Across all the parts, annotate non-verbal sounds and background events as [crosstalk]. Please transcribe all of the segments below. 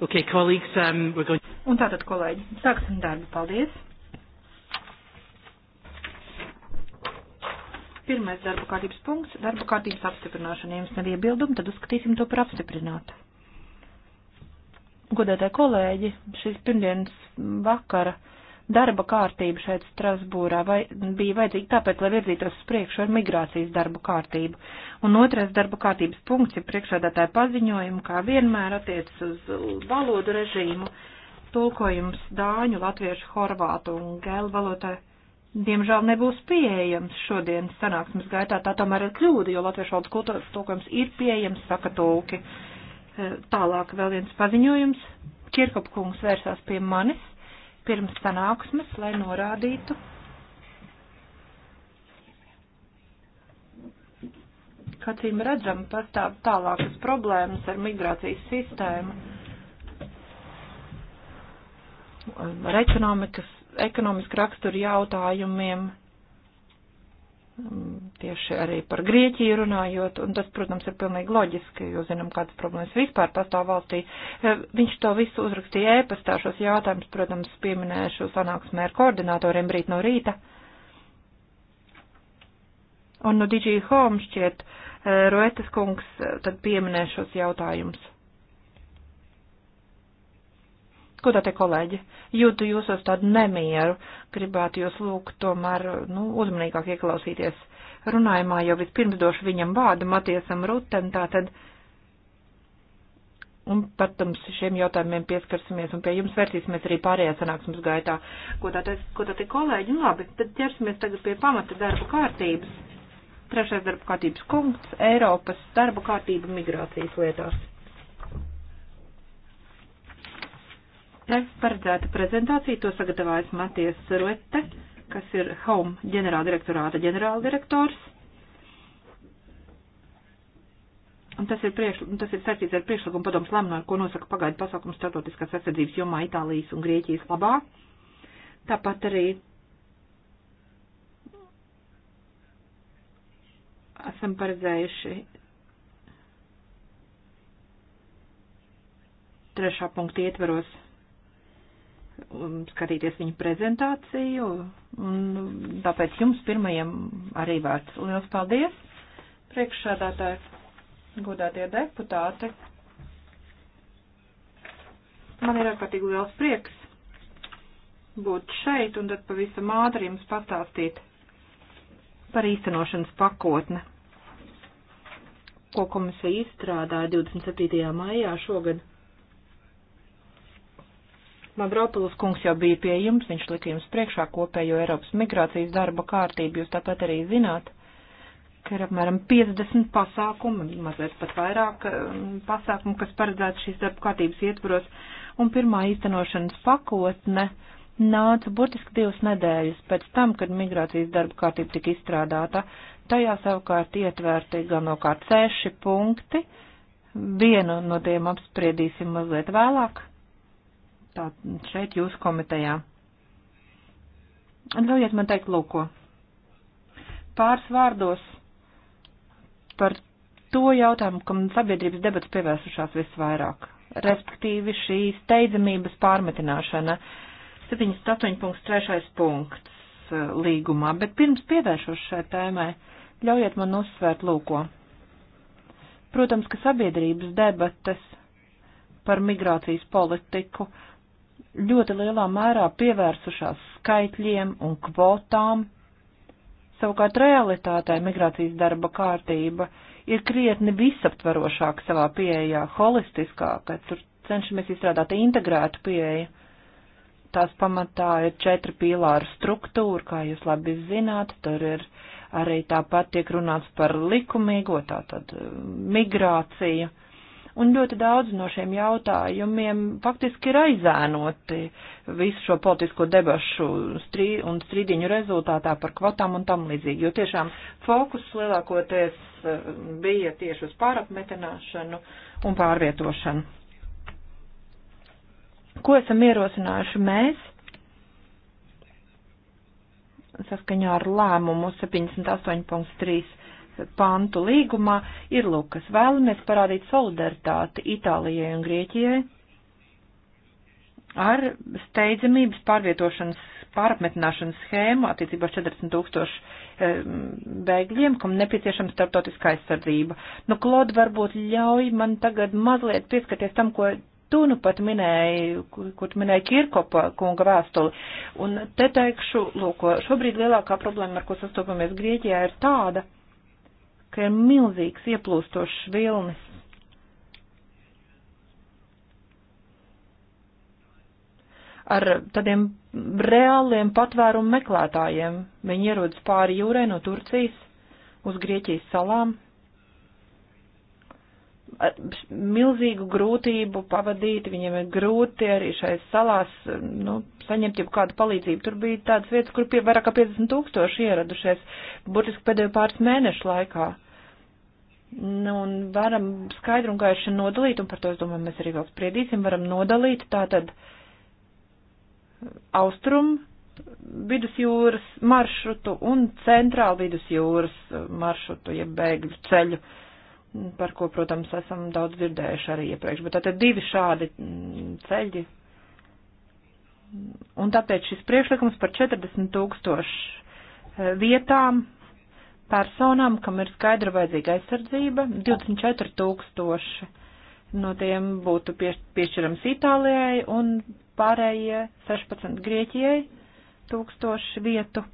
Okay, colleagues, um, we're going... Un tātad, kolēģi, sāksim darbu. Paldies. Pirmais darba kārtības punkts - darba kārtības apstiprināšana. Ja jums nav iebildumi, tad uzskatīsim to par apstiprinātu. Godētā kolēģi, šīs pirmdienas vakara uh, darba kārtība šeit Strasbūrā vai, bija vajadzīga tāpēc, lai virzītos uz priekšu ar migrācijas darbu kārtību. Un otrais darba kārtības punkts ir priekšādātāja paziņojumi, kā vienmēr attiecas uz valodu režīmu, tulkojums dāņu, latviešu, horvātu un gēlu valotai. Diemžēl nebūs pieejams šodien sanāksmes gaitā, tā tomēr ir kļūda, jo latviešu valodas kultūras tulkojums ir pieejams, saka tūki. Tālāk vēl viens paziņojums. Kirkopkungs vērsās pie manis pirms sanāksmes, lai norādītu, ka cīm redzam pastāv tālākas problēmas ar migrācijas sistēmu, ar ekonomikas, ekonomiski raksturu jautājumiem Mm, tieši arī par Grieķiju runājot, un tas, protams, ir pilnīgi loģiski, jo zinām, kādas problēmas vispār pastāv valstī. Eh, viņš to visu uzrakstīja ēpastā, šos jautājumus, protams, pieminēšu sanāksmē ar koordinatoriem rīt no rīta. Un no DG Home šķiet, eh, Roetas kungs eh, tad pieminē šos jautājumus. Ko tā te kolēģi? Jūtu jūsos tādu nemieru, gribētu jūs lūgt tomēr, nu, uzmanīgāk ieklausīties runājumā, jo vispirms došu viņam vārdu Matiesam Rutem, tātad, un, protams, šiem jautājumiem pieskarsimies un pie jums vērtīsimies arī pārējā sanāksmes gaitā. Ko tā te, ko tā te kolēģi? Nu labi, tad ķersimies tagad pie pamata darba kārtības. Trešais darba kārtības punkts - Eiropas darba kārtība migrācijas lietās. paredzēta prezentācija, to sagatavājas Matijas Ruette, kas ir Home ģenerāldirektorāta ģenerāldirektors. Un tas ir, priekš, tas ir saistīts ar priekšlikumu padomus lēmumu, ar ko nosaka pagaidu pasākumu startotiskās aizsardzības jomā Itālijas un Grieķijas labā. Tāpat arī esam paredzējuši trešā punkta ietveros skatīties viņu prezentāciju, un tāpēc jums pirmajam arī vārds. Liels paldies, priekšsādātāji, godātie deputāti. Man ir ārkārtīgi liels prieks būt šeit un tad pavisam ātri jums pastāstīt par īstenošanas pakotne, ko komisija izstrādāja 27. maijā šogad. Mavropulis kungs jau bija pie jums, viņš lika jums priekšā kopējo Eiropas migrācijas darba kārtību, jūs tāpat arī zināt, ka ir apmēram 50 pasākumu, mazliet pat vairāk um, pasākumu, kas paredzēts šīs darba kārtības ietvaros, un pirmā īstenošanas pakotne nāca burtiski divas nedēļas pēc tam, kad migrācijas darba kārtība tika izstrādāta. Tajā savukārt ietvērti galvenokārt seši punkti. Vienu no tiem apspriedīsim mazliet vēlāk tā, šeit jūsu komitejā. Ļaujiet man teikt, lūko. Pāris vārdos par to jautājumu, kam sabiedrības debats pievērsušās visvairāk, respektīvi šī steidzamības pārmetināšana 78.3. punkts uh, līgumā, bet pirms pievēršos šai tēmai, ļaujiet man uzsvērt lūko. Protams, ka sabiedrības debates par migrācijas politiku ļoti lielā mērā pievērsušās skaitļiem un kvotām. Savukārt realitātē migrācijas darba kārtība ir krietni visaptvarošāka savā pieejā, holistiskāka, tur cenšamies izstrādāt integrētu pieeju. Tās pamatā ir četri pīlāru struktūra, kā jūs labi zināt, tur ir arī tāpat tiek runāts par likumīgo, tātad migrāciju un ļoti daudz no šiem jautājumiem faktiski ir aizēnoti visu šo politisko debašu strī un strīdiņu rezultātā par kvotām un tam līdzīgi, jo tiešām fokus lielākoties eh, bija tieši uz pārapmetināšanu un pārvietošanu. Ko esam ierosinājuši mēs? saskaņā ar lēmumu 78.3 pantu līgumā ir lukas. Vēlamies parādīt solidaritāti Itālijai un Grieķijai ar steidzamības pārvietošanas pārapmetināšanas schēmu attiecībā 40 tūkstošu bēgļiem, kam nepieciešama starptautiska aizsardzība. Nu, Klod, varbūt ļauj man tagad mazliet pieskaties tam, ko tu nu pat minēji, kur, kur minēji Kirkopa kunga vēstuli. Un te teikšu, lūk, šobrīd lielākā problēma, ar ko sastopamies Grieķijā, ir tāda, ka ir milzīgs ieplūstošs vilnis. Ar tādiem reāliem patvērumu meklētājiem viņi ierodas pāri jūrai no Turcijas uz Grieķijas salām milzīgu grūtību pavadīt, viņiem ir grūti arī šai salās, nu, saņemt jau kādu palīdzību. Tur bija tādas vietas, kur pie vairāk kā 50 tūkstoši ieradušies, burtiski pēdējo pāris mēnešu laikā. Nu, un varam skaidru un gaiši nodalīt, un par to, es domāju, mēs arī vēl spriedīsim, varam nodalīt tātad austrum vidusjūras maršrutu un centrālu vidusjūras maršrutu, jeb ja bēgļu ceļu. Uh, par ko, protams, esam daudz dzirdējuši arī iepriekš. Bet tātad divi šādi mm, ceļi. Un tāpēc šis priekšlikums par 40 tūkstošu e, vietām personām, kam ir skaidra vajadzīga aizsardzība, 24 tūkstoši no tiem būtu piešķirams Itālijai un pārējie 16 Grieķijai tūkstoši vietu.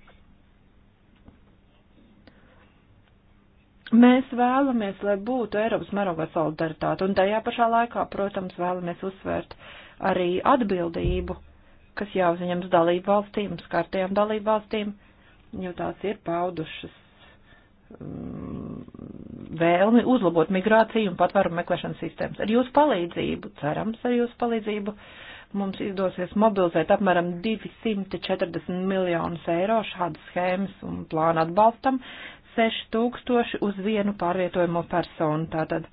Mēs vēlamies, lai būtu Eiropas mēroga solidaritāte, un tajā pašā laikā, protams, vēlamies uzsvērt arī atbildību, kas jāuzņems dalību valstīm, skartajām dalību valstīm, jo tās ir paudušas mm, vēlmi uzlabot migrāciju un patvērumu meklēšanas sistēmas. Ar jūsu palīdzību, cerams, ar jūsu palīdzību mums izdosies mobilizēt apmēram 240 miljonus eiro šādas schēmas un plāna atbalstam, 6000 uz vienu pārvietojumu personu. Tātad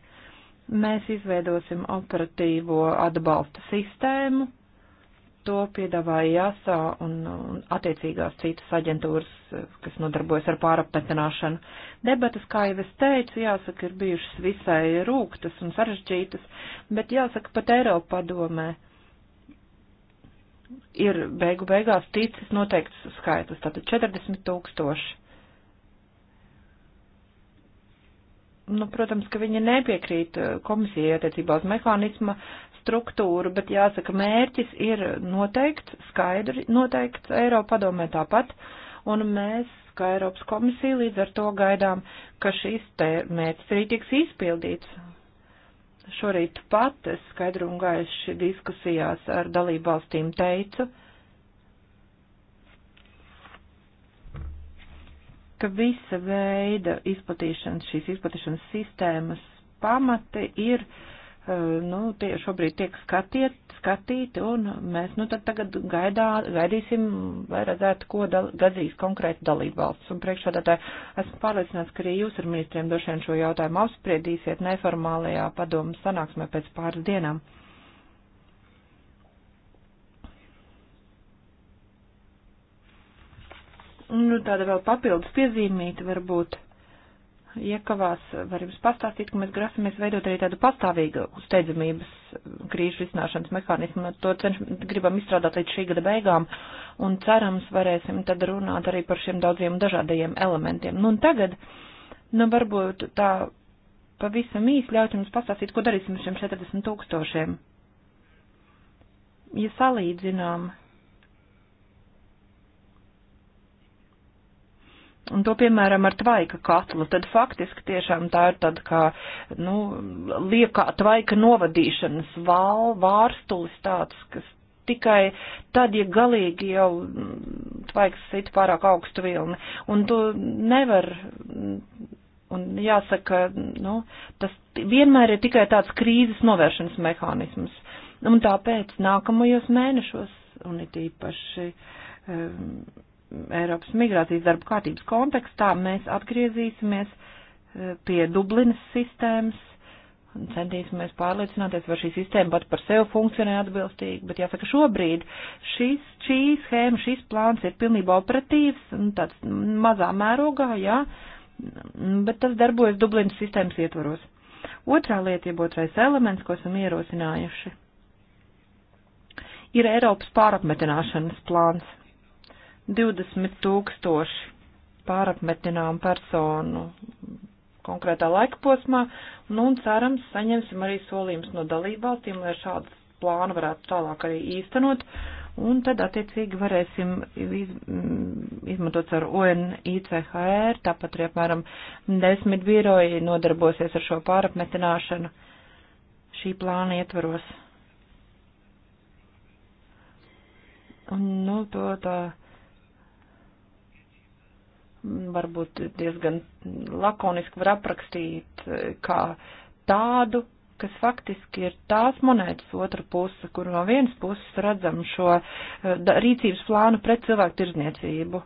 mēs izveidosim operatīvo atbalsta sistēmu. To piedāvāja JASA un, un attiecīgās citas aģentūras, kas nodarbojas ar pārapmetināšanu. Debatas, kā jau es teicu, jāsaka, ir bijušas visai rūktas un sarežģītas, bet jāsaka, pat Eiropa padomē ir beigu beigās ticis noteikts skaitlis, tātad 40 tūkstoši. nu, protams, ka viņa nepiekrīt eh, komisijai attiecībā uz mehānisma struktūru, bet jāsaka, mērķis ir noteikts, skaidri noteikts Eiropa padomē tāpat, un mēs, kā Eiropas komisija, līdz ar to gaidām, ka šis te mērķis arī tiks izpildīts. Šorīt pat es skaidru un gaiši diskusijās ar dalībvalstīm teicu, ka visa veida izplatīšanas, šīs izplatīšanas sistēmas pamati ir, eh, nu, tie šobrīd tiek skatiet, skatīti, un mēs, nu, tad tagad gaidā, gaidīsim, lai redzētu, ko dal, gadzīs konkrēti dalībvalsts. Un priekšādātāji, esmu pārliecināts, ka arī jūs ar ministriem došien šo jautājumu apspriedīsiet neformālajā padomu sanāksmē pēc pāris dienām. Nu, tāda vēl papildus piezīmīta varbūt iekavās, var jums pastāstīt, ka mēs grasamies veidot arī tādu pastāvīgu steidzamības krīžu risināšanas mehānismu. To cenš, gribam izstrādāt līdz šī gada beigām un cerams varēsim tad runāt arī par šiem daudziem dažādajiem elementiem. Nu un tagad, nu varbūt tā pavisam īsi ļaut jums pastāstīt, ko darīsim ar šiem 40 tūkstošiem. Ja salīdzinām un to, piemēram, ar tvaika katlu, tad faktiski tiešām tā ir tad kā, nu, liekā tvaika novadīšanas val, vārstulis tāds, kas tikai tad, ja galīgi jau mm, tvaiks sit pārāk augstu vilni. Un to nevar, mm, un jāsaka, nu, tas vienmēr ir tikai tāds krīzes novēršanas mehānisms. Un tāpēc nākamajos mēnešos, un it īpaši. Um, Eiropas migrācijas darba kārtības kontekstā mēs atgriezīsimies eh, pie Dublinas sistēmas un centīsimies pārliecināties, vai šī sistēma pat par sevi funkcionē atbilstīgi, bet jāsaka, šobrīd šis, šī schēma, šis plāns ir pilnībā operatīvs un tāds mazā mērogā, jā, bet tas darbojas Dublinas sistēmas ietvaros. Otrā lieta, jeb otrais elements, ko esam ierosinājuši, ir Eiropas pārapmetināšanas plāns. 20 tūkstoši pārapmetinām personu konkrētā laika posmā, nu un cerams saņemsim arī solījumus no dalībvalstīm, lai šādu plānu varētu tālāk arī īstenot, un tad attiecīgi varēsim iz, izmantot ar UNICHR, tāpat arī apmēram desmit biroji nodarbosies ar šo pārapmetināšanu šī plāna ietvaros. Un, nu, to tā varbūt diezgan lakoniski var aprakstīt e, kā tādu, kas faktiski ir tās monētas otra puse, kur no vienas puses redzam šo e, rīcības plānu pret cilvēku tirzniecību.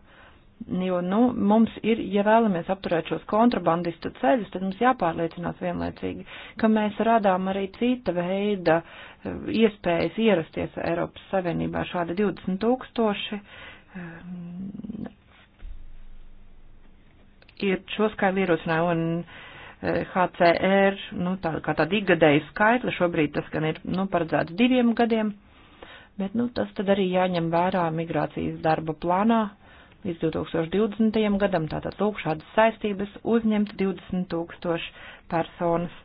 Jo, nu, mums ir, ja vēlamies apturēt šos kontrabandistu ceļus, tad mums jāpārliecinās vienlaicīgi, ka mēs radām arī cita veida e, iespējas ierasties Eiropas Savienībā šādi 20 tūkstoši ir šo skaitli ierosināja un e, HCR, nu, tā kā tāda ikgadēja skaitli, šobrīd tas gan ir, nu, paredzēts diviem gadiem, bet, nu, tas tad arī jāņem vērā migrācijas darba plānā līdz 2020. gadam, tātad lūk šādas saistības uzņemt 20 tūkstoši personas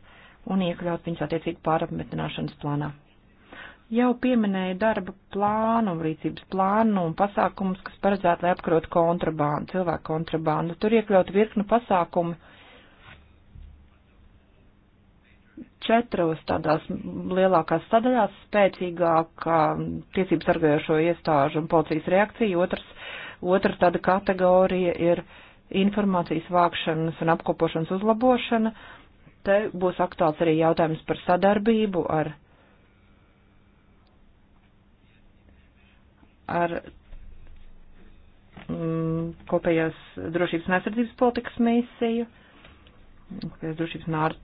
un iekļaut viņas attiecīgi pārapmetināšanas plānā. Jau pieminēja darba plānu, rīcības plānu un pasākumus, kas paredzētu, lai apkarot kontrabandu, cilvēku kontrabandu. Tur iekļaut virknu pasākumu četros tādās lielākās sadaļās - spēcīgākā tiesības sargājošo iestāžu un policijas reakcija, otrs, otra tāda kategorija ir informācijas vākšanas un apkopošanas uzlabošana. Te būs aktuāls arī jautājums par sadarbību ar ar mm, kopējās drošības un aizsardzības politikas misiju, kopējās drošības un ār,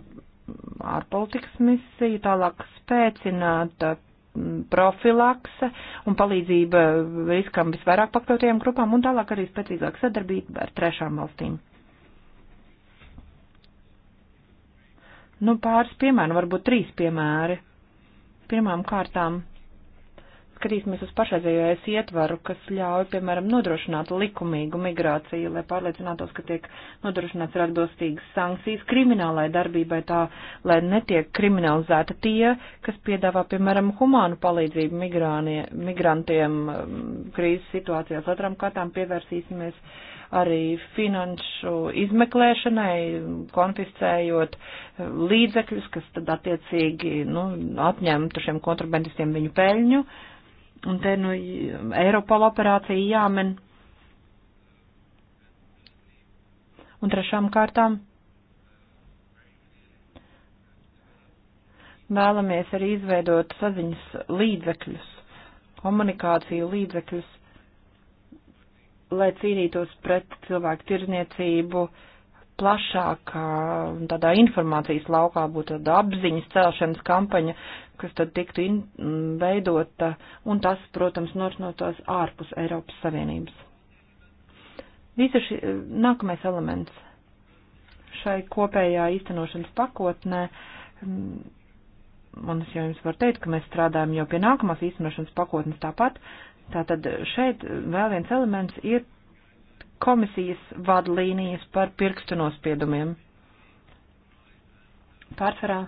ārpolitikas misiju, tālāk spēcināt mm, profilakse un palīdzība riskam visvairāk pakļautajām grupām un tālāk arī spēcīgāk sadarbība ar trešām valstīm. Nu, pāris piemēru, varbūt trīs piemēri. Pirmām kārtām skatīsimies uz pašreizējo es ietvaru, kas ļauj, piemēram, nodrošināt likumīgu migrāciju, lai pārliecinātos, ka tiek nodrošināts ir atbilstīgas sankcijas kriminālai darbībai tā, lai netiek kriminalizēta tie, kas piedāvā, piemēram, humānu palīdzību migrānie, migrantiem um, krīzes situācijās. Otram kārtām pievērsīsimies arī finanšu izmeklēšanai, konfiscējot um, līdzekļus, kas tad attiecīgi nu, atņemtu šiem kontrabandistiem viņu peļņu. Uh, Un te nu Eiropola operācija jāmen. Un trešām kārtām vēlamies arī izveidot saziņas līdzekļus, komunikāciju līdzekļus, lai cīnītos pret cilvēku tirzniecību plašākā un tādā informācijas laukā būtu tāda apziņas celšanas kampaņa, kas tad tiktu in, mm, veidota, un tas, protams, norisinotos ārpus Eiropas Savienības. Visi šī eh, nākamais elements šai kopējā īstenošanas pakotnē, mm, un es jau jums varu teikt, ka mēs strādājam jau pie nākamās īstenošanas pakotnes tāpat, tātad šeit vēl viens elements ir komisijas vadlīnijas par pirkstu nospiedumiem. Pārsvarā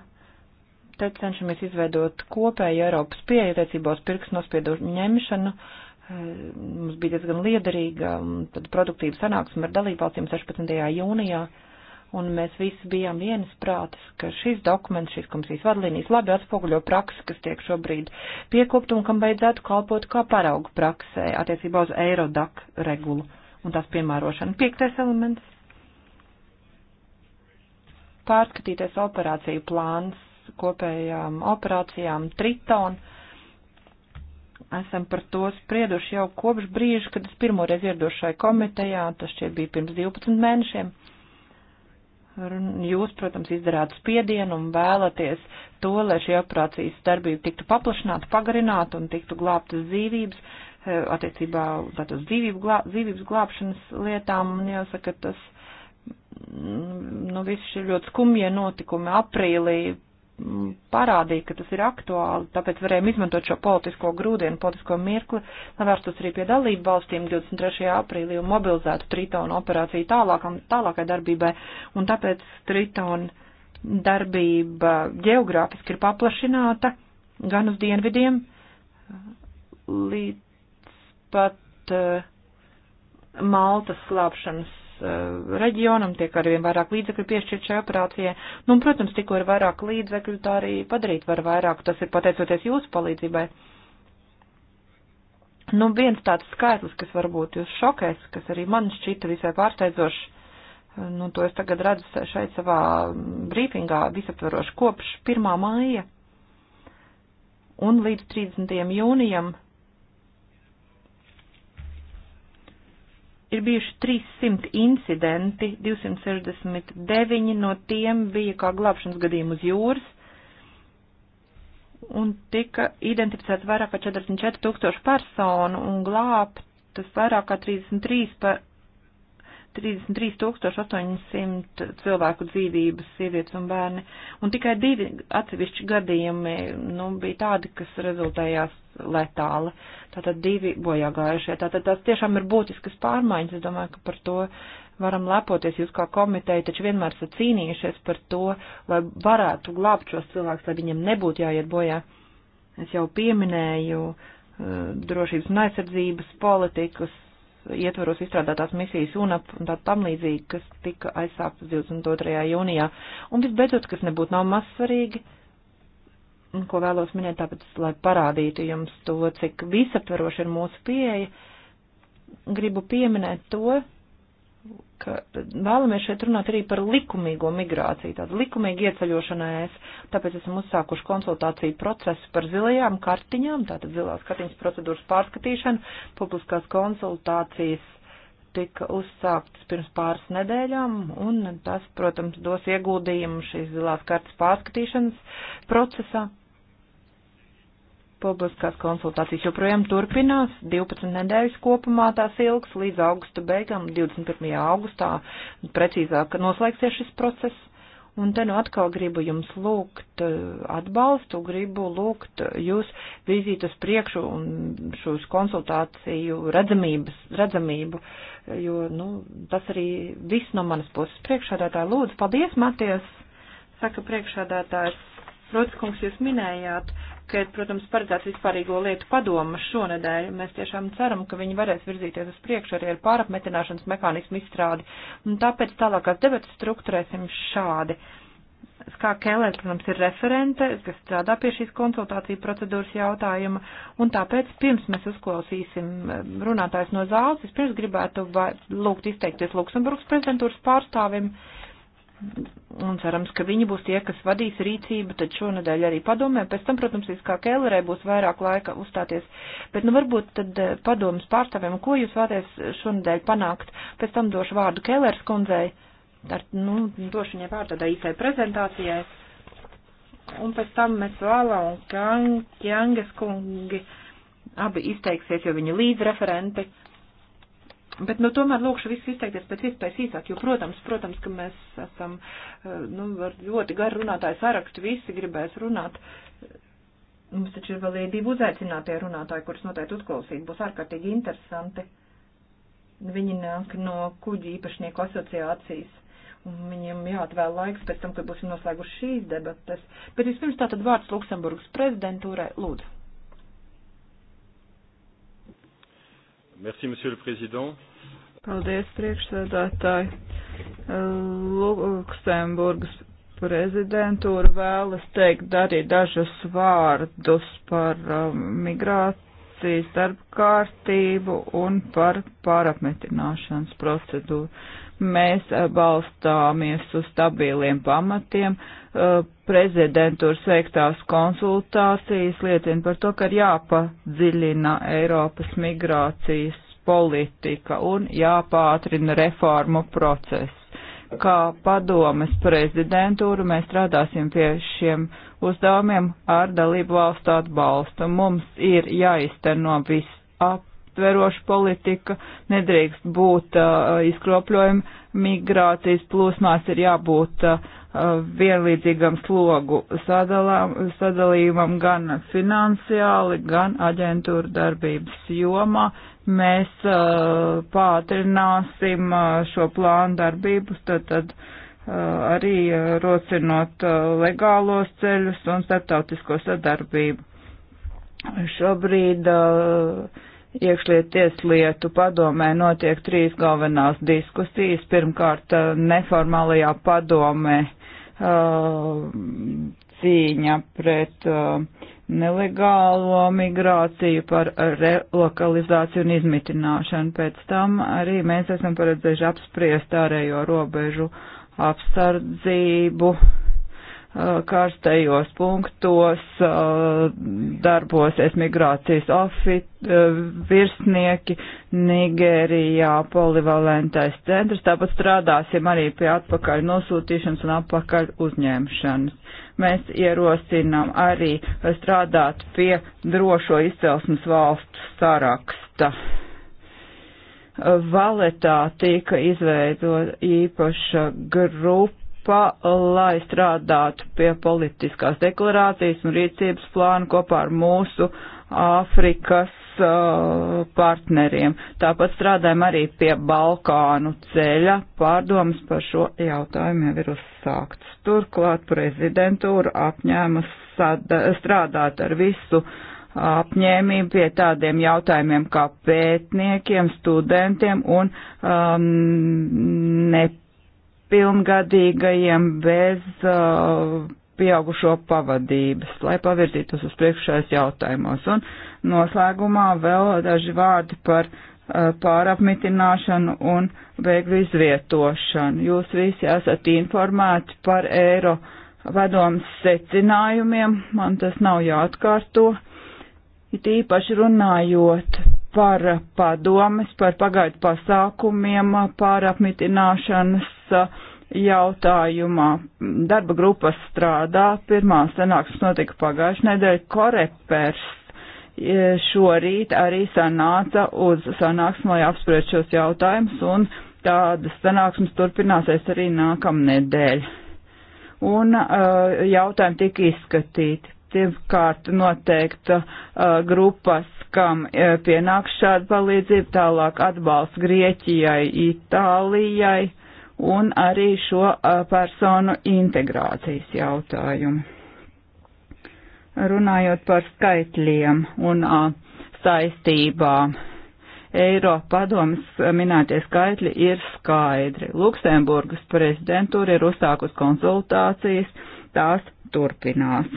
Te cenšamies izveidot kopēju Eiropas pieeja attiecībos pirks nospiedu ņemšanu. Eh, Mums bija diezgan liederīga um, tad produktīva sanāksme ar dalībvalstīm 16. jūnijā. Un mēs visi bijām vienas prātas, ka šis dokuments, šīs komisijas vadlīnijas labi atspoguļo praksi, kas tiek šobrīd piekopta un kam beidzētu kalpot kā paraugu praksē attiecībā uz Eirodak regulu un tās piemērošanu. Piektais elements - pārskatīties operāciju plāns kopējām operācijām Triton. Esam par to sprieduši jau kopš brīža, kad es pirmoreiz ierados šai komitejā, tas šķiet bija pirms 12 mēnešiem. Jūs, protams, izdarāt spiedienu un vēlaties to, lai šī operācijas darbība tiktu paplašināta, pagarināta un tiktu glābtas dzīvības eh, attiecībā uz dzīvību glā, dzīvības glābšanas lietām. Un jāsaka, tas mm, nu, visi šie ļoti skumjie notikumi aprīlī Mm, parādīja, ka tas ir aktuāli, tāpēc varējām izmantot šo politisko grūdienu, politisko mirkli, lai vērstos arī pie dalību valstīm 23. aprīlī un mobilizētu Tritonu operāciju tālākam, tālākai darbībai, un tāpēc Tritonu darbība geogrāfiski ir paplašināta gan uz dienvidiem līdz pat uh, Maltas slāpšanas Eh, reģionam, tiek arvien vairāk līdzekļu piešķirt šai operācijai. Nu, un, protams, tikko ir vairāk līdzekļu, tā arī padarīt var vairāk, tas ir pateicoties jūsu palīdzībai. Nu, viens tāds skaitlis, kas varbūt jūs šokēs, kas arī man šķita visai pārsteidzošs, eh, nu, to es tagad redzu šeit savā brīfingā visaptvaroši kopš 1. māja un līdz 30. jūnijam ir bijuši 300 incidenti, 269 no tiem bija kā glābšanas gadījumi uz jūras, un tika identificēts vairāk kā 44 tūkstoši personu un glābtas vairāk kā 33 pa, 33,800 cilvēku dzīvības, sievietes un bērni, un tikai divi atsevišķi gadījumi nu, bija tādi, kas rezultējās letāli. Tātad divi bojā gājušie. Tātad tās tiešām ir būtiskas pārmaiņas. Es domāju, ka par to varam lepoties. Jūs kā komiteja taču vienmēr esat cīnījušies par to, lai varētu glābt šos cilvēkus, lai viņiem nebūtu jāiet bojā. Es jau pieminēju uh, drošības un aizsardzības politikas ietvaros izstrādātās misijas UNAP un tā tam līdzīgi, kas tika aizsāktas 22. jūnijā. Un visbeidzot, kas nebūtu nav maz svarīgi, un ko vēlos minēt tāpēc, lai parādītu jums to, cik visaptveroši ir mūsu pieeja, gribu pieminēt to, ka vēlamies šeit runāt arī par likumīgo migrāciju, tādu likumīgu ieceļošanai es, tāpēc esam uzsākuši konsultāciju procesu par zilajām kartiņām, tātad zilās kartiņas procedūras pārskatīšanu, publiskās konsultācijas tika uzsāktas pirms pāris nedēļām, un tas, protams, dos ieguldījumu šīs zilās kartas pārskatīšanas procesā. Publiskās konsultācijas joprojām turpinās, 12 nedēļas kopumā tās ilgs, līdz augusta beigām, 21. augustā, precīzāk noslēgsies šis process. Un te nu atkal gribu jums lūgt eh, atbalstu, gribu lūgt jūs vizīt uz priekšu un šos konsultāciju redzamības, redzamību, jo, nu, tas arī viss no manas puses priekšādātāja. Lūdzu, paldies, Maties, saka priekšādātājs. Rotskungs, jūs minējāt ka ir, protams, paredzēts vispārīgo lietu padoma šonedēļ. Mēs tiešām ceram, ka viņi varēs virzīties uz priekšu arī ar pārapmetināšanas mehānismu izstrādi. Un tāpēc tālākās debatas struktūrēsim šādi. Kā Kēlēs, protams, ir referente, kas strādā pie šīs konsultāciju procedūras jautājuma, un tāpēc pirms mēs uzklausīsim um, runātājs no zāles, es pirms gribētu vai, lūgt izteikties Luksemburgas prezidentūras pārstāvim. Uh, un cerams, ka viņi būs tie, kas vadīs rīcību, tad šonadēļ arī padomē. Pēc tam, protams, es kā Kellerē būs vairāk laika uzstāties, bet nu varbūt tad eh, padomas pārstāvēm, ko jūs vēlaties šonadēļ panākt, pēc tam došu vārdu Kellers kundzei, ar, nu, došu viņai vārdu tādai īsai prezentācijai, un pēc tam mēs vēlā un Kjangas kungi abi izteiksies, jo viņi līdz referenti Bet, nu, tomēr lūkšu visus izteikties pēc iespējas īsāk, jo, protams, protams, ka mēs esam, eh, nu, ar ļoti garu runātāju sarakstu, visi gribēs runāt. Mums taču ir vēl divi uzaicinātie runātāji, kurus noteikti uzklausīt, būs ārkārtīgi interesanti. Viņi nāk no kuģi īpašnieku asociācijas, un viņiem jāatvēl laiks pēc tam, kad būsim noslēguši šīs debatas. Bet vispirms tātad vārds Luksemburgas prezidentūrai, lūdzu. Merci, monsieur le président. Paldies, priekšsēdētāji. Luksemburgas prezidentūra vēlas teikt arī dažus vārdus par um, migrācijas darba kārtību un par pārapmetināšanas procedūru. Mēs uh, balstāmies uz stabiliem pamatiem. Uh, prezidentūras veiktās konsultācijas liecina par to, ka ir jāpadziļina Eiropas migrācijas politika un jāpātrina reformu process. Kā padomes prezidentūru mēs strādāsim pie šiem uzdevumiem ar dalību valstu atbalstu. Mums ir jāizteno viss aptveroša politika, nedrīkst būt uh, izkropļojumi, migrācijas plūsmās ir jābūt uh, vienlīdzīgam slogu sadalām, sadalījumam gan finansiāli, gan aģentūra darbības jomā. Uh, mēs uh, pātrināsim uh, šo plānu darbības, tad, tad uh, arī uh, rocinot uh, legālos ceļus un starptautisko sadarbību. Šobrīd uh, iekšliet tieslietu padomē notiek trīs galvenās diskusijas. Pirmkārt, neformālajā padomē cīņa pret uh, nelegālo migrāciju, par relokalizāciju un izmitināšanu. Pēc tam arī mēs esam paredzējuši apspriest ārējo robežu apsardzību Uh, karstajos punktos uh, darbosies migrācijas ofi, uh, virsnieki Nigērijā, polivalentais centrs. Tāpat strādāsim arī pie atpakaļ nosūtīšanas un atpakaļ uzņemšanas. Mēs ierosinām arī strādāt pie drošo izcelsmes valstu saraksta. Valetā tika izveidota īpaša grupa Eiropā, lai strādātu pie politiskās deklarācijas un rīcības plānu kopā ar mūsu Āfrikas uh, partneriem. Tāpat strādājam arī pie Balkānu ceļa. Pārdomas par šo jautājumu jau ir uzsākts. Turklāt prezidentūra apņēmas strādāt ar visu apņēmību pie tādiem jautājumiem kā pētniekiem, studentiem un um, ne, pilngadīgajiem bez uh, pieaugušo pavadības, lai pavirzītos uz priekšējos jautājumos. Un noslēgumā vēl daži vārdi par uh, pārapmitināšanu un bēgļu izvietošanu. Jūs visi esat informēti par eiro vedomas secinājumiem, man tas nav jāatkārto. It īpaši runājot par padomes, par pagaidu pasākumiem, pārapmitināšanas jautājumā. Darba grupa strādā, pirmā sanāksmes notika pagājušajā nedēļā, korepers e, šorīt arī sanāca uz sanāksmu, lai apspriež šos jautājumus, un tādas sanāksmes turpināsies arī nākamnedēļ. Un uh, jautājumi tika izskatīti. Pirmkārt, noteikta uh, grupas, kam uh, pienāks šāda palīdzība, tālāk atbalsts Grieķijai, Itālijai, un arī šo personu integrācijas jautājumu. Runājot par skaitļiem un saistībām, Eiropadomas minētie skaitļi ir skaidri. Luksemburgas prezidentūra ir uzsākus konsultācijas, tās turpinās.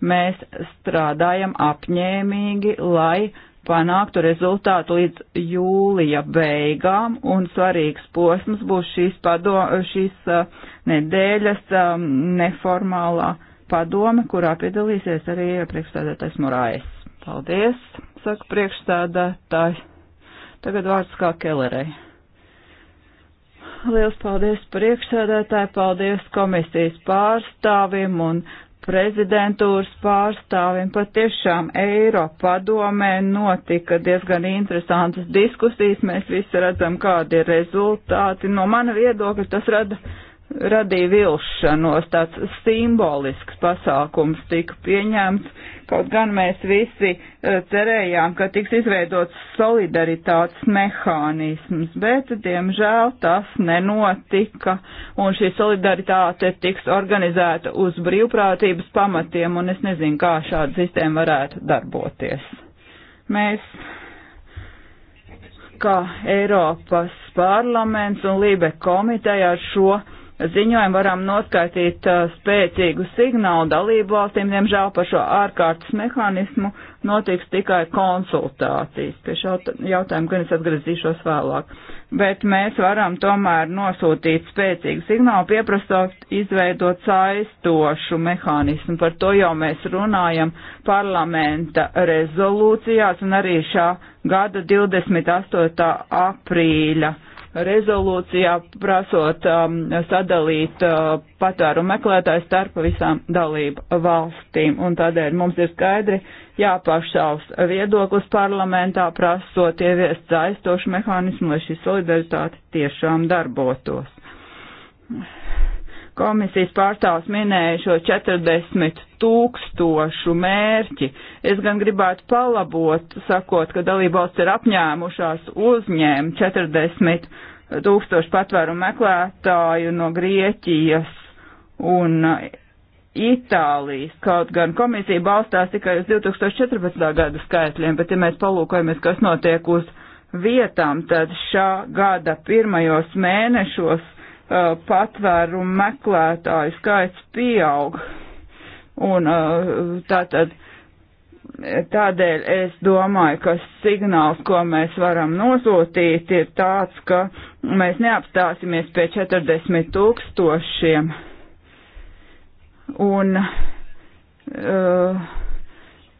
Mēs strādājam apņēmīgi, lai panāktu rezultātu līdz jūlija beigām, un svarīgs posms būs šīs, pado, šīs eh, nedēļas eh, neformālā padome, kurā piedalīsies arī priekšstādātais Morājas. Paldies, saka priekšstādātāji. Tagad vārds kā Kellerei. Liels paldies priekšsēdētāji, paldies komisijas pārstāvim un prezidentūras pārstāvim. Pat tiešām Eiropadomē notika diezgan interesantas diskusijas. Mēs visi redzam, kādi ir rezultāti. No mana viedokļa tas rada radīja vilšanos, tāds simbolisks pasākums tika pieņemts, kaut gan mēs visi eh, cerējām, ka tiks izveidots solidaritātes mehānisms, bet, diemžēl, tas nenotika, un šī solidaritāte tiks organizēta uz brīvprātības pamatiem, un es nezinu, kā šāda sistēma varētu darboties. Mēs kā Eiropas parlaments un Lībe komiteja ar šo ziņojumu varam noskaitīt uh, spēcīgu signālu dalību valstīm, diemžēl par šo ārkārtas mehānismu notiks tikai konsultācijas. Pie šo jautājumu gan es atgriezīšos vēlāk. Bet mēs varam tomēr nosūtīt spēcīgu signālu, pieprasot izveidot saistošu mehānismu. Par to jau mēs runājam parlamenta rezolūcijās un arī šā gada 28. aprīļa rezolūcijā prasot um, sadalīt uh, patvēru meklētāju starp visām dalību valstīm. Un tādēļ mums ir skaidri jāpašsavs viedoklis parlamentā prasot ieviest saistošu mehānismu, lai šī solidaritāte tiešām darbotos. Komisijas pārstāvs minēja šo 40 tūkstošu mērķi. Es gan gribētu palabot, sakot, ka dalībvalsts ir apņēmušās uzņēma 40 tūkstošu patvēru meklētāju no Grieķijas un Itālijas, kaut gan komisija balstās tikai uz 2014. gada skaitļiem, bet ja mēs palūkojamies, kas notiek uz vietām, tad šā gada pirmajos mēnešos Uh, patvērumu meklētāju skaits pieaug. Un uh, tātad tādēļ es domāju, ka signāls, ko mēs varam nosūtīt, ir tāds, ka mēs neapstāsimies pie 40 tūkstošiem. Un uh,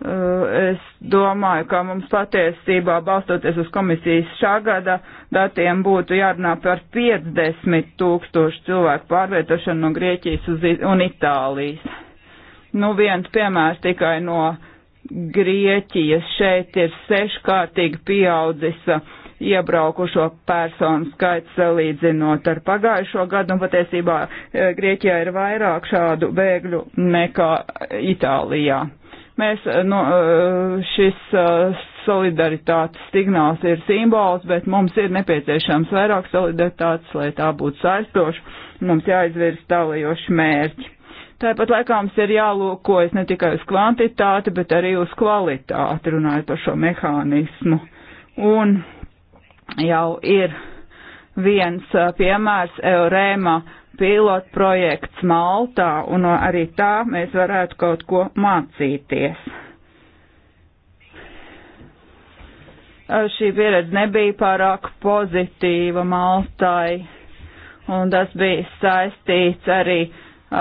Eh, es domāju, ka mums patiesībā, balstoties uz komisijas šā gada datiem, būtu jārunā par 50 tūkstošu cilvēku pārvietošanu no Grieķijas uz, un Itālijas. Nu, viens piemērs tikai no Grieķijas. Šeit ir seškārtīgi pieaudzis eh, iebraukušo personu skaits salīdzinot ar pagājušo gadu, un nu, patiesībā eh, Grieķijā ir vairāk šādu bēgļu nekā Itālijā. Mēs, eh, no, eh, šis eh, solidaritātes signāls ir simbols, bet mums ir nepieciešams vairāk solidaritātes, lai tā būtu saistoša. Mums jāizvirz tālajoši mērķi. Tāpat laikā mums ir jālūkojas ne tikai uz kvantitāti, bet arī uz kvalitāti, runājot par šo mehānismu. Un jau ir viens piemērs Eurēma pilotprojekts Maltā, un arī tā mēs varētu kaut ko mācīties. Šī pieredze nebija pārāk pozitīva Maltai, un tas bija saistīts arī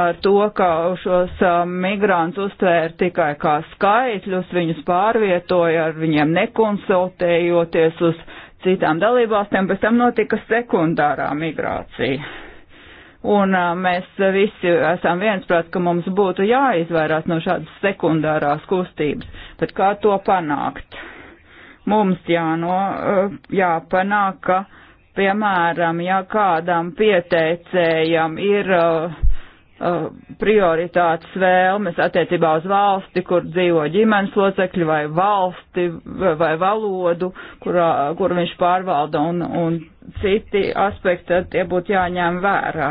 ar to, ka šos migrants uztvēra tikai kā skaitļus, viņus pārvietoja, ar viņiem nekonsultējoties uz citām dalībvalstiem, pēc tam notika sekundārā migrācija. Un mēs visi esam viensprāt, ka mums būtu jāizvairās no šādas sekundārās kustības. Bet kā to panākt? Mums jāno, jāpanāk, ka, piemēram, ja kādam pieteicējam ir uh, uh, prioritātes vēlmes attiecībā uz valsti, kur dzīvo ģimenes locekļi vai valsti vai valodu, kurā, kur viņš pārvalda un, un citi aspekti, tie būtu jāņem vērā.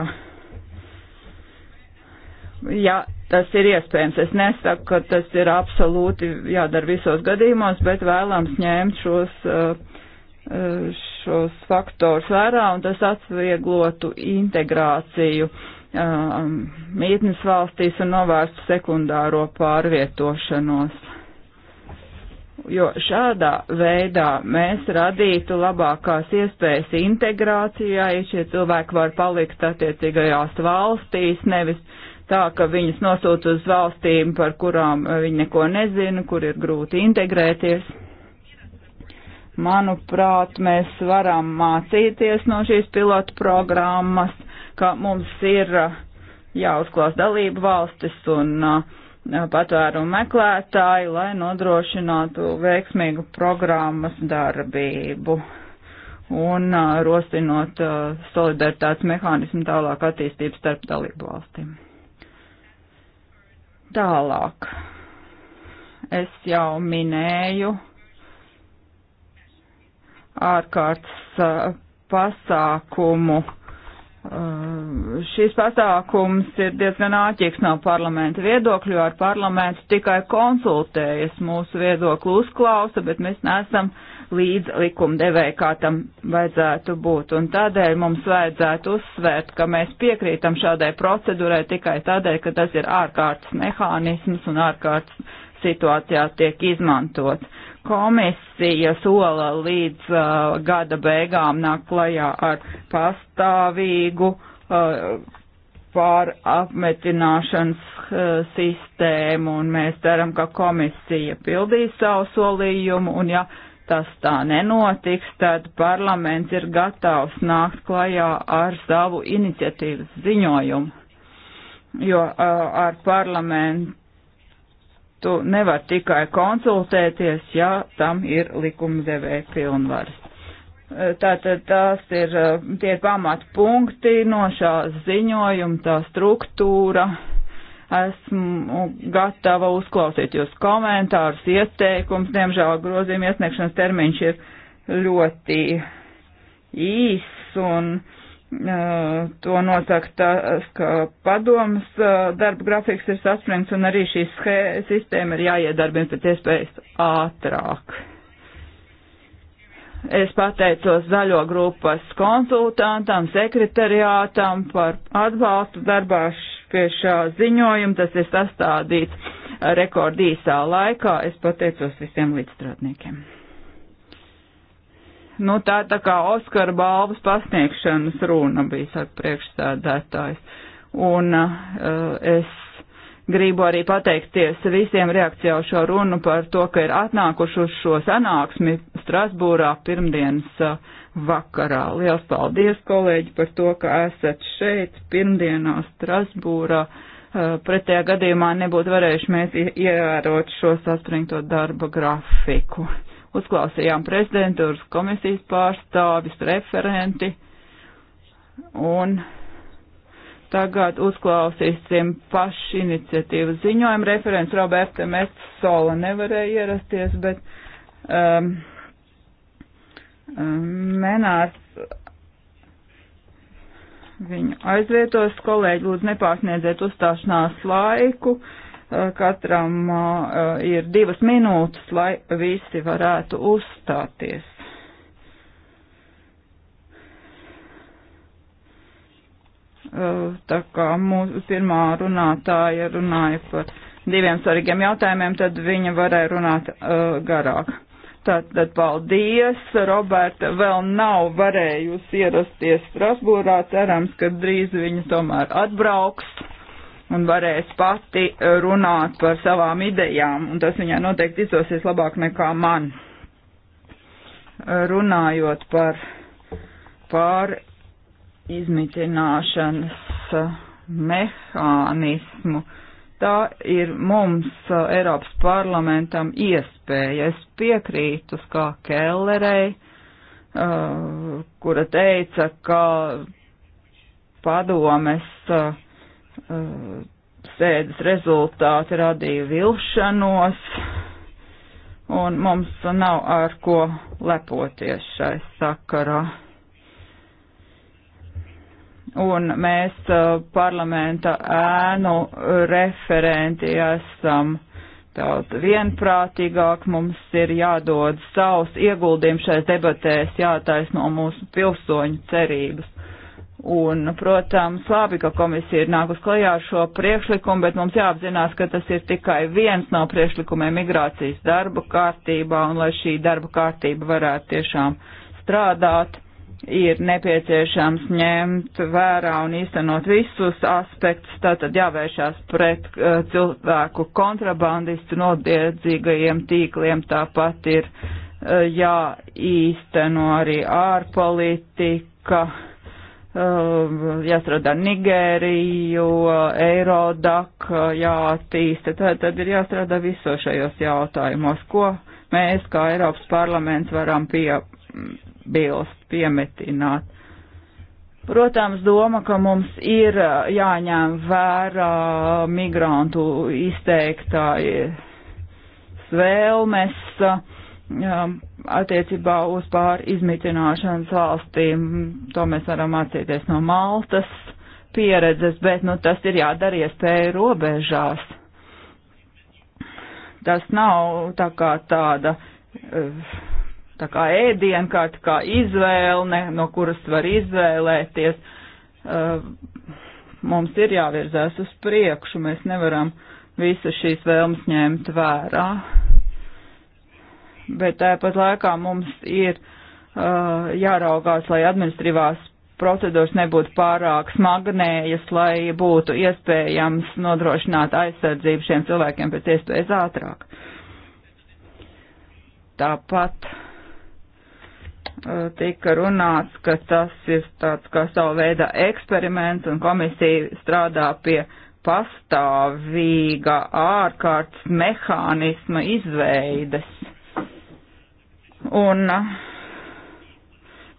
Ja tas ir iespējams, es nesaku, ka tas ir absolūti jādara visos gadījumos, bet vēlams ņemt šos, eh, šos faktors vērā un tas atvieglotu integrāciju eh, mītnes valstīs un novērstu sekundāro pārvietošanos jo šādā veidā mēs radītu labākās iespējas integrācijai, šie cilvēki var palikt attiecīgajās valstīs, nevis tā, ka viņus nosūt uz valstīm, par kurām viņi neko nezina, kur ir grūti integrēties. Manuprāt, mēs varam mācīties no šīs pilotu programmas, ka mums ir jāuzklās dalību valstis un uh, patvērumu meklētāji, lai nodrošinātu veiksmīgu programmas darbību un uh, rosinot uh, solidaritātes mehānismu tālāk attīstību starp dalību valstīm. Tālāk. Es jau minēju ārkārtas uh, pasākumu Eh, šis pasākums ir diezgan āķīgs no parlamenta viedokļu, jo ar parlamentu tikai konsultējas mūsu viedokli uzklausa, bet mēs nesam līdz likumdevēja, kā tam vajadzētu būt. Un tādēļ mums vajadzētu uzsvērt, ka mēs piekrītam šādai procedūrai tikai tādēļ, ka tas ir ārkārtas mehānisms un ārkārtas situācijās tiek izmantots. Komisija sola līdz uh, gada beigām nāk klajā ar pastāvīgu uh, pārapmetināšanas uh, sistēmu, un mēs ceram, ka komisija pildīs savu solījumu, un ja tas tā nenotiks, tad parlaments ir gatavs nākt klajā ar savu iniciatīvas ziņojumu, jo uh, ar parlamentu Tu nevar tikai konsultēties, ja tam ir likumdevēja pilnvaras. E, tātad tās ir e, tie pamatpunkti no šā ziņojuma, tā struktūra. Esmu gatava uzklausīt jūs komentārus, ieteikums. Diemžēl grozījuma iesniegšanas termiņš ir ļoti īs un uh, to nosaka tas, ka padomas darba grafiks ir saspringts un arī šī sistēma ir jāiedarbina pēc iespējas ātrāk. Es pateicos zaļo grupas konsultantam, sekretariātam par atbalstu darbā pie šā ziņojuma. Tas ir sastādīts rekordīsā laikā. Es pateicos visiem līdzstrādniekiem. Nu, tā tā kā Oskara balvas pasniegšanas runa bija, saka priekšstādētājs. Un uh, es gribu arī pateikties visiem reakcijā uz šo runu par to, ka ir atnākuši uz šo sanāksmi Strasbūrā pirmdienas uh, vakarā. Liels paldies, kolēģi, par to, ka esat šeit pirmdienā Strasbūrā. Uh, Pretējā gadījumā nebūtu varējuši mēs ievērot šo saspringto darba grafiku uzklausījām prezidentūras komisijas pārstāvis, referenti, un tagad uzklausīsim pašiniciatīvas ziņojumu. Referents Roberta Metsola nevarēja ierasties, bet um, um, Menārs viņu aizvietos. Kolēģi, lūdzu, nepārsniedziet uzstāšanās laiku. Uh, Eh, katram eh, ir divas minūtes, lai visi varētu uzstāties. Eh, tā kā mūsu pirmā runātāja runāja par diviem svarīgiem jautājumiem, tad viņa varēja runāt uh, garāk. Tātad paldies, Roberta vēl nav varējusi ierasties Strasbūrā, cerams, ka drīz viņa tomēr atbrauks un varēs pati eh, runāt par savām idejām, un tas viņai noteikti izdosies labāk nekā man. Runājot par pār izmitināšanas eh, mehānismu, tā ir mums eh, Eiropas parlamentam iespēja. Es piekrītu kā Kellerei, kura teica, ka padomes uh, Eh, sēdes rezultāti radīja vilšanos, un mums nav ar ko lepoties šai sakarā. Un mēs eh, parlamenta ēnu referenti esam daudz vienprātīgāk, mums ir jādod savs ieguldījums šais debatēs, jātaisno mūsu pilsoņu cerības Un, protams, labi, ka komisija ir nākus klajā ar šo priekšlikumu, bet mums jāapzinās, ka tas ir tikai viens no priekšlikumiem migrācijas darba kārtībā, un lai šī darba kārtība varētu tiešām strādāt, ir nepieciešams ņemt vērā un īstenot visus aspektus, tātad jāvēršās pret uh, cilvēku kontrabandistu nodiedzīgajiem tīkliem, tāpat ir uh, jāīsteno arī ārpolitika Um, jāstrādā Nigēriju, Eirodak jātīsta, tad, tad ir jāstrādā visos šajos jautājumos, ko mēs kā Eiropas parlaments varam piebilst, piemetināt. Protams, doma, ka mums ir uh, jāņem vērā migrantu izteiktāji svēlmes, uh, um, attiecībā uz pārizmitināšanas valstīm. To mēs varam mācīties no Maltas pieredzes, bet nu, tas ir jādara iespēju robežās. Tas nav tā kā tāda eh, tā kā ēdienkārta, kā izvēle, no kuras var izvēlēties. Eh, mums ir jāvirzās uz priekšu, mēs nevaram visu šīs vēlmes ņemt vērā bet tāpat laikā mums ir uh, jāraugās, lai administrīvās procedūras nebūtu pārāk smagnējas, lai būtu iespējams nodrošināt aizsardzību šiem cilvēkiem pēc iespējas ātrāk. Tāpat uh, tika runāts, ka tas ir tāds kā savu veidu eksperiments un komisija strādā pie pastāvīga ārkārtas mehānisma izveides Un uh,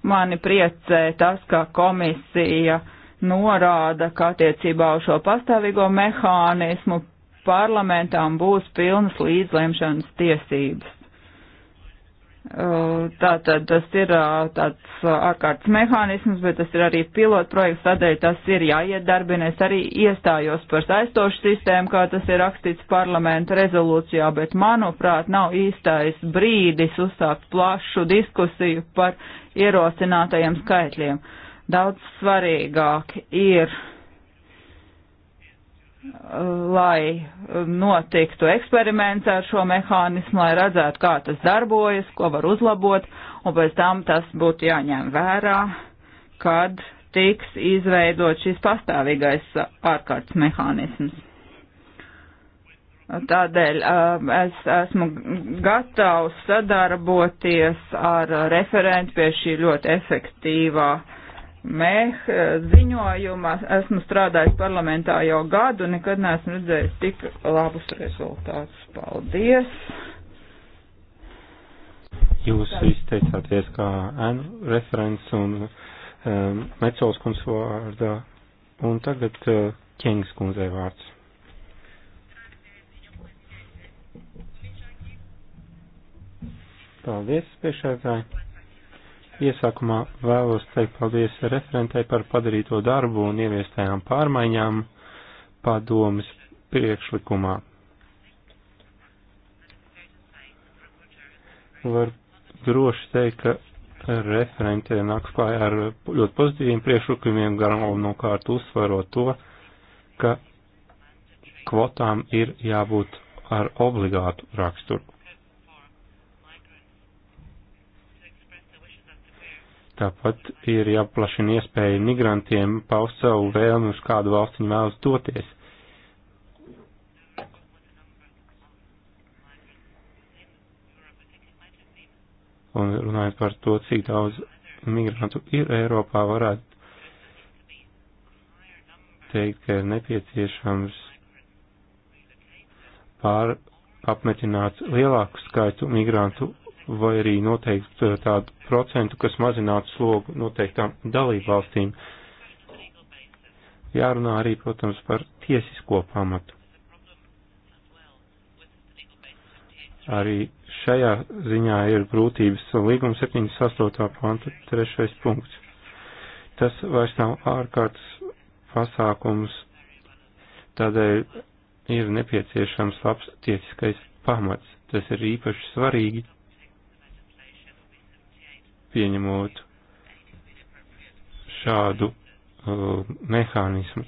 mani priecē tas, ka komisija norāda, ka attiecībā uz šo pastāvīgo mehānismu parlamentām būs pilnas līdzlemšanas tiesības. Tātad tas ir tāds ārkārtas mehānisms, bet tas ir arī pilotprojekts, tādēļ tas ir jāiedarbina. Es arī iestājos par saistošu sistēmu, kā tas ir rakstīts parlamenta rezolūcijā, bet manuprāt nav īstais brīdis uzsākt plašu diskusiju par ierosinātajiem skaitļiem. Daudz svarīgāk ir lai notiktu eksperiments ar šo mehānismu, lai redzētu, kā tas darbojas, ko var uzlabot, un pēc tam tas būtu jāņem vērā, kad tiks izveidot šis pastāvīgais ārkārtas mehānisms. Tādēļ um, es esmu gatavs sadarboties ar referentu pie šī ļoti efektīvā uh, meh eh, ziņojumā. Esmu strādājis parlamentā jau gadu, nekad neesmu redzējis tik labus rezultātus. Paldies! Jūs izteicāties kā ēnu referents un um, eh, Mecols kungs vārdā, un tagad uh, Ķengs kundzei vārds. Paldies, priekšētāji! Iesākumā vēlos teikt paldies referentei par padarīto darbu un ieviestējām pārmaiņām padomas priekšlikumā. Var droši teikt, ka referentē nāks klājā ar ļoti pozitīviem priekšlikumiem, galvenokārt uzsvarot to, ka kvotām ir jābūt ar obligātu raksturu. Tāpat ir jāplašina iespēja migrantiem paust savu vēlmi, uz kādu valsti viņi vēlas doties. Un runājot par to, cik daudz migrantu ir Eiropā, varētu teikt, ka ir nepieciešams pār apmetināt lielāku skaitu migrantu vai arī noteikt uh, tādu procentu, kas mazinātu slogu noteiktām dalībvalstīm. Jārunā arī, protams, par tiesisko pamatu. Arī šajā ziņā ir grūtības līguma 78. panta trešais punkts. Tas vairs nav ārkārtas pasākums, tādēļ ir nepieciešams labs tiesiskais pamats. Tas ir īpaši svarīgi pieņemot šādu uh, mehānismu.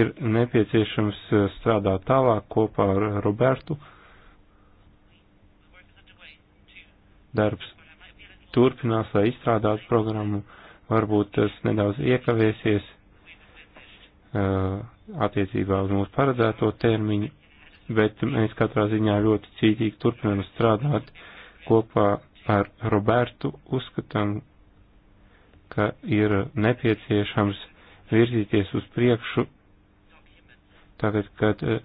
Ir nepieciešams uh, strādāt tālāk kopā ar Robertu. Darbs turpinās, lai izstrādātu programmu. Varbūt tas nedaudz iekavēsies uh, attiecībā uz mūsu paredzēto termiņu, bet mēs katrā ziņā ļoti cītīgi turpinām strādāt kopā ar Robertu uzskatām, ka ir nepieciešams virzīties uz priekšu, tagad, kad eh,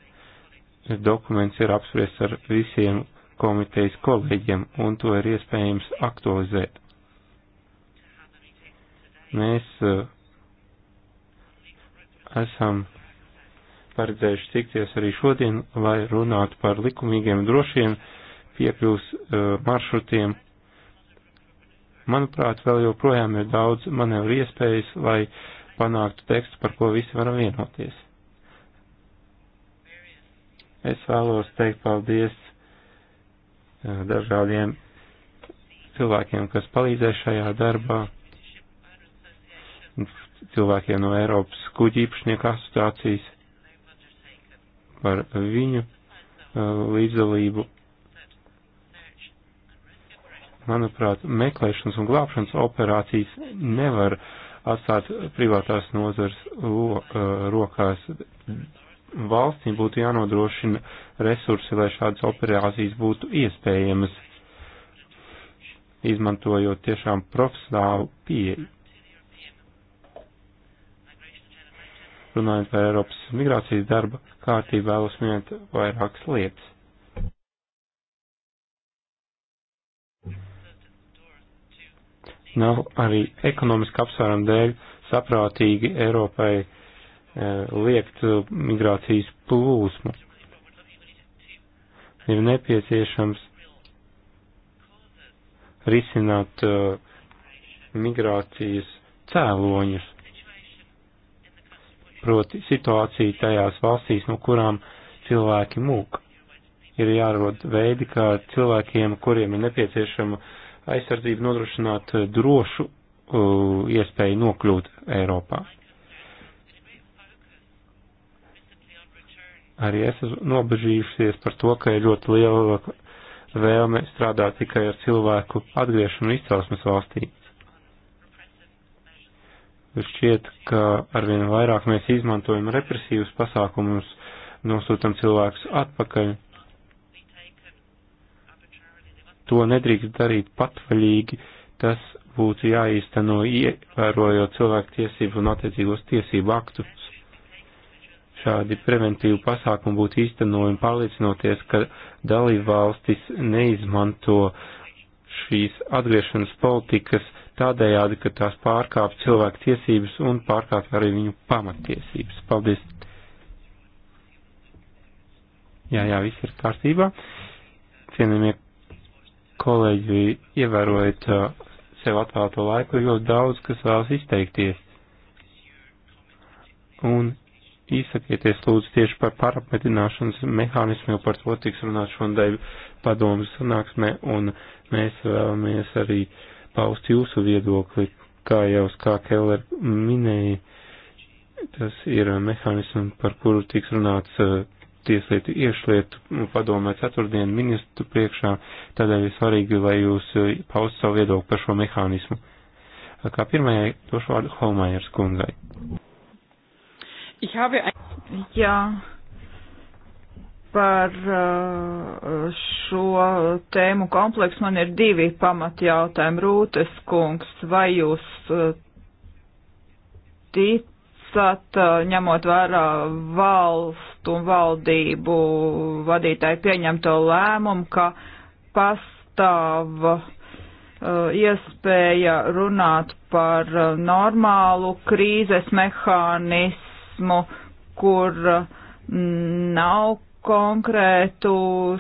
dokuments ir apspriests ar visiem komitejas kolēģiem, un to ir iespējams aktualizēt. Mēs eh, esam paredzējuši tikties arī šodien, lai runātu par likumīgiem drošiem piekļuvs eh, maršrutiem Manuprāt, vēl joprojām ir daudz manevru iespējas, lai panāktu tekstu, par ko visi varam vienoties. Es vēlos teikt paldies eh, dažādiem cilvēkiem, kas palīdzēja šajā darbā, cilvēkiem no Eiropas kuģīpašnieku asociācijas par viņu eh, līdzdalību Manuprāt, meklēšanas un glābšanas operācijas nevar atstāt privātās nozars eh, rokās. Valstīm būtu jānodrošina resursi, lai šādas operācijas būtu iespējamas, izmantojot tiešām profesionālu pieeju. runājot par Eiropas migrācijas darba kārtību, vēlos minēt vairākas lietas. nav arī ekonomiski apsvērumu dēļ saprātīgi Eiropai e, liekt e, migrācijas plūsmu. Ir nepieciešams risināt e, migrācijas cēloņus, proti situāciju tajās valstīs, no kurām cilvēki mūk. Ir jārod veidi, kā cilvēkiem, kuriem ir nepieciešama uh, aizsardzību nodrošināt eh, drošu uh, iespēju nokļūt Eiropā. Arī es esmu nobežījušies par to, ka ir ļoti liela vēlme strādāt tikai ar cilvēku atgriešanu izcelsmes valstī. Šķiet, ka arvien vairāk mēs izmantojam represīvus pasākumus, nosūtam cilvēkus atpakaļ to nedrīkst darīt patvaļīgi, tas būtu jāīsteno ievērojot cilvēku tiesību un attiecīgos tiesību aktus. Šādi preventīvi pasākumi būtu īstenojumi pārliecinoties, ka dalībvalstis neizmanto šīs atgriešanas politikas tādējādi, ka tās pārkāp cilvēku tiesības un pārkāp arī viņu pamatiesības. Paldies! Jā, jā, viss ir kārtībā. Cienījamie kolēģi, ievērojot uh, sev atvēlēto laiku, ir ļoti daudz, kas vēlas izteikties. Un izsakieties lūdzu tieši par parapmetināšanas mehānismu, jo par to tiks runāt šodien padomu sanāksmē, un mēs vēlamies arī paust jūsu viedokli, kā jau Skā Keller minēja, tas ir mehānisms, par kuru tiks runāts uh, tieslietu iešlietu padomē ceturtdienu ministru priekšā, tādēļ ir svarīgi, lai jūs eh, paust savu viedokli par šo mehānismu. Kā pirmajai došu vārdu Holmajers kundzai. Jā, par eh, šo tēmu kompleksu man ir divi pamatjautājumi. Rūtes kungs, vai jūs tic, eh, esat, ņemot vērā valstu un valdību vadītāju pieņemto lēmumu, ka pastāv uh, iespēja runāt par normālu krīzes mehānismu, kur nav konkrētu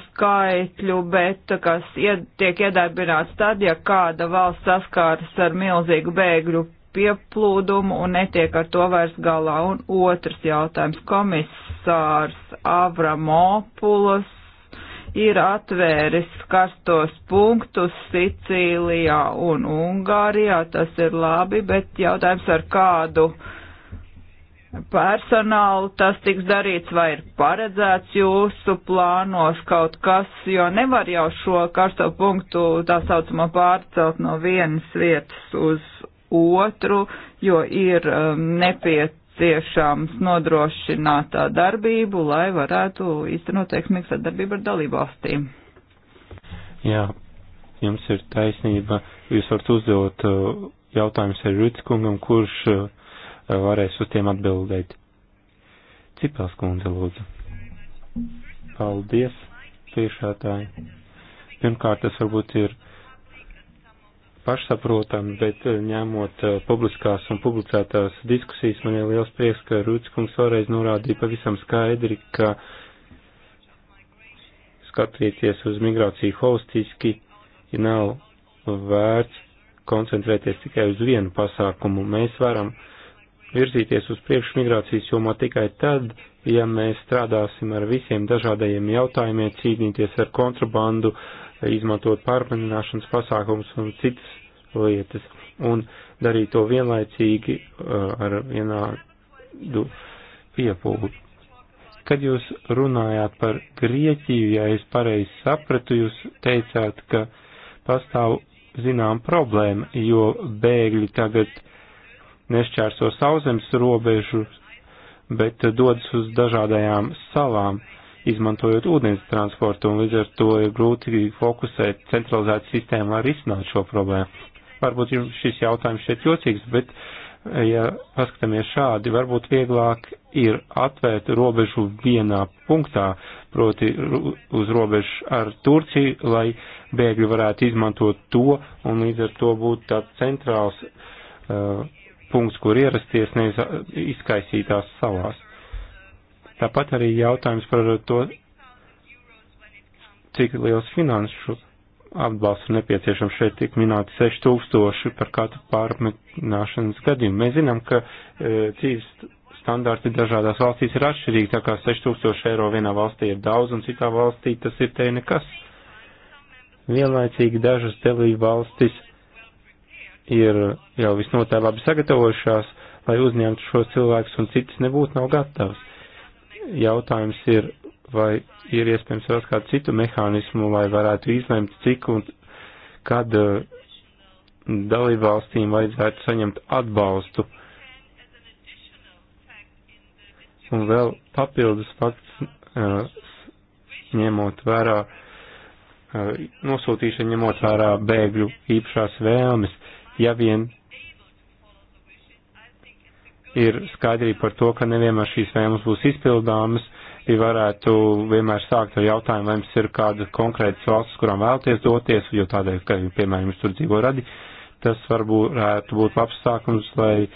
skaitļu, bet kas ied, tiek iedarbināts tad, ja kāda valsts saskāras ar milzīgu bēgļu pieplūdumu un netiek ar to vairs galā. Un otrs jautājums - komisārs Avramopulas ir atvēris karstos punktus Sicīlijā un Ungārijā, tas ir labi, bet jautājums ar kādu personālu tas tiks darīts vai ir paredzēts jūsu plānos kaut kas, jo nevar jau šo karsto punktu tā saucamo pārcelt no vienas vietas uz otru, jo ir um, nepieciešams nodrošināt uh, darbību, lai varētu īstenot veiksmīgu sadarbību ar dalībvalstīm. Jā, jums ir taisnība. Jūs varat uzdot uh, jautājumus ar Rutskungam, kurš uh, varēs uz tiem atbildēt. Cipels kundze, lūdzu. Paldies, priekšētāji. Pirmkārt, tas varbūt ir pašsaprotami, bet eh, ņemot eh, publiskās un publicētās diskusijas, man ir liels prieks, ka Rūtskungs vēlreiz norādīja pavisam skaidri, ka skatīties uz migrāciju holistiski ja nav vērts koncentrēties tikai uz vienu pasākumu. Mēs varam virzīties uz priekšu migrācijas jomā tikai tad, ja mēs strādāsim ar visiem dažādajiem jautājumiem, cīnīties ar kontrabandu, uh, izmantot pārmanināšanas pasākumus un citas lietas, un darīt to vienlaicīgi uh, ar vienādu piepūli. Kad jūs runājāt par Grieķiju, ja es pareizi sapratu, jūs teicāt, ka pastāv zinām problēma, jo bēgļi tagad nešķērso sauzemes robežu, bet dodas uz dažādajām salām izmantojot ūdens transportu, un līdz ar to ir grūti fokusēt centralizētu sistēmu, lai risinātu šo problēmu. Varbūt jums šis jautājums šeit jocīgs, bet, ja paskatāmies šādi, varbūt vieglāk ir atvērt robežu vienā punktā, proti uz robežu ar Turciju, lai bēgļi varētu izmantot to, un līdz ar to būtu tāds centrāls uh, punkts, kur ierasties, nevis izkaisītās salās Tāpat arī jautājums par to, cik liels finanšu atbalsts ir nepieciešams. Šeit tik minēti 6000 par katru pārmetināšanas gadījumu. Mēs zinām, ka e, dzīves standarti dažādās valstīs ir atšķirīgi, tā kā 6000 eiro vienā valstī ir daudz un citā valstī tas ir te nekas. Vienlaicīgi dažas dalību valstis ir jau visnotaļ labi sagatavojušās, lai uzņemtu šos cilvēkus un citas nebūtu nav gatavas jautājums ir, vai ir iespējams vēl kādu citu mehānismu, lai varētu izlemt, cik un kad uh, dalībvalstīm vajadzētu saņemt atbalstu. Un vēl papildus fakts, uh, ņemot vērā, uh, nosūtīšana ņemot vērā bēgļu īpašās vēlmes, ja vien ir skaidrība par to, ka nevienmēr šīs vēlmes būs izpildāmas, ja varētu vienmēr sākt ar jautājumu, vai jums ir kāda konkrēta valsts, kurām vēlaties doties, jo tādēļ, ka, piemēram, jūs tur dzīvo radi, tas varbūt būtu labs sākums, lai e,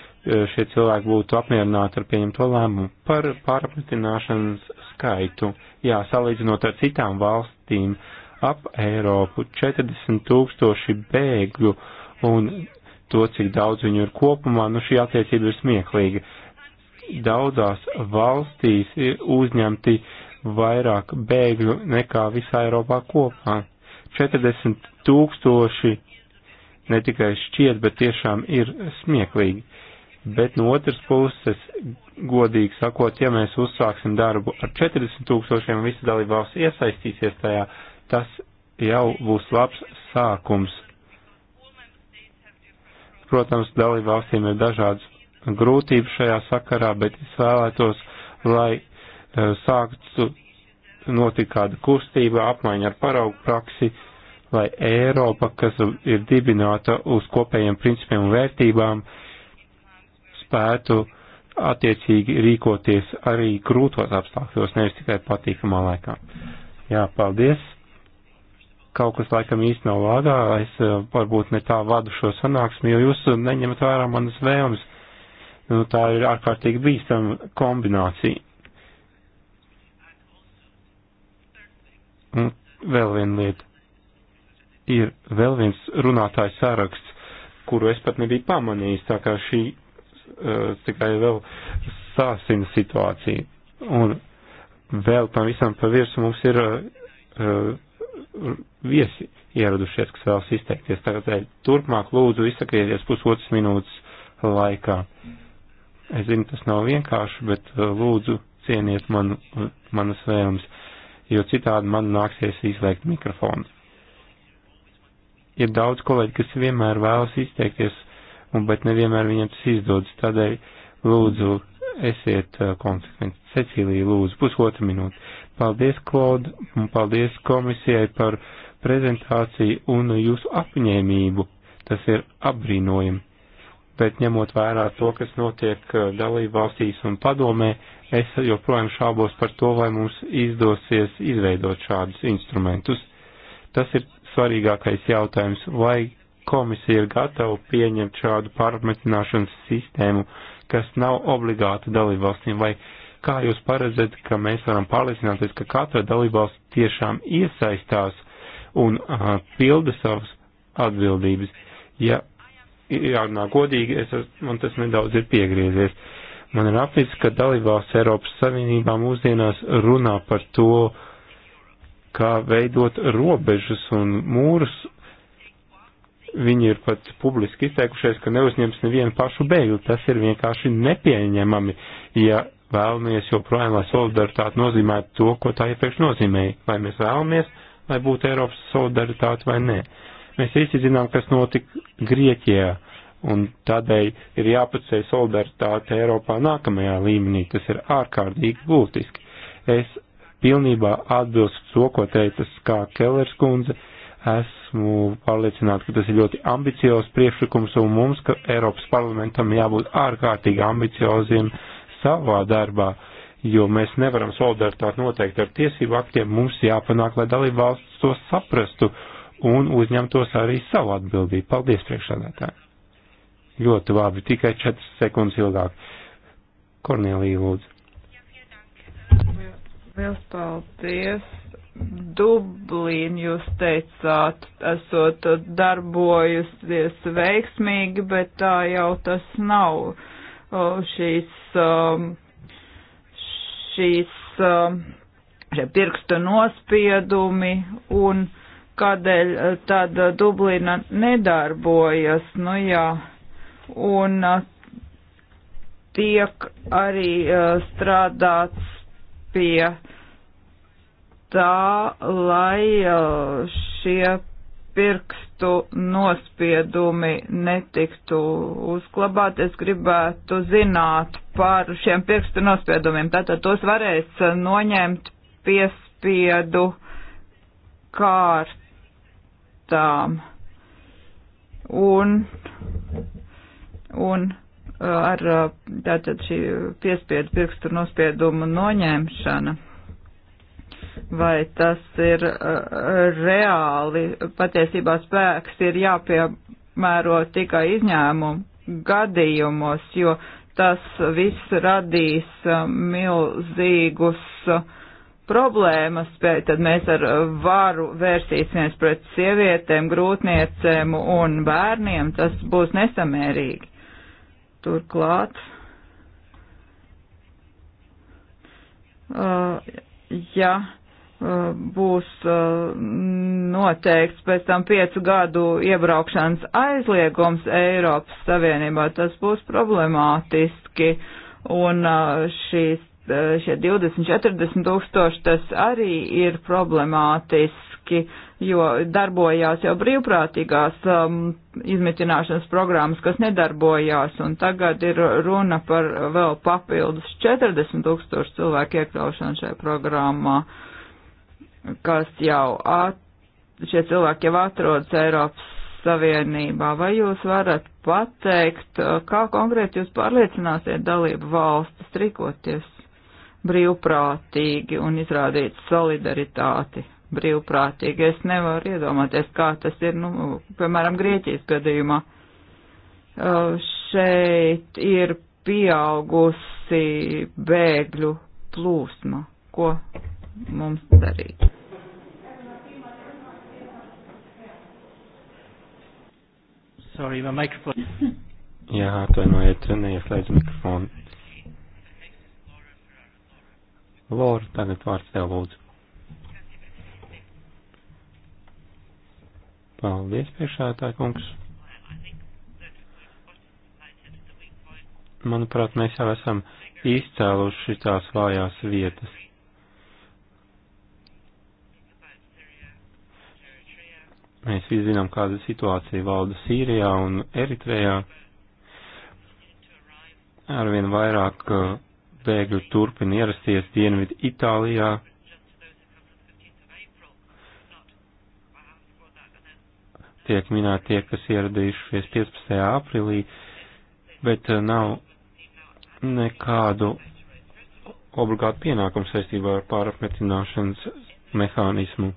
šie cilvēki būtu apmierināti ar pieņemto lēmumu par pārapmetināšanas skaitu. Jā, salīdzinot ar citām valstīm, ap Eiropu 40 tūkstoši bēgļu un to, cik daudz viņu ir kopumā, nu šī attiecība ir smieklīga. Daudzās valstīs ir uzņemti vairāk bēgļu nekā visā Eiropā kopā. 40 tūkstoši ne tikai šķiet, bet tiešām ir smieklīgi. Bet no otras puses, godīgi sakot, ja mēs uzsāksim darbu ar 40 tūkstošiem, visi dalībvalsts iesaistīsies tajā, tas jau būs labs sākums Protams, dalībvalstīm ir dažādas grūtības šajā sakarā, bet es vēlētos, lai e, sāktu notikt kāda kustība, apmaiņa ar paraugu praksi, lai Eiropa, kas ir dibināta uz kopējiem principiem un vērtībām, spētu attiecīgi rīkoties arī grūtos apstākļos, nevis tikai patīkamā laikā. Jā, paldies! kaut kas laikam īsti nav vārdā, es eh, varbūt ne tā vadu šo sanāksmi, jo jūs eh, neņemat vērā manas vēlmes. Nu, tā ir ārkārtīgi bīstama kombinācija. Un vēl viena lieta. Ir vēl viens runātājs saraksts, kuru es pat nebiju pamanījis, tā kā šī uh, tikai vēl sāsina situāciju. Un vēl pavisam pa virsu mums ir uh, viesi ieradušies, kas vēlas izteikties. Tātad turpmāk lūdzu izsakieties pusotras minūtes laikā. Es zinu, tas nav vienkārši, bet uh, lūdzu cieniet manu, uh, manas vēlmes, jo citādi man nāksies izslēgt mikrofonu. Ir daudz kolēģi, kas vienmēr vēlas izteikties, un, bet nevienmēr viņiem tas izdodas, tādēļ lūdzu esiet uh, konsekventi. Cecīlija, lūdzu, pusotra minūte. Paldies, Klaud, un paldies komisijai par prezentāciju un jūsu apņēmību. Tas ir apbrīnojami. Bet ņemot vērā to, kas notiek uh, dalību valstīs un padomē, es joprojām šābos par to, vai mums izdosies izveidot šādus instrumentus. Tas ir svarīgākais jautājums, vai komisija ir gatava pieņemt šādu pārmetināšanas sistēmu, kas nav obligāta dalību valstīm, vai uh, Kā jūs paredzat, ka mēs varam pārliecināties, ka katra dalībvalsts tiešām iesaistās un uh, pilda savas atbildības? Ja jārunā godīgi, es, man tas nedaudz ir piegriezies. Man ir apnicis, ka dalībvalsts Eiropas Savienībā mūsdienās runā par to, kā veidot robežas un mūrus. Viņi ir pat publiski izteikušies, ka neuzņems nevienu pašu bēgli. Tas ir vienkārši nepieņemami, ja vēlamies joprojām, lai solidaritāte nozīmētu to, ko tā iepriekš nozīmēja. Vai mēs vēlamies, lai būtu Eiropas solidaritāte vai nē. Mēs visi zinām, kas notika Grieķijā, un tādēļ ir jāpacēj solidaritāte Eiropā nākamajā līmenī, kas ir ārkārtīgi būtiski. Es pilnībā atbilstu to, ko teica Skā Kellers kundze. Esmu pārliecināta, ka tas ir ļoti ambiciozs priekšlikums, un mums, ka Eiropas parlamentam jābūt ārkārtīgi ambicioziem. Uh, savā darbā, jo mēs nevaram solidaritāti noteikt ar tiesību aktiem, mums jāpanāk, lai dalību valsts to saprastu un uzņemtos arī savu atbildību. Paldies priekšsādātāji. Ļoti labi, tikai 4 sekundes ilgāk. Kornelija lūdzu. Liels paldies. Dublīn, jūs teicāt, esot darbojusies veiksmīgi, bet tā jau tas nav šīs, šīs šie pirkstu nospiedumi un kādēļ e, tad Dublina nedarbojas, nu jā, un e, tiek arī e, strādāts pie tā, lai šie pirkstu augstu nospiedumi netiktu uzklabāt. Es gribētu zināt par šiem pirkstu nospiedumiem. Tātad tos varēs noņemt piespiedu kārtām. Un, un uh, ar uh, tātad šī piespiedu pirkstu nospiedumu noņemšana vai tas ir uh, reāli. Patiesībā spēks ir jāpiemēro tikai izņēmumu gadījumos, jo tas viss radīs uh, milzīgus uh, problēmas, bet tad mēs ar varu vērsīsimies pret sievietēm, grūtniecēm un bērniem, tas būs nesamērīgi. Turklāt. Uh, ja Uh, būs uh, noteikts pēc tam piecu gadu iebraukšanas aizliegums Eiropas Savienībā, tas būs problemātiski. Un uh, šīs, šie 20-40 tūkstoši tas arī ir problemātiski, jo darbojās jau brīvprātīgās um, izmitināšanas programmas, kas nedarbojās, un tagad ir runa par vēl papildus 40 tūkstošu cilvēku iekļaušanu šajā programmā. Uh, kas jau at, šie cilvēki jau atrodas Eiropas Savienībā, vai jūs varat pateikt, uh, kā konkrēti jūs pārliecināsiet dalību valstis rīkoties brīvprātīgi un izrādīt solidaritāti brīvprātīgi? Es nevaru iedomāties, kā tas ir, nu, piemēram, Grieķijas gadījumā. Uh, šeit ir pieaugusi bēgļu plūsma. Ko mums darīt. Sorry, my microphone. [laughs] Jā, atvainojiet, neieslēdz mikrofonu. Lora, tagad vārds tev lūdzu. Paldies, priekšētāji kungs. Manuprāt, mēs jau esam izcēluši tās vājās vietas Mēs visi zinām, kāda situācija valda Sīrijā un Eritrejā. Arvien vairāk uh, bēgļu turpina ierasties dienvidu Itālijā. Tiek minēti tie, kas ieradījušies 15. aprīlī, bet uh, nav nekādu obligātu pienākumu saistībā ar pārapmetināšanas mehānismu.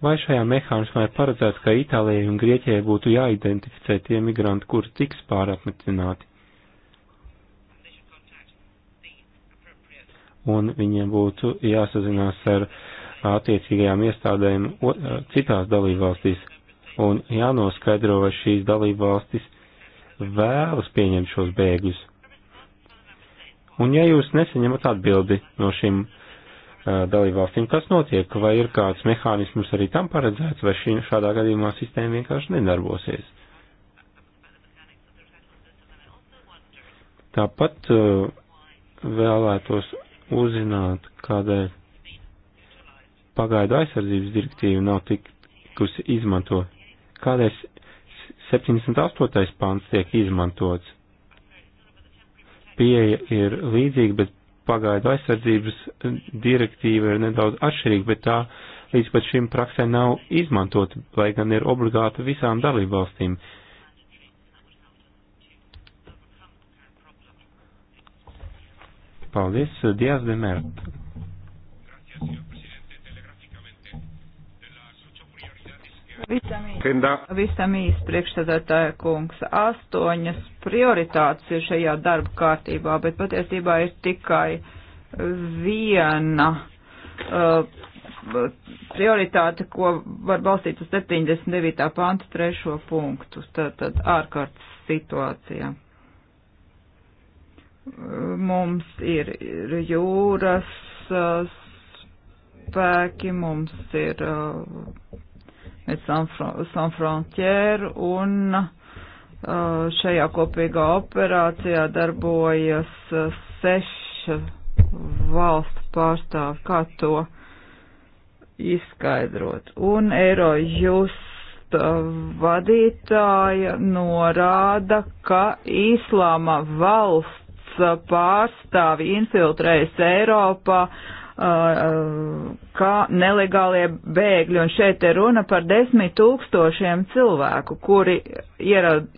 Vai šajā mehānismā ir paredzēts, ka Itālijai un Grieķijai būtu jāidentificē tie migranti, kuri tiks pārapmetināti? Un viņiem būtu jāsazinās ar attiecīgajām iestādēm eh, citās dalībvalstīs un jānoskaidro, vai šīs dalībvalstis vēlas pieņemt šos bēgļus. Un ja jūs nesaņemat atbildi no šīm dalībvalstīm, kas notiek, vai ir kāds mehānisms arī tam paredzēts, vai šī, šādā gadījumā sistēma vienkārši nedarbosies. Tāpat vēlētos uzzināt, kādēļ pagaidu aizsardzības direktīva nav tikusi izmantot. Kādēļ 78. pāns tiek izmantots? Pieeja ir līdzīga, bet pagaidu aizsardzības direktīva ir nedaudz atšķirīga, bet tā līdz pat šim praksē nav izmantota, lai gan ir obligāta visām dalībvalstīm. Paldies, Dievs, Demērt Visam īsti, visam īsti priekšsēdētāja kungs, astoņas prioritātes ir šajā darba kārtībā, bet patiesībā ir tikai viena uh, prioritāte, ko var balstīt uz 79. pantu trešo punktu, tad, tad ārkārtas situācijā mums ir, ir jūras uh, spēki, mums ir uh, Sans Frontier un uh, šajā kopīgā operācijā darbojas uh, seša valstu pārstāvi, kā to izskaidrot. Un Eiro just uh, vadītāja norāda, ka Īslāma valsts pārstāvi infiltrējas Eiropā, uh, Uh, uh, kā nelegālie bēgļi, un šeit ir runa par desmit tūkstošiem cilvēku, kuri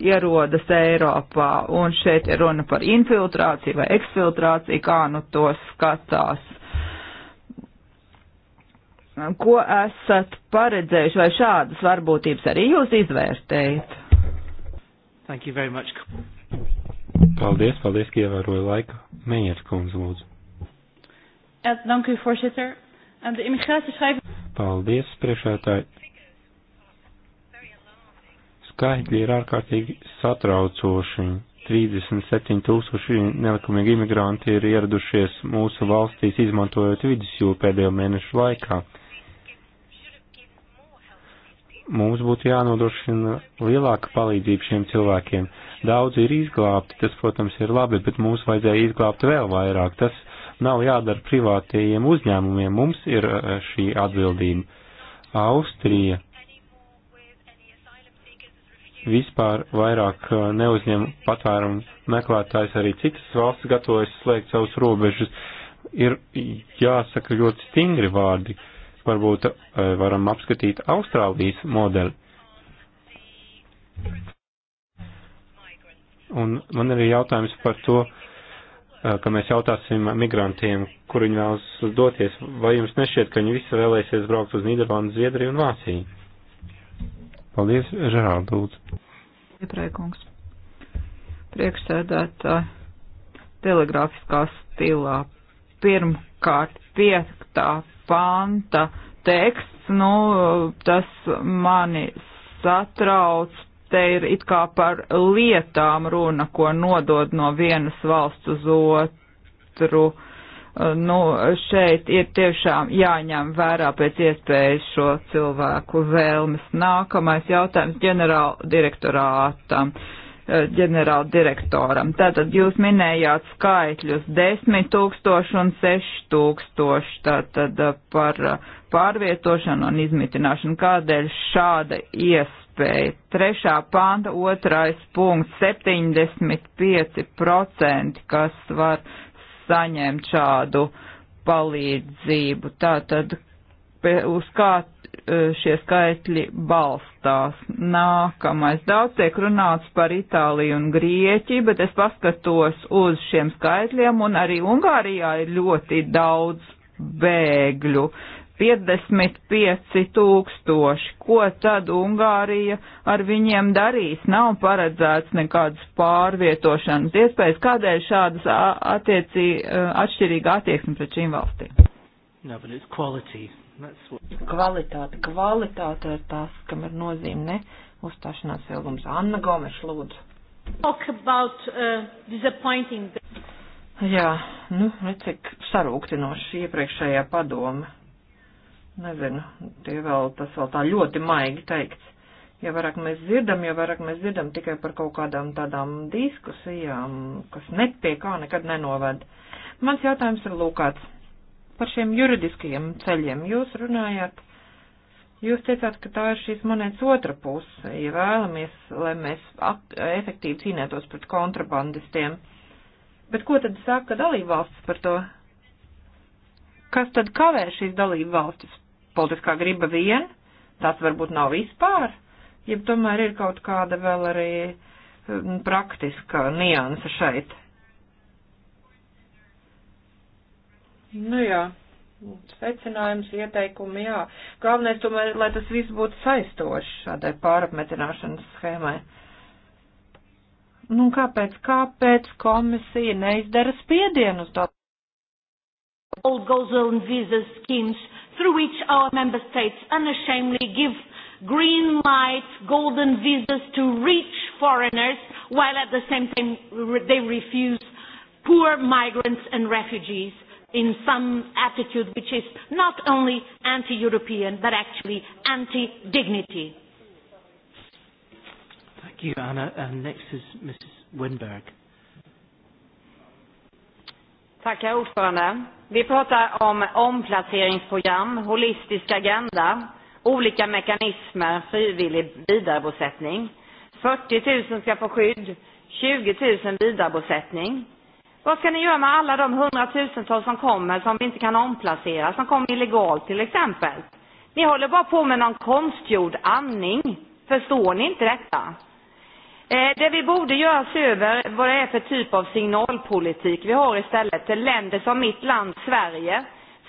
ierodas Eiropā, un šeit ir runa par infiltrāciju vai eksfiltrāciju, kā nu to skatās. Ko esat paredzējuši, vai šādas varbūtības arī jūs izvērtējat? Thank you very much. Paldies, paldies, ka ievēroju laiku. Mēģiniet, kundze, lūdzu. Eh, dank u, voorzitter. Eh, de immigratiecijfers. Paldies, priekšētāji. Skaitļi ir ārkārtīgi satraucoši. 37 tūkstoši nelikumīgi imigranti ir ieradušies mūsu valstīs, izmantojot vidusjūru pēdējo mēnešu laikā. Mums būtu jānodrošina lielāka palīdzība šiem cilvēkiem. Daudzi ir izglābti, tas, protams, ir labi, bet mūs vajadzēja izglābt vēl vairāk. Tas nav jādara privātajiem uzņēmumiem. Mums ir eh, šī atbildība. Austrija vispār vairāk eh, neuzņem patvērumu meklētājs, arī citas valsts gatavojas slēgt savus robežus. Ir jāsaka ļoti stingri vārdi. Varbūt eh, varam apskatīt Austrālijas modeli. Un man ir jautājums par to, uh, Eh, ka mēs jautāsim migrantiem, kur viņi vēlas doties, vai jums nešķiet, ka viņi visi vēlēsies braukt uz Nīderlandu, Zviedriju un Vāciju? Paldies, Žerāld, lūdzu. Iepriekums. Priekšsēdētāji telegrāfiskā stilā. Pirmkārt, piektā panta teksts, nu, tas mani satrauc te ir it kā par lietām runa, ko nodod no vienas valsts uz otru. Uh, nu, šeit ir tiešām jāņem vērā pēc iespējas šo cilvēku vēlmes. Nākamais jautājums ģenerāla direktorātam. Uh, ģenerāla direktoram. Tātad jūs minējāt skaitļus 10 tūkstoši un 6 tūkstoši, tātad uh, par pārvietošanu un izmitināšanu. Kādēļ šāda ies iespēja. Trešā panta otrais punkts - 75%, kas var saņemt šādu palīdzību. Tātad uz kā e, šie skaitļi balstās. Nākamais daudz tiek runāts par Itāliju un Grieķiju, bet es paskatos uz šiem skaitļiem un arī Ungārijā ir ļoti daudz bēgļu. 55 tūkstoši. Ko tad Ungārija ar viņiem darīs? Nav paredzēts nekādas pārvietošanas iespējas. Kādēļ šādas attiecī, atšķirīga attieksme pret šīm valstīm? No, what... Kvalitāte, kvalitāte ir tas, kam ir nozīme, ne? Uzstāšanās ilgums. Anna Gomeša, lūdzu. Talk about uh, disappointing. Jā, nu, cik sarūktinoši iepriekšējā padoma Nezinu, tie vēl, tas vēl tā ļoti maigi teikts. Ja vairāk mēs dzirdam, jo vairāk mēs dzirdam tikai par kaut kādām tādām diskusijām, kas nepie kā nekad nenoved. Mans jautājums ir lūkāts par šiem juridiskajiem ceļiem. Jūs runājāt. Jūs teicāt, ka tā ir šīs monētas otra puse, ja vēlamies, lai mēs efektīvi cīnētos pret kontrabandistiem. Bet ko tad saka dalībvalstis par to? Kas tad kavē šīs dalībvalstis politiskā griba vien, tas varbūt nav vispār, ja tomēr ir kaut kāda vēl arī mm, praktiska nianse šeit. Nu jā, secinājums, ieteikumi, jā. Galvenais tomēr, lai tas viss būtu saistoši šādai pārapmetināšanas schēmai. Nu kāpēc, kāpēc komisija neizdara spiedienu uz to? All goes on visa schemes through which our member states unashamedly give green lights, golden visas to rich foreigners, while at the same time they refuse poor migrants and refugees in some attitude which is not only anti-European, but actually anti-dignity. Thank you, Anna. And next is Mrs. Winberg. Tack, herr ordförande. Vi pratar om omplaceringsprogram, holistisk agenda, olika mekanismer, frivillig vidarebosättning. 40 000 ska få skydd, 20 000 vidarebosättning. Vad ska ni göra med alla de hundratusentals som kommer som vi inte kan omplacera, som kommer illegalt till exempel? Ni håller bara på med någon konstgjord andning. Förstår ni inte detta? Eh, det vi borde göra sig över vad det är för typ av signalpolitik vi har istället. Länder som mitt land Sverige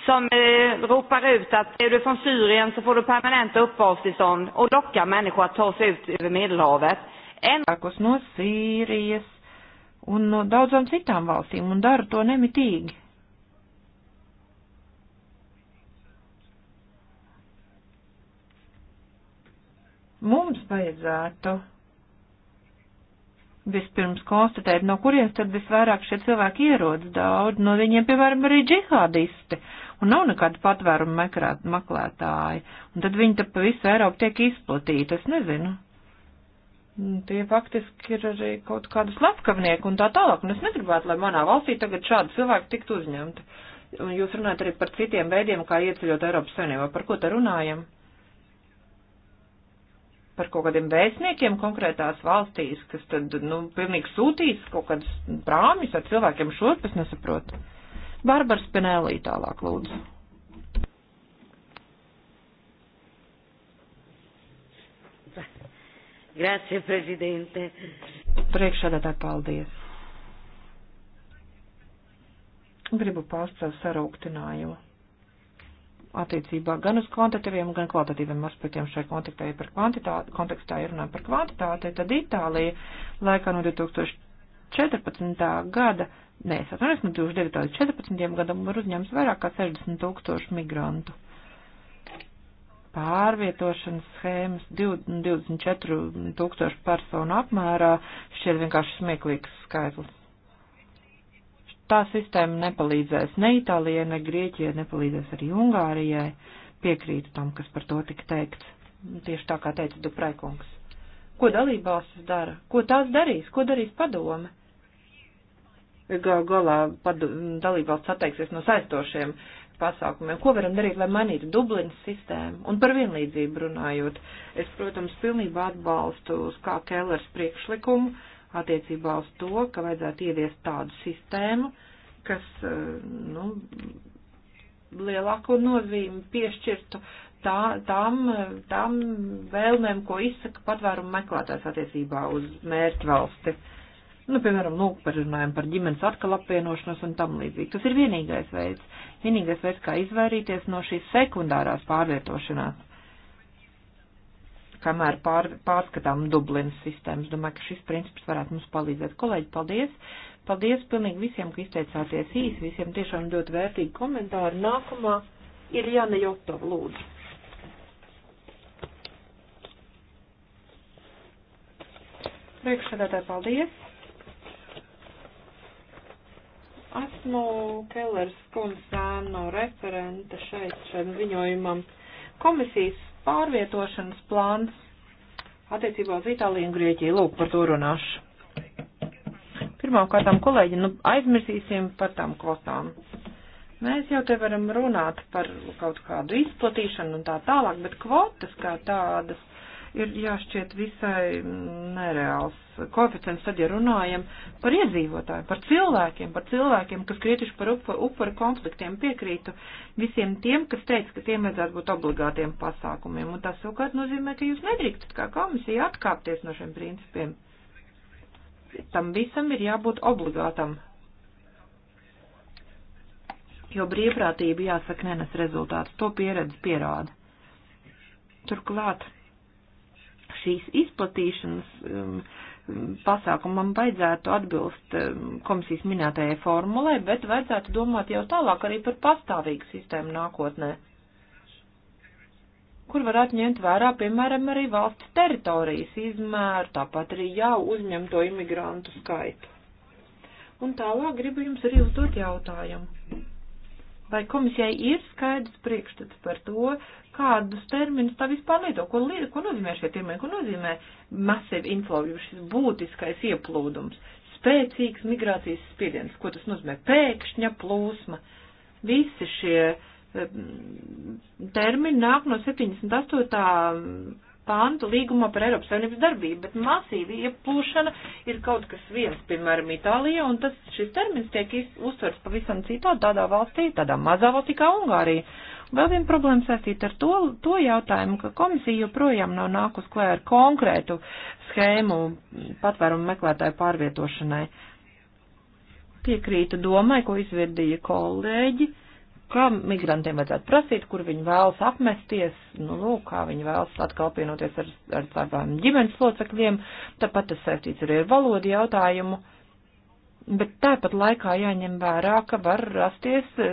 som eh, ropar ut att är du från Syrien så får du permanenta uppehållstillstånd och lockar människor att ta sig ut över Medelhavet. En... No Sīrijas un no daudzām citām valstīm un dara to nemitīgi. Mums vajadzētu vispirms konstatēt, no kurienes tad visvairāk šie cilvēki ierodas. Daudz no viņiem, piemēram, arī džihādisti, un nav nekāda patvēruma meklētāji. Un tad viņi te pa visu Eiropu tiek izplatīti, es nezinu. Tie faktiski ir arī kaut kādi slepkavnieki un tā tālāk, un es negribētu, lai manā valstī tagad šādi cilvēki tiktu uzņemti. Un jūs runājat arī par citiem veidiem, kā ieceļot Eiropas savienībā. Par ko te runājam? par kaut kādiem vēstniekiem konkrētās valstīs, kas tad, nu, pilnīgi sūtīs kaut kādas prāmis ar cilvēkiem šurp, es nesaprotu. Barbara Spinelli tālāk lūdzu. Grazie, prezidente. Priekšādātāji, paldies. Gribu paust savu sarūktinājumu attiecībā gan uz kvantitīviem, gan kvalitatīviem aspektiem šai kontekstā, ja par kvantitāti, kontekstā ja runājam par kvantitāti, tad Itālija laikā no 2014. gada, nē, es atvainojos, no 2009. līdz 2014. gadam var uzņemt vairāk kā 60 tūkstošu migrantu pārvietošanas schēmas 24 tūkstošu personu apmērā šķiet vienkārši smieklīgs skaitlis tā sistēma nepalīdzēs ne Itālijai, ne Grieķijai, nepalīdzēs arī Ungārijai. Piekrītu tam, kas par to tika teikts. Tieši tā kā teica Dupraikungs. Ko dalībvalstis dara? Ko tās darīs? Ko darīs padome? Gal galā padu, dalībvalsts atteiksies no saistošiem pasākumiem. Ko varam darīt, lai mainītu Dublinas sistēmu? Un par vienlīdzību runājot, es, protams, pilnībā atbalstu Skā Kellers priekšlikumu. Uh, attiecībā uz to, ka vajadzētu ieviest tādu sistēmu, kas, eh, nu, lielāko nozīmi piešķirtu tā, tām, tām vēlmēm, ko izsaka patvērumu meklētājs attiecībā uz mērķu valsti. Nu, piemēram, lūk, parunājam par ģimenes atkal apvienošanos un tam līdzīgi. Tas ir vienīgais veids, vienīgais veids, kā izvairīties no šīs sekundārās pārvietošanās kamēr pār, pārskatām Dublinas sistēmas. Domāju, ka šis princips varētu mums palīdzēt. Kolēģi, paldies! Paldies pilnīgi visiem, ka izteicāties īsi, visiem tiešām ļoti vērtīgi komentāri. Nākamā ir Jana Jotova, lūdzu. Priekšsēdētāji, paldies! Esmu Kellers Kunsēnu referente šeit šiem ziņojumam. Komisijas pārvietošanas plāns attiecībā uz Itāliju un Grieķiju. Lūk, par to runāšu. Pirmkārt, kolēģi, nu aizmirsīsim par tām kvotām. Mēs jau te varam runāt par kaut kādu izplatīšanu un tā tālāk, bet kvotas kā tādas ir jāšķiet visai nereāls koeficients, tad, ja runājam par iedzīvotājiem, par cilvēkiem, par cilvēkiem, kas krituši par upuru konfliktiem, piekrītu visiem tiem, kas teica, ka tiem vajadzētu būt obligātiem pasākumiem. Un tas savukārt nozīmē, ka jūs nedrīkstat kā komisija atkāpties no šiem principiem. Tam visam ir jābūt obligātam jo brīvprātība, jāsaka, nenes rezultātus. To pieredze pierāda. Turklāt šīs izplatīšanas um, pasākumam vajadzētu atbilst um, komisijas minētajai formulai, bet vajadzētu domāt jau tālāk arī par pastāvīgu sistēmu nākotnē, kur varētu ņemt vērā, piemēram, arī valsts teritorijas izmēru, tāpat arī jau uzņemto imigrantu skaitu. Un tālāk gribu jums arī uzdot jautājumu. Vai komisijai ir skaidrs priekšstats par to, kādus terminus tā vispār lieto, ko, li ko nozīmē šie termini, ko nozīmē massive inflow, jo šis būtiskais ieplūdums, spēcīgs migrācijas spiediens, ko tas nozīmē, pēkšņa plūsma, visi šie eh, termini nāk no 78 pāntu līgumā par Eiropas Savienības darbību, bet masīvi iepūšana ir kaut kas viens, piemēram, Itālija, un tas šis termins tiek uztverts pavisam citā tādā valstī, tādā mazā valstī kā Ungārija. Vēl viena problēma saistīta ar to, to jautājumu, ka komisija joprojām nav nākus klē ar konkrētu schēmu patvērumu meklētāju pārvietošanai. Piekrītu domai, ko izvirdīja kolēģi kā migrantiem vajadzētu prasīt, kur viņi vēlas apmesties, nu, nu kā viņi vēlas atkal apvienoties ar, ar savām ģimenes locekļiem, tāpat tas saistīts arī ar valodu jautājumu. Bet tāpat laikā jāņem vērā, ka var rasties e,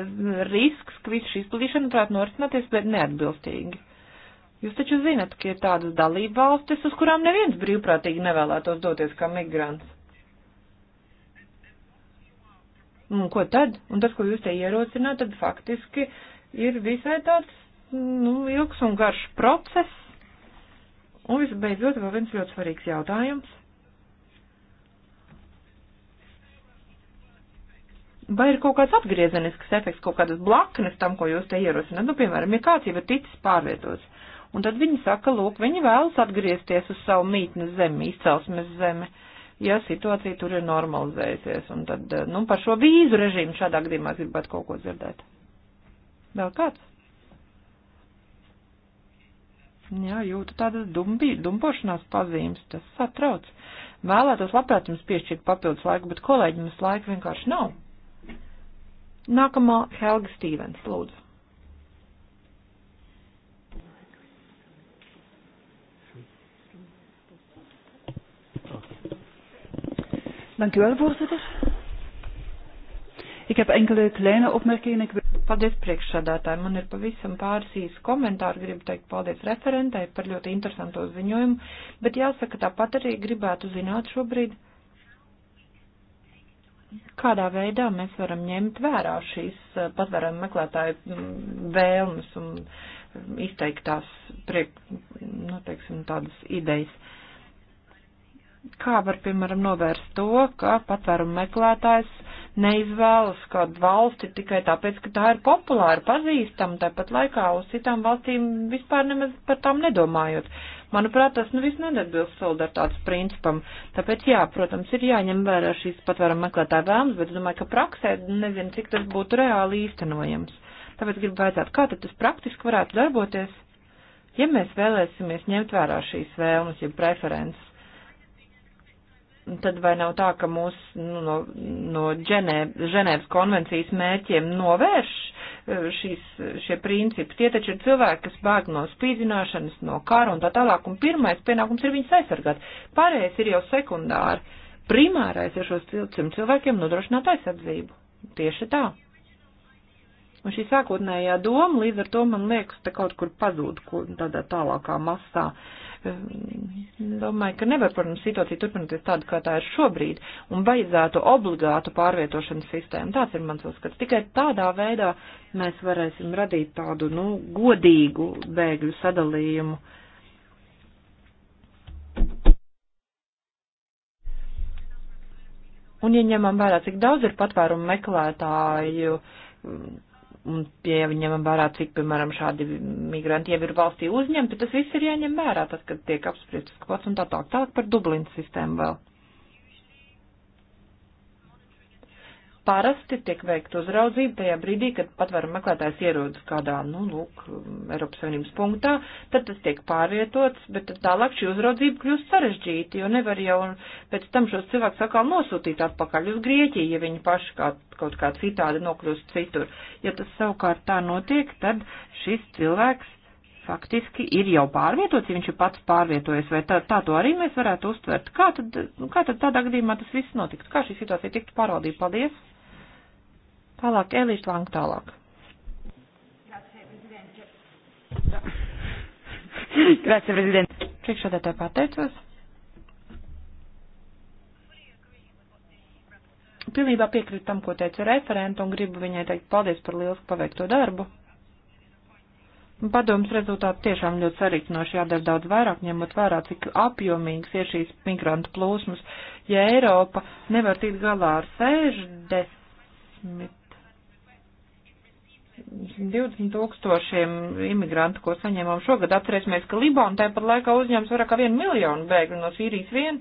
risks, ka visu šī izplatīšana varētu norisināties, bet neatbilstīgi. Jūs taču zinat, ka ir tādas dalība valstis, uz kurām neviens brīvprātīgi nevēlētos doties kā migrants. Un ko tad? Un tas, ko jūs te ierosināt, tad faktiski ir visai tāds, nu, ilgs un garš process. Un visbeidzot, vēl viens ļoti svarīgs jautājums. Vai ir kaut kāds atgriezenisks efekts, kaut kādas blaknes tam, ko jūs te ierosināt? Nu, piemēram, ja kāds jau ir ticis pārvietots, un tad viņi saka, lūk, viņi vēlas atgriezties uz savu mītnes zemi, izcelsmes zemi. Uh, ja situācija tur ir normalizējusies. Un tad, eh, nu, par šo vīzu režīmu šādā gadījumā gribētu kaut ko dzirdēt. Vēl kāds? Jā, jūtu tādas dumbi, dumpošanās pazīmes, tas satrauc. Vēlētos labprāt jums piešķirt papildus laiku, bet kolēģi mums laika vienkārši nav. Nākamā Helga Stīvens, lūdzu. Dank u wel, voorzitter. Ik heb enkele kleine opmerkingen. Ik... Paldies priekšsādātāji. Man ir pavisam pāris īsi komentāri. Gribu teikt paldies referentai par ļoti interesanto ziņojumu, bet jāsaka tāpat arī gribētu zināt šobrīd, kādā veidā mēs varam ņemt vērā šīs eh, patvērumu meklētāju mm, vēlmes un mm, izteiktās priek, nu, teiksim, tādas idejas. Uh, Kā var, piemēram, novērst to, ka patvērumu meklētājs neizvēlas kādu valsti tikai tāpēc, ka tā ir populāra, pazīstama, tāpat laikā uz citām valstīm vispār nemaz par tām nedomājot. Manuprāt, tas nu viss nedarbilst solidaritātes principam. Tāpēc, jā, protams, ir jāņem vērā šīs patvērumu meklētāja vēlmes, bet es domāju, ka praksē nezinu, cik tas būtu reāli īstenojams. Tāpēc gribu vajadzētu, kā tad tas praktiski varētu darboties, ja mēs vēlēsimies ņemt vērā šīs vēlmes, ja preferences tad vai nav tā, ka mūs nu, no, no Ženē, Ženēvas konvencijas mērķiem novērš e, šīs, šie principi? Tie taču ir cilvēki, kas bēg no spīdzināšanas, no kara un tā tālāk, un pirmais pienākums ir viņus aizsargāt. Pārējais ir jau sekundāri. Primārais ir šos cilvēkiem nodrošināt aizsardzību. Tieši tā. Un šī sākotnējā doma līdz ar to, man liekas, te kaut kur pazūd kur tādā tālākā masā. Uh, Domāju, ka nevar, protams, situācija turpināties tāda, kā tā ir šobrīd, un vajadzētu obligātu pārvietošanas sistēmu. Tāds ir mans uzskats. Tikai tādā veidā mēs varēsim radīt tādu, nu, godīgu bēgļu sadalījumu. Un, ja ņemam vērā, cik daudz ir patvērumu meklētāju, Un, ja ņemam vērā, cik, piemēram, šādi migranti jau ir valstī uzņemti, tas viss ir jāņem vērā, tas, kad tiek apspriestas kvots un tā tālāk. Tālāk par Dublinas sistēmu vēl. parasti tiek veikt uzraudzība tajā brīdī, kad patvērumu meklētājs ierodas kādā, nu, lūk, Eiropas Savienības punktā, tad tas tiek pārvietots, bet tālāk šī uzraudzība kļūst sarežģīta, jo nevar jau pēc tam šos cilvēkus atkal nosūtīt atpakaļ uz Grieķiju, ja viņi paši kā, kaut kā citādi nokļūst citur. Ja tas savukārt tā notiek, tad šis cilvēks faktiski ir jau pārvietots, ja viņš ir pats pārvietojies, vai tā, tā to arī mēs varētu uztvert. Kā tad, nu, kā tad tādā gadījumā tas viss notiktu? Kā šī situācija tiktu pārvaldīta? Paldies! Tālāk Elīte Lang tālāk. Grazie, prezident. Priekšādātāji pateicos. Pilnībā piekrītu tam, ko teica referenta, un gribu viņai teikt paldies par lielisku paveikto darbu. Padomas rezultāti tiešām ļoti sarīkinoši jādara daudz vairāk, ņemot vērā, cik apjomīgs ir šīs migrantu plūsmas, ja Eiropa nevar tikt galā ar 60 20 tūkstošiem imigrantu, ko saņēmām šogad. Atcerēsimies, ka Libāna tāpat laikā uzņems vairāk kā 1 miljonu bēgļu no Sīrijas vien.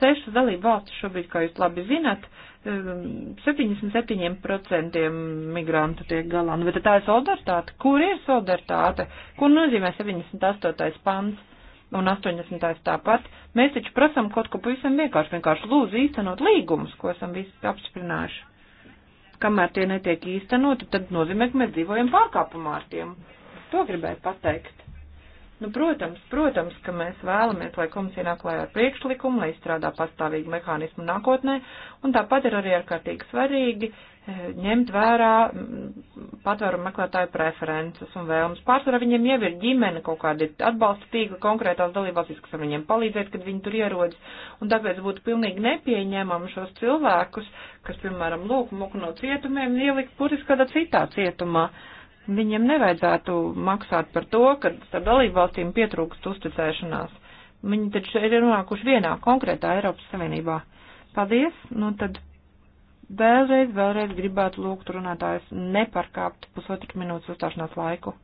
Sešas dalība valsts šobrīd, kā jūs labi zinat, 77% um, migrantu tiek galā. Nu, bet tā ir solidaritāte. Kur ir solidaritāte? Ko nozīmē 78. pants? un 80. tāpat, mēs taču prasam kaut ko pavisam vienkārši, vienkārši lūdzu īstenot līgumus, ko esam visi apsprinājuši kamēr tie netiek īstenoti, tad nozīmē, ka mēs dzīvojam pārkāpumā ar tiem. To gribēju pateikt. Nu, protams, protams, ka mēs vēlamies, lai komisija nāk klājā ar priekšlikumu, lai izstrādā pastāvīgu mehānismu nākotnē, un tāpat ir arī ārkārtīgi svarīgi, uh, ņemt vērā mm, patvērumu meklētāju preferences un vēlmes. Pārsvarā viņiem jau ir ģimene kaut kāda atbalsta tīkla konkrētās dalībvalstīs, kas var viņiem palīdzēt, kad viņi tur ierodas. Un tāpēc būtu pilnīgi nepieņemami šos cilvēkus, kas, piemēram, lūk, muku no cietumiem, ielikt puris kādā citā cietumā. Viņiem nevajadzētu maksāt par to, ka starp dalībvalstīm pietrūkst uzticēšanās. Viņi taču ir nonākuši vienā konkrētā Eiropas Savienībā. Paldies, nu tad Vēlreiz, vēlreiz gribētu lūgt runātājus neparkāpt pusotru minūtes uzstāšanās laiku.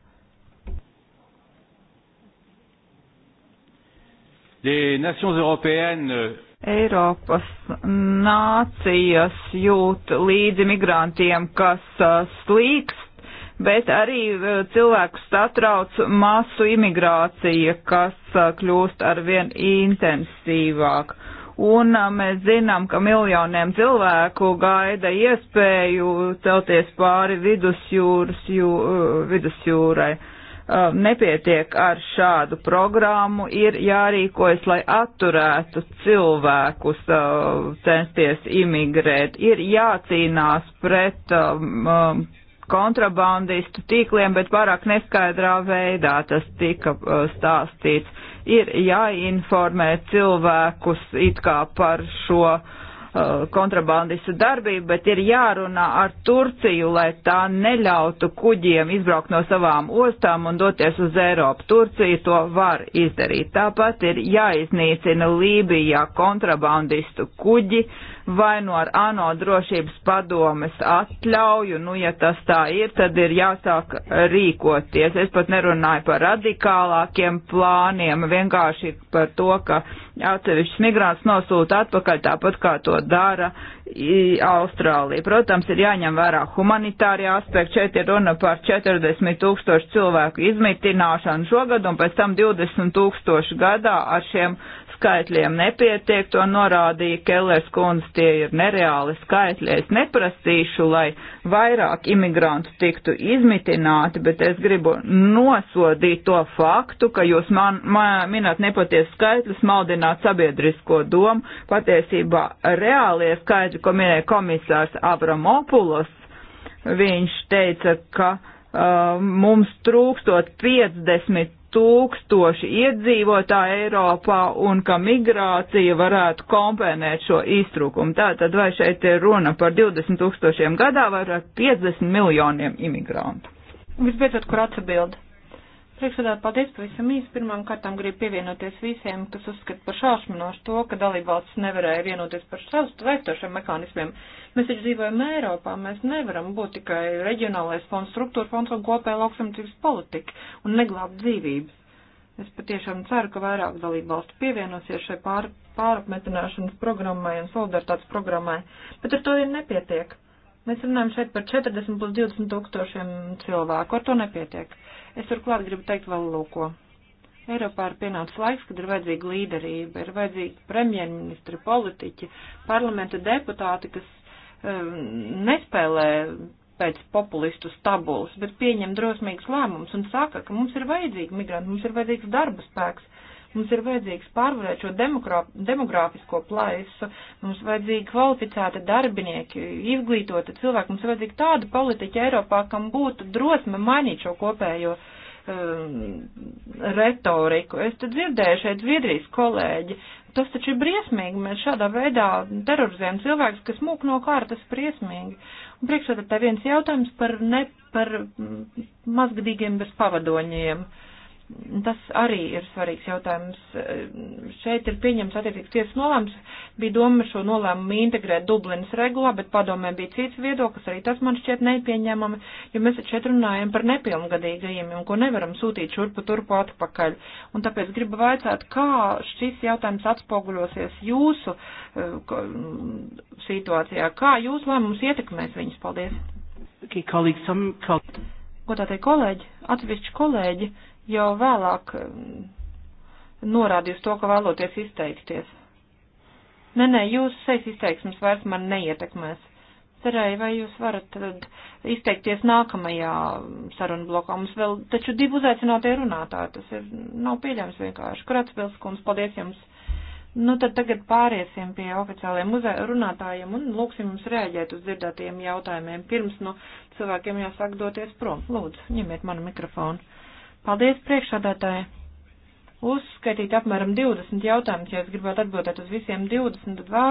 Les nations européennes Eiropas nācijas jūt līdzi migrantiem, kas uh, slīkst, bet arī uh, cilvēkus satrauc masu imigrācija, kas uh, kļūst arvien intensīvāk un mēs zinām, ka miljoniem cilvēku gaida iespēju celties pāri vidusjūras, jū, vidusjūrai. Nepietiek ar šādu programmu, ir jārīkojas, lai atturētu cilvēkus censties imigrēt, ir jācīnās pret kontrabandistu tīkliem, bet pārāk neskaidrā veidā tas tika stāstīts ir jāinformē cilvēkus it kā par šo uh, kontrabandistu darbību, bet ir jārunā ar Turciju, lai tā neļautu kuģiem izbraukt no savām ostām un doties uz Eiropu. Turcija to var izdarīt. Tāpat ir jāiznīcina Lībijā kontrabandistu kuģi, uh, vai no ar ANO drošības padomes atļauju, nu, ja tas tā ir, tad ir jāsāk rīkoties. Es pat nerunāju par radikālākiem plāniem, vienkārši par to, ka atsevišķs migrants nosūta atpakaļ tāpat, kā to dara Austrālija. Protams, ir jāņem vērā humanitārie aspekti. Šeit ir runa par 40 tūkstošu cilvēku izmitināšanu šogad un pēc tam 20 tūkstošu gadā ar šiem skaitļiem nepietiek, to norādīja Kellers kundze, tie ir nereāli skaitļi. Es neprasīšu, lai vairāk imigrantu tiktu izmitināti, bet es gribu nosodīt to faktu, ka jūs man, man minat nepatiesu skaitļus, maldināt sabiedrisko domu. Patiesībā reālie skaitļi, ko minēja komisārs Avramopulos, viņš teica, ka uh, mums trūkstot 50 tūkstoši iedzīvotāji Eiropā un ka migrācija varētu kompenēt šo iztrūkumu. Tātad vai šeit ir runa par 20 tūkstošiem gadā vai par 50 miljoniem imigrantu? Visbeidzot, kur atbild? Priekšsēdētāji, paldies pavisam īsi. Pirmām kārtām gribu pievienoties visiem, kas uzskata par šausminošu to, ka dalībvalsts nevarēja vienoties par savstarpējošiem mekanismiem, Mēs taču dzīvojam Eiropā, mēs nevaram būt tikai reģionālais fonds, struktūra fonds un kopēja lauksamtības politika un neglābt dzīvības. Es patiešām ceru, ka vairāk dalību valstu pievienosies šai pār, pārapmetināšanas programmai un solidaritātes programmai, bet ar to vien nepietiek. Mēs runājam šeit par 40 plus 20 tūkstošiem cilvēku, ar to nepietiek. Es turklāt gribu teikt vēl lūko. Eiropā ir pienācis laiks, kad ir vajadzīga līderība, ir vajadzīgi premjerministri, politiķi, parlamenta deputāti, kas Um, nespēlē pēc populistu stabulas, bet pieņem drosmīgus lēmumus un saka, ka mums ir vajadzīgi migranti, mums ir vajadzīgs darba spēks, mums ir vajadzīgs pārvarēt šo demogrāfisko plaisu, mums vajadzīgi kvalificēti darbinieki, izglītoti cilvēki, mums ir vajadzīgi tāda politiķa Eiropā, kam būtu drosme mainīt šo kopējo um, retoriku. Es te dzirdēju šeit Zviedrijas kolēģi, Tas taču ir briesmīgi. Mēs šādā veidā terorizējam cilvēkus, kas mūk no kārtas briesmīgi. Un priekšā tad viens jautājums par, ne, par mazgadīgiem bez pavadoņiem. Uh, Tas arī ir svarīgs jautājums. Šeit ir pieņems attiecīgs tiesas nolēms. Bija doma šo nolēmumu integrēt Dublinas regulā, bet padomē bija cits viedoklis, arī tas man šķiet nepieņemami, jo mēs šeit runājam par nepilngadīgajiem, un ko nevaram sūtīt šurpu turpu atpakaļ. Un tāpēc gribu vaicāt, kā šis jautājums atspoguļosies jūsu eh, mm, situācijā, kā jūsu lēmums ietekmēs viņus. Paldies! Okay, colleagues, some... Ko tā teikt kolēģi? Atsevišķi kolēģi jau vēlāk mm, norādījusi to, ka vēloties izteikties. Nē, nē, jūsu sejas izteiksmes vairs man neietekmēs. Cerēju, vai jūs varat tad izteikties nākamajā sarunu blokā. Mums vēl taču divi uzaicinātie runātāji, tas ir, nav pieļams vienkārši. Kratspils kundze, paldies jums. Nu, tad tagad pāriesim pie oficiāliem runātājiem un lūksim jums rēģēt uz dzirdētajiem jautājumiem. Pirms, nu, cilvēkiem jāsāk doties prom. Lūdzu, ņemiet manu mikrofonu. Paldies priekšādātāji! Uzskaitīt apmēram 20 jautājumus, ja es gribētu atbildēt uz visiem 20, tad vā,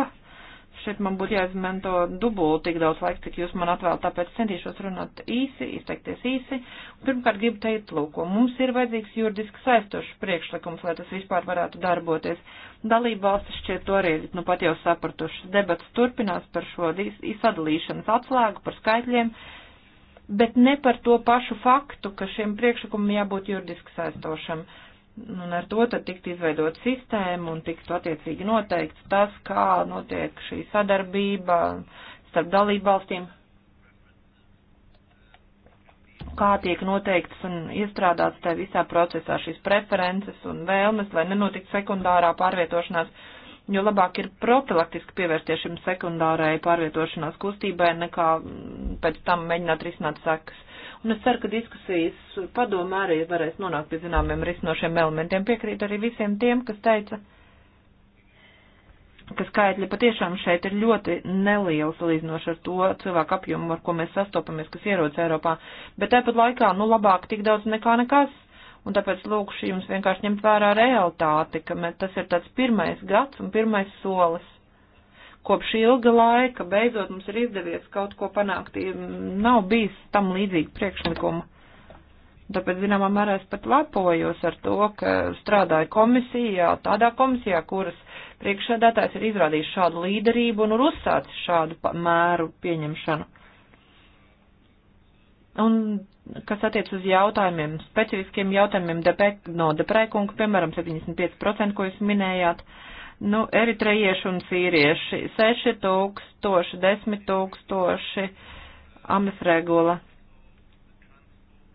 šeit man būtu jāizmanto dubulti tik daudz laika, cik jūs man atvēlat, tāpēc centīšos runāt īsi, izteikties īsi. Pirmkārt, gribu teikt, lūk, mums ir vajadzīgs juridiski saistošs priekšlikums, lai tas vispār varētu darboties. Dalība valstis šķiet to arī, nu pat jau sapratušas, debats turpinās par šo sadalīšanas atslēgu, par skaitļiem. Uh, bet ne par to pašu faktu, ka šiem priekšlikumam jābūt juridiski saistošam. Nu, un ar to tad tiktu izveidot sistēmu un tiktu attiecīgi noteikts tas, kā notiek šī sadarbība starp dalībvalstīm, kā tiek noteikts un iestrādāts tajā visā procesā šīs preferences un vēlmes, lai nenotiktu sekundārā pārvietošanās jo labāk ir profilaktiski pievērsties šim sekundārai pārvietošanās kustībai, nekā mm, pēc tam mēģināt risināt sekas. Un es ceru, ka diskusijas padomē arī varēs nonākt pie zināmiem risinošiem elementiem. Piekrīt arī visiem tiem, kas teica, ka skaitļi patiešām šeit ir ļoti nelieli salīdzinoši ar to cilvēku apjomu, ar ko mēs sastopamies, kas ierodas Eiropā. Bet tāpat laikā, nu, labāk tik daudz nekā nekas un tāpēc lūkšu jums vienkārši ņemt vērā realitāti, ka mēs, tas ir tāds pirmais gads un pirmais solis. Kopš ilga laika beidzot mums ir izdevies kaut ko panākt, nav bijis tam līdzīgi priekšlikuma. Tāpēc, zināmā mērā, es pat lepojos ar to, ka strādāju komisijā, tādā komisijā, kuras priekšsēdētājs ir izrādījis šādu līderību un ir uzsācis šādu mēru pieņemšanu. Un kas attiec uz jautājumiem, specifiskiem jautājumiem depē, no deprēkunga, piemēram, 75%, ko jūs minējāt, nu, eritrejieši un sīrieši, 6 tūkstoši, 10 tūkstoši, amifregula.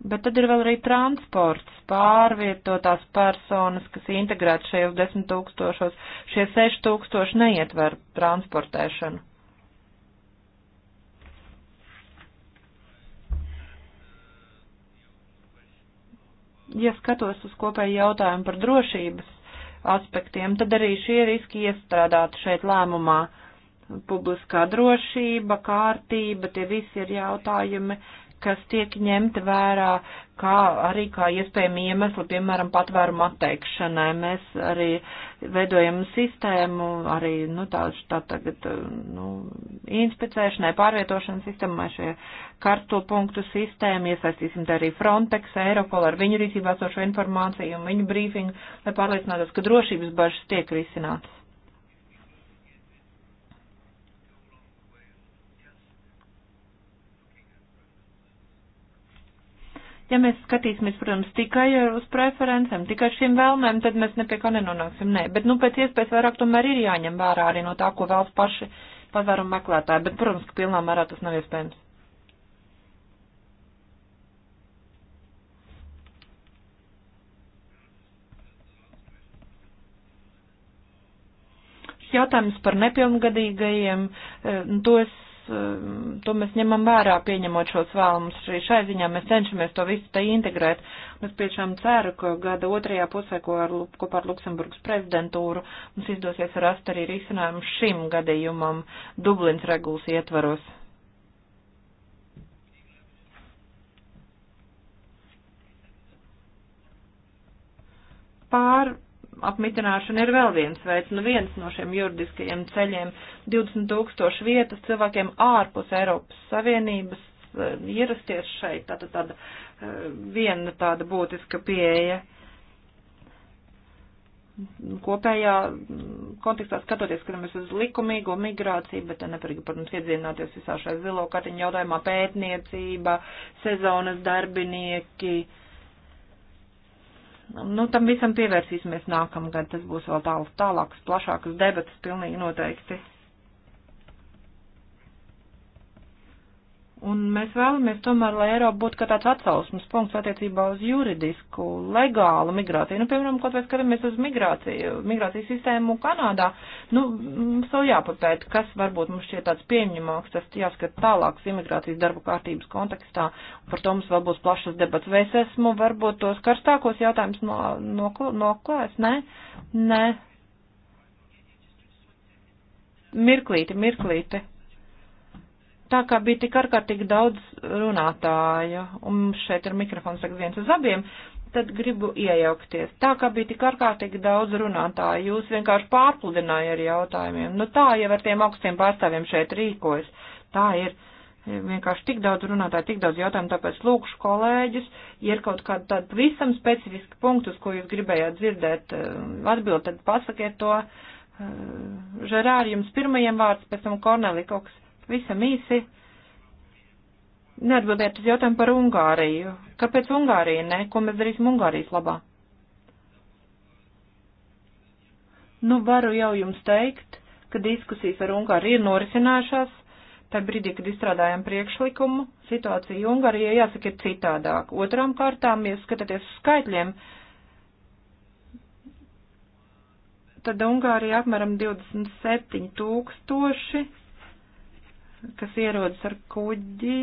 Bet tad ir vēl arī transports, pārvietotās personas, kas integrēt šajos 10 tūkstošos, šie 6 tūkstoši neietver transportēšanu. ja skatos uz kopēju jautājumu par drošības aspektiem, tad arī šie riski iestrādāti šeit lēmumā. Publiskā drošība, kārtība, tie visi ir jautājumi, uh, kas tiek ņemta vērā kā, arī kā iespējami iemesli, piemēram, patvērumu atteikšanai. Mēs arī veidojam sistēmu, arī, nu, tā, tā tagad, nu, inspicēšanai, pārvietošanas sistēmai šie karto punktu sistēmu, iesaistīsim te arī Frontex, Eiropol ar viņu rīcībā sošo informāciju un viņu brīfingu, lai pārliecinātos, ka drošības bažas tiek risinātas. Ja mēs skatīsimies, protams, tikai uz preferencēm, tikai šīm vēlmēm, tad mēs ne pie kā nenonāksim. Nē, bet, nu, pēc iespējas vairāk tomēr ir jāņem vērā arī no tā, ko vēlas paši patvērumu meklētāji, bet, protams, ka pilnā mērā tas nav iespējams. jautājums par nepilngadīgajiem, eh, nu, to es Eh, to mēs ņemam vērā, pieņemot šos vēlumus. Šai ziņā mēs cenšamies to visu te integrēt. Es tiešām ceru, ka gada otrajā pusē, ko ar, kopā ar Luksemburgas prezidentūru, mums izdosies rast arī risinājumu šim gadījumam Dublins regulas ietvaros. Pār apmitināšana ir vēl viens veids, nu viens no šiem juridiskajiem ceļiem - 20 tūkstoši vietas cilvēkiem ārpus Eiropas Savienības e, ierasties šeit, tātad tāda e, viena tāda būtiska pieeja kopējā kontekstā skatoties, kad mēs uz likumīgo migrāciju, bet neparīgi, protams, iedzināties visā šajā zilo kartiņu jautājumā pētniecība, sezonas darbinieki, uh, Nu, tam visam pievērsīsimies nākamgad, tas būs vēl tāl, tālākas, plašākas debatas pilnīgi noteikti. Un mēs vēlamies tomēr, lai Eiropa būtu kā tāds atsausmas punkts attiecībā uz juridisku, legālu migrāciju. Nu, piemēram, kaut vai skatāmies uz migrāciju, migrācijas sistēmu Kanādā, nu, mums vēl jāpapēt, kas varbūt mums šķiet tāds pieņemamāks, tas jāskat tālākas imigrācijas darba kārtības kontekstā. Par to mums vēl būs plašas debats. Vai es esmu varbūt tos karstākos jautājumus no, no, noklājis? Nē, nē. Mirklīti, mirklīti tā kā bija tik ārkārtīgi daudz runātāja, un šeit ir mikrofons tagad viens uz abiem, tad gribu iejaukties. Tā kā bija tik ārkārtīgi daudz runātāju, jūs vienkārši pārpludināja ar jautājumiem. Nu tā jau ar tiem augstiem pārstāvjiem šeit rīkojas. Tā ir vienkārši tik daudz runātāju, tik daudz jautājumu, tāpēc lūkšu kolēģus, ja ir kaut kāda tāda pavisam specifiska punkta, uz ko jūs gribējāt dzirdēt eh, atbildi, tad pasakiet to. Eh, Žerāri, jums pirmajiem vārds, pēc tam Kornelija kaut kas visam īsi neatbildēt uz jautājumu par Ungāriju. Kāpēc Ungārija ne? Ko mēs darīsim Ungārijas labā? Nu, varu jau jums teikt, ka diskusijas ar Ungāriju ir norisinājušās. Tā brīdī, kad izstrādājam priekšlikumu, situācija Ungārijā jāsaka ir citādāk. Otrām kārtām, ja skatāties uz skaitļiem, tad Ungārija apmēram 27 tūkstoši kas ierodas ar kuģi,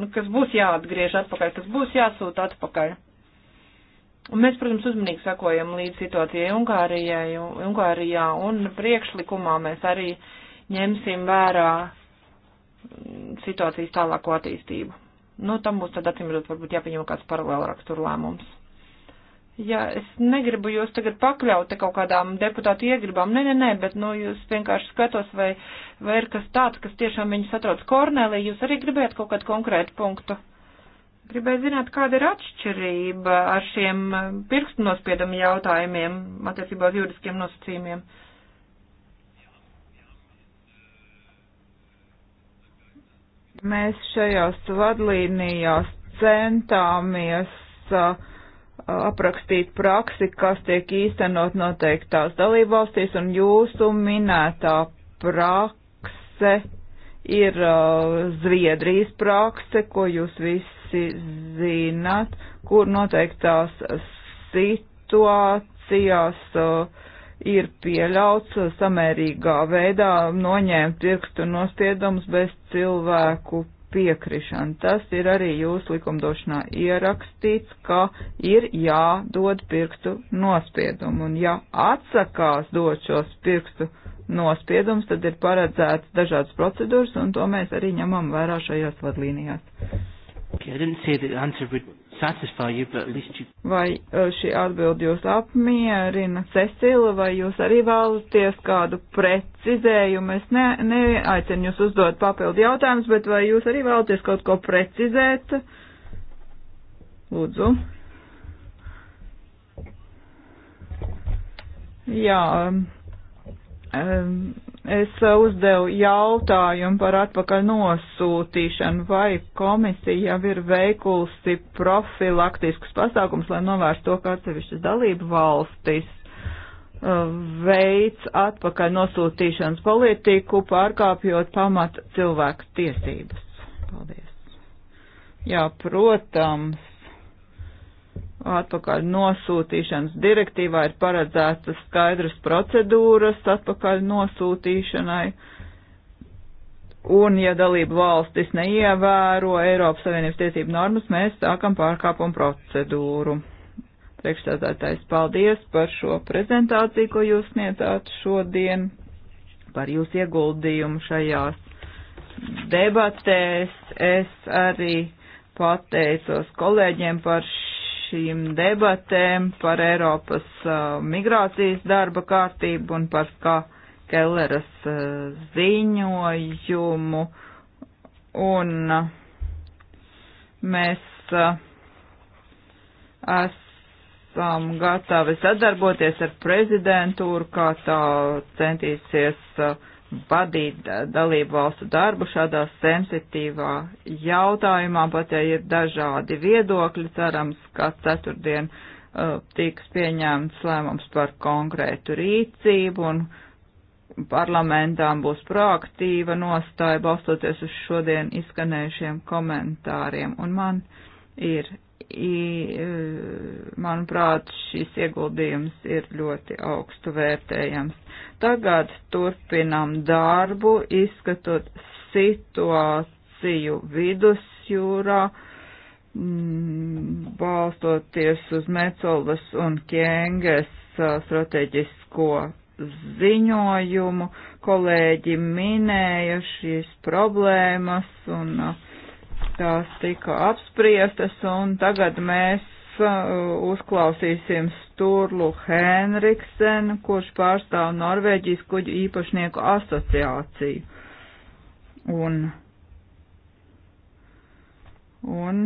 nu, kas būs jāatgriež atpakaļ, kas būs jāsūta atpakaļ. Un mēs, protams, uzmanīgi sakojam līdz situācijai Ungārijai, Ungārijā, un priekšlikumā mēs arī ņemsim vērā mm, situācijas tālāko attīstību. Nu, tam būs tad acīm redzot, varbūt jāpieņem kāds paralēla rakstura lēmums. Ja es negribu jūs tagad pakļaut kaut kādām deputātu iegribām, nē, nē, nē, bet, nu, jūs vienkārši skatos, vai, vai ir kas tāds, kas tiešām viņu satrauc. Kornelī, jūs arī gribējat kaut kādu konkrētu punktu? Gribēju zināt, kāda ir atšķirība ar šiem eh, pirkstu nospiedumu jautājumiem attiecībā uz juridiskiem nosacījumiem. Mēs šajās vadlīnijās centāmies uh, aprakstīt praksi, kas tiek īstenot noteiktās dalībvalstīs, un jūsu minētā prakse ir uh, Zviedrijas prakse, ko jūs visi zināt, kur noteiktās situācijās uh, ir pieļauts uh, samērīgā veidā noņemt pirkstu nospiedumus bez cilvēku piekrišana. Tas ir arī jūsu likumdošanā ierakstīts, ka ir jādod pirkstu nospiedumu, un ja atsakās dot šos pirkstu nospiedumus, tad ir paredzēts dažādas procedūras, un to mēs arī ņemam vērā šajās vadlīnijās. Vai uh, šī atbildi jūs apmierina, Cecila, vai jūs arī vēlaties kādu precizējumu? Es ne, neaicinu jūs uzdot papildu jautājumus, bet vai jūs arī vēlaties kaut ko precizēt? Lūdzu. Jā, um, um Es uzdevu jautājumu par atpakaļ nosūtīšanu, vai komisija jau ir veikusi profilaktiskus pasākums, lai novērstu to, ka atsevišķas dalību valstis uh, veids atpakaļ nosūtīšanas politiku, pārkāpjot pamat cilvēku tiesības. Paldies. Jā, protams, atpakaļ nosūtīšanas direktīvā ir paredzētas skaidras procedūras atpakaļ nosūtīšanai. Un, ja dalību valstis neievēro Eiropas Savienības tiesību normas, mēs sākam pārkāpumu procedūru. Priekšstādātais, paldies par šo prezentāciju, ko jūs sniedzāt šodien, par jūsu ieguldījumu šajās debatēs. Es arī pateicos kolēģiem par šīm debatēm par Eiropas uh, migrācijas darba kārtību un par kā Kelleras uh, ziņojumu. Un uh, mēs uh, esam gatavi sadarboties ar prezidentūru, kā tā centīsies uh, vadīt dalību valstu darbu šādā sensitīvā jautājumā, pat ja ir dažādi viedokļi, cerams, ka ceturtdien uh, tiks pieņemts lēmums par konkrētu rīcību un parlamentām būs proaktīva nostāja balstoties uz šodien izskanējušiem komentāriem. Un man ir I, e, manuprāt, šis ieguldījums ir ļoti augstu vērtējams. Tagad turpinam darbu, izskatot situāciju vidusjūrā, mm, balstoties uz Mecolas un Kienges strateģisko ziņojumu. Kolēģi minēja šīs problēmas un uh, tās tika apspriestas, un tagad mēs uh, uzklausīsim Sturlu Henriksenu, kurš pārstāv Norvēģijas kuģu īpašnieku asociāciju. Un, un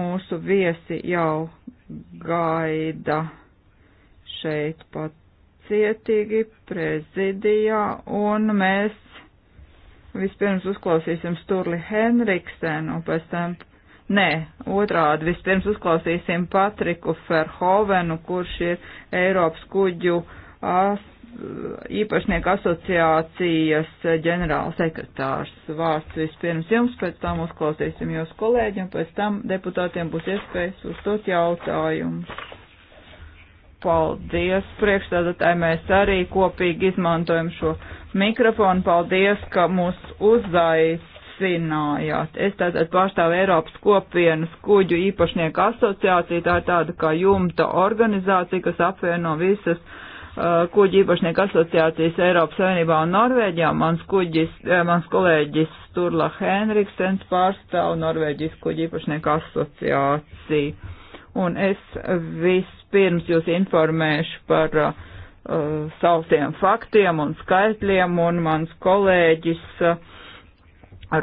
mūsu viesi jau gaida šeit pacietīgi prezidijā, un mēs Vispirms uzklausīsim Sturli Henriksenu, un pēc tam, nē, otrādi, vispirms uzklausīsim Patriku Ferhovenu, kurš ir Eiropas kuģu as, īpašnieku asociācijas ģenerālsekretārs. Vārds vispirms jums, pēc tam uzklausīsim jūs kolēģi, un pēc tam deputātiem būs iespējas uzdot jautājumus. Paldies, priekšstādātāji, mēs arī kopīgi izmantojam šo mikrofonu. Paldies, ka mūs uzaicinājāt. Es tātad pārstāvu Eiropas kopienas kuģu īpašnieku asociāciju. Tā ir tāda kā jumta organizācija, kas apvieno visas uh, kuģi īpašnieku asociācijas Eiropas Savienībā un Norvēģijā. Mans, kuģis, eh, mans kolēģis Sturla Henriksens pārstāv Norvēģijas kuģi īpašnieku asociāciju. Un es visu Vispirms jūs informēšu par uh, uh, saviem faktiem un skaitļiem, un mans kolēģis uh,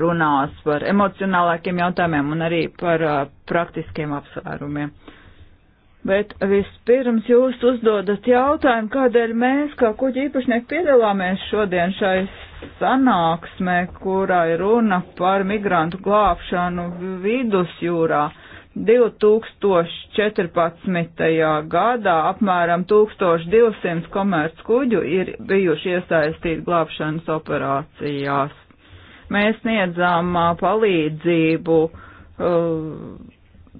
runās par emocionālākiem jautājumiem un arī par uh, praktiskiem apsvērumiem. Bet vispirms jūs uzdodat jautājumu, kādēļ mēs, kā kuģi īpašnieki, piedalāmies šodien šai sanāksmē, kurā ir runa par migrantu glābšanu vidusjūrā. 2014. gadā apmēram 1200 komerc kuģu ir bijuši iesaistīti glābšanas operācijās. Mēs sniedzām palīdzību uh,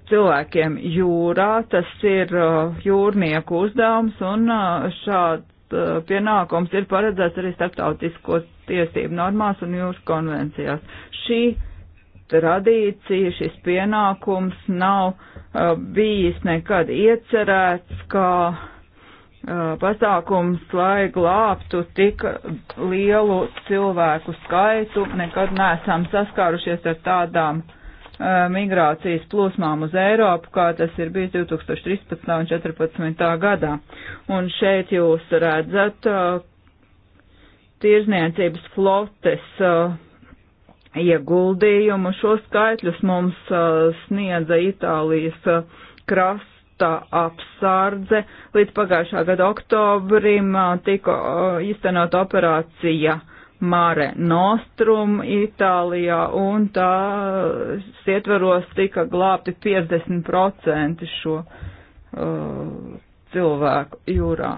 cilvēkiem jūrā, tas ir uh, jūrnieku uzdevums un uh, šāds pienākums ir paredzēts arī starptautiskos tiesību normās un jūras konvencijās. Šī tradīcija, šis pienākums nav uh, bijis nekad iecerēts kā uh, pasākums, lai glābtu tik lielu cilvēku skaitu. Nekad neesam saskārušies ar tādām uh, migrācijas plūsmām uz Eiropu, kā tas ir bijis 2013. un 2014. gadā. Un šeit jūs redzat uh, tirzniecības flotes uh, ieguldījumu. Šo skaitļus mums sniedza Itālijas krasta apsardze. Līdz pagājušā gada oktobrim tika iztenot operācija Mare Nostrum Itālijā, un tā ietveros tika glābti 50% šo uh, cilvēku jūrā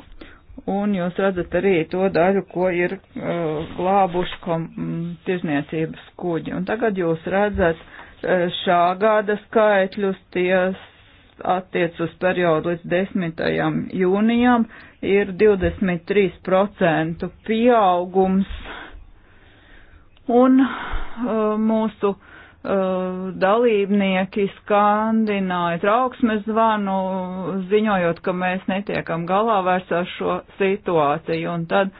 un jūs redzat arī to daļu, ko ir uh, glābuši kom, mm, tirzniecības kuģi. Un tagad jūs redzat uh, šā gada skaitļus, tie attiec uz periodu līdz 10. jūnijam, ir 23% pieaugums. Un uh, mūsu uh, Uh, dalībnieki skandināja trauksmes zvanu, ziņojot, ka mēs netiekam galā vairs ar šo situāciju. Un tad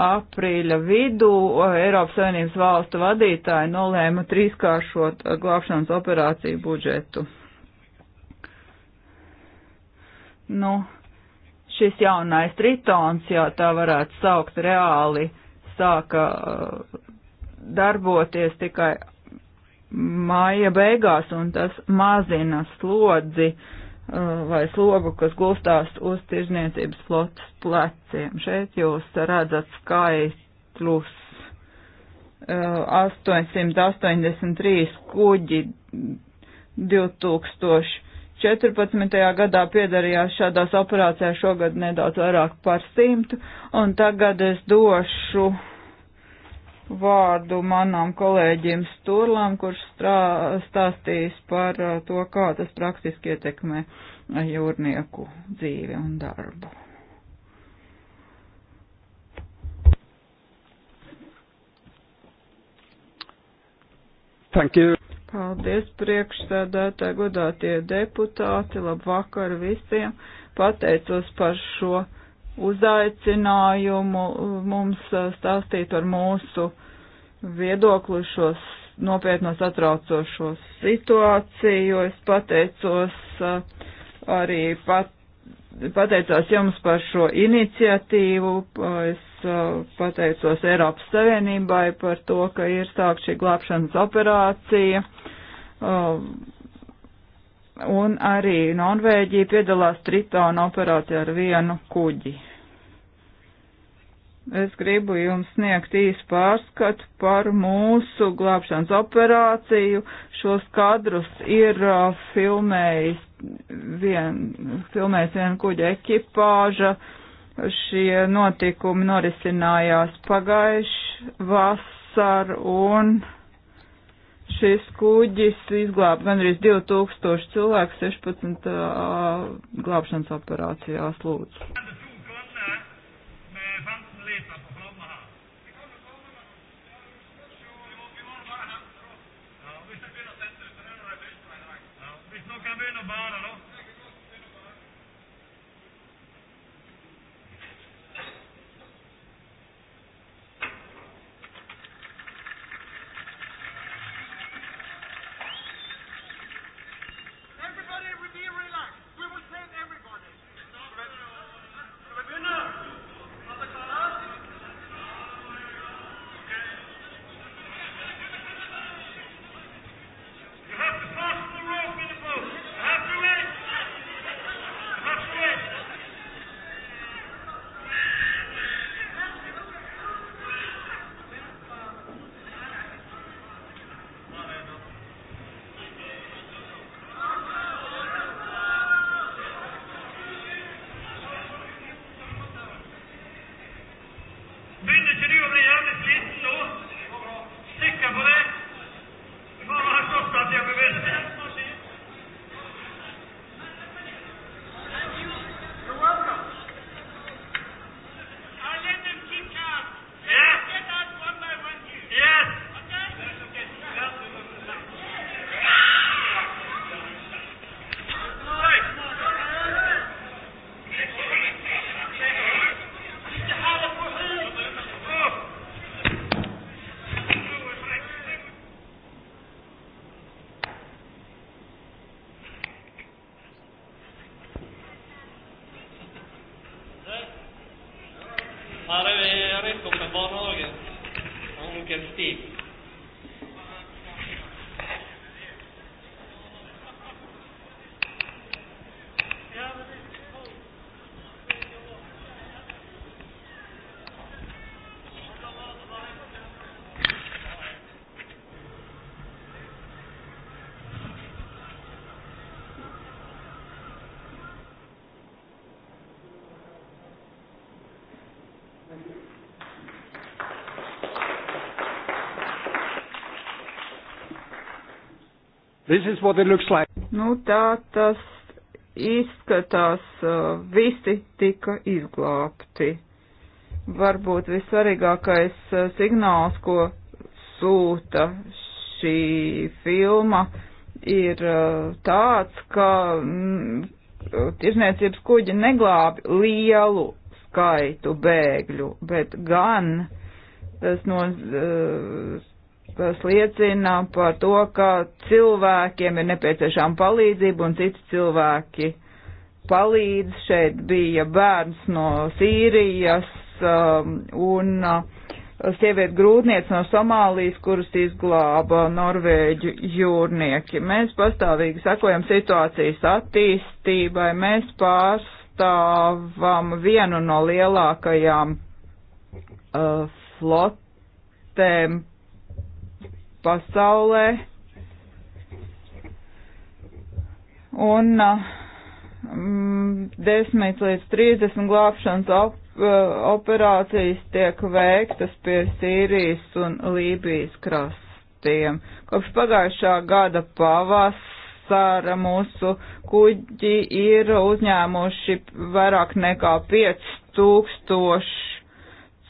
aprīļa vidū Eiropas Savienības valstu vadītāji nolēma trīskāršot glābšanas operāciju budžetu. Nu, šis jaunais tritons, jā, tā varētu saukt reāli, sāka uh, darboties tikai māja beigās, un tas mazina slodzi uh, vai slogu, kas gulstās uz tirzniecības flotas pleciem. Šeit jūs redzat skaitlus 883 uh, kuģi 2014. gadā piedarījās šādās operācijās, šogad nedaudz vairāk par simtu, un tagad es došu vārdu manam kolēģim Sturlam, kurš strā, stāstīs par uh, to, kā tas praktiski ietekmē uh, jūrnieku dzīvi un darbu. Thank you. Paldies priekšsēdētāji, godātie deputāti, labvakar visiem. Pateicos par šo uzaicinājumu mums uh, stāstīt par mūsu viedokli šos nopietnos atraucošos situāciju. Es pateicos uh, arī pat, pateicos jums par šo iniciatīvu. Es uh, pateicos Eiropas Savienībai par to, ka ir sākt šī glābšanas operācija un arī Norvēģija piedalās Tritona operācijā ar vienu kuģi. Es gribu jums sniegt īsu pārskatu par mūsu glābšanas operāciju. Šos kadrus ir uh, filmējis vien, filmējis viena kuģa ekipāža. Šie notikumi norisinājās pagājuši vasar un Šis kuģis izglāba gandrīz 2000 cilvēku 16 uh, glābšanas operācijās lūdzu. Like. Nu, tā tas izskatās, uh, visi tika izglābti. Varbūt vissvarīgākais uh, signāls, ko sūta šī filma, ir uh, tāds, ka mm, tirzniecības kuģi neglābi lielu skaitu bēgļu, bet gan tas no kas liecina par to, ka cilvēkiem ir nepieciešama palīdzība un citi cilvēki palīdz. Šeit bija bērns no Sīrijas um, un uh, sieviete grūtniece no Somālijas, kuras izglāba norvēģu jūrnieki. Mēs pastāvīgi sakojam situācijas attīstībai, mēs pārstāvam vienu no lielākajām uh, flotēm pasaulē. Un uh, mm, 10 līdz 30 glābšanas op uh, operācijas tiek veiktas pie Sīrijas un Lībijas krastiem. Kopš pagājušā gada pavasara vasara mūsu kuģi ir uzņēmuši vairāk nekā 5000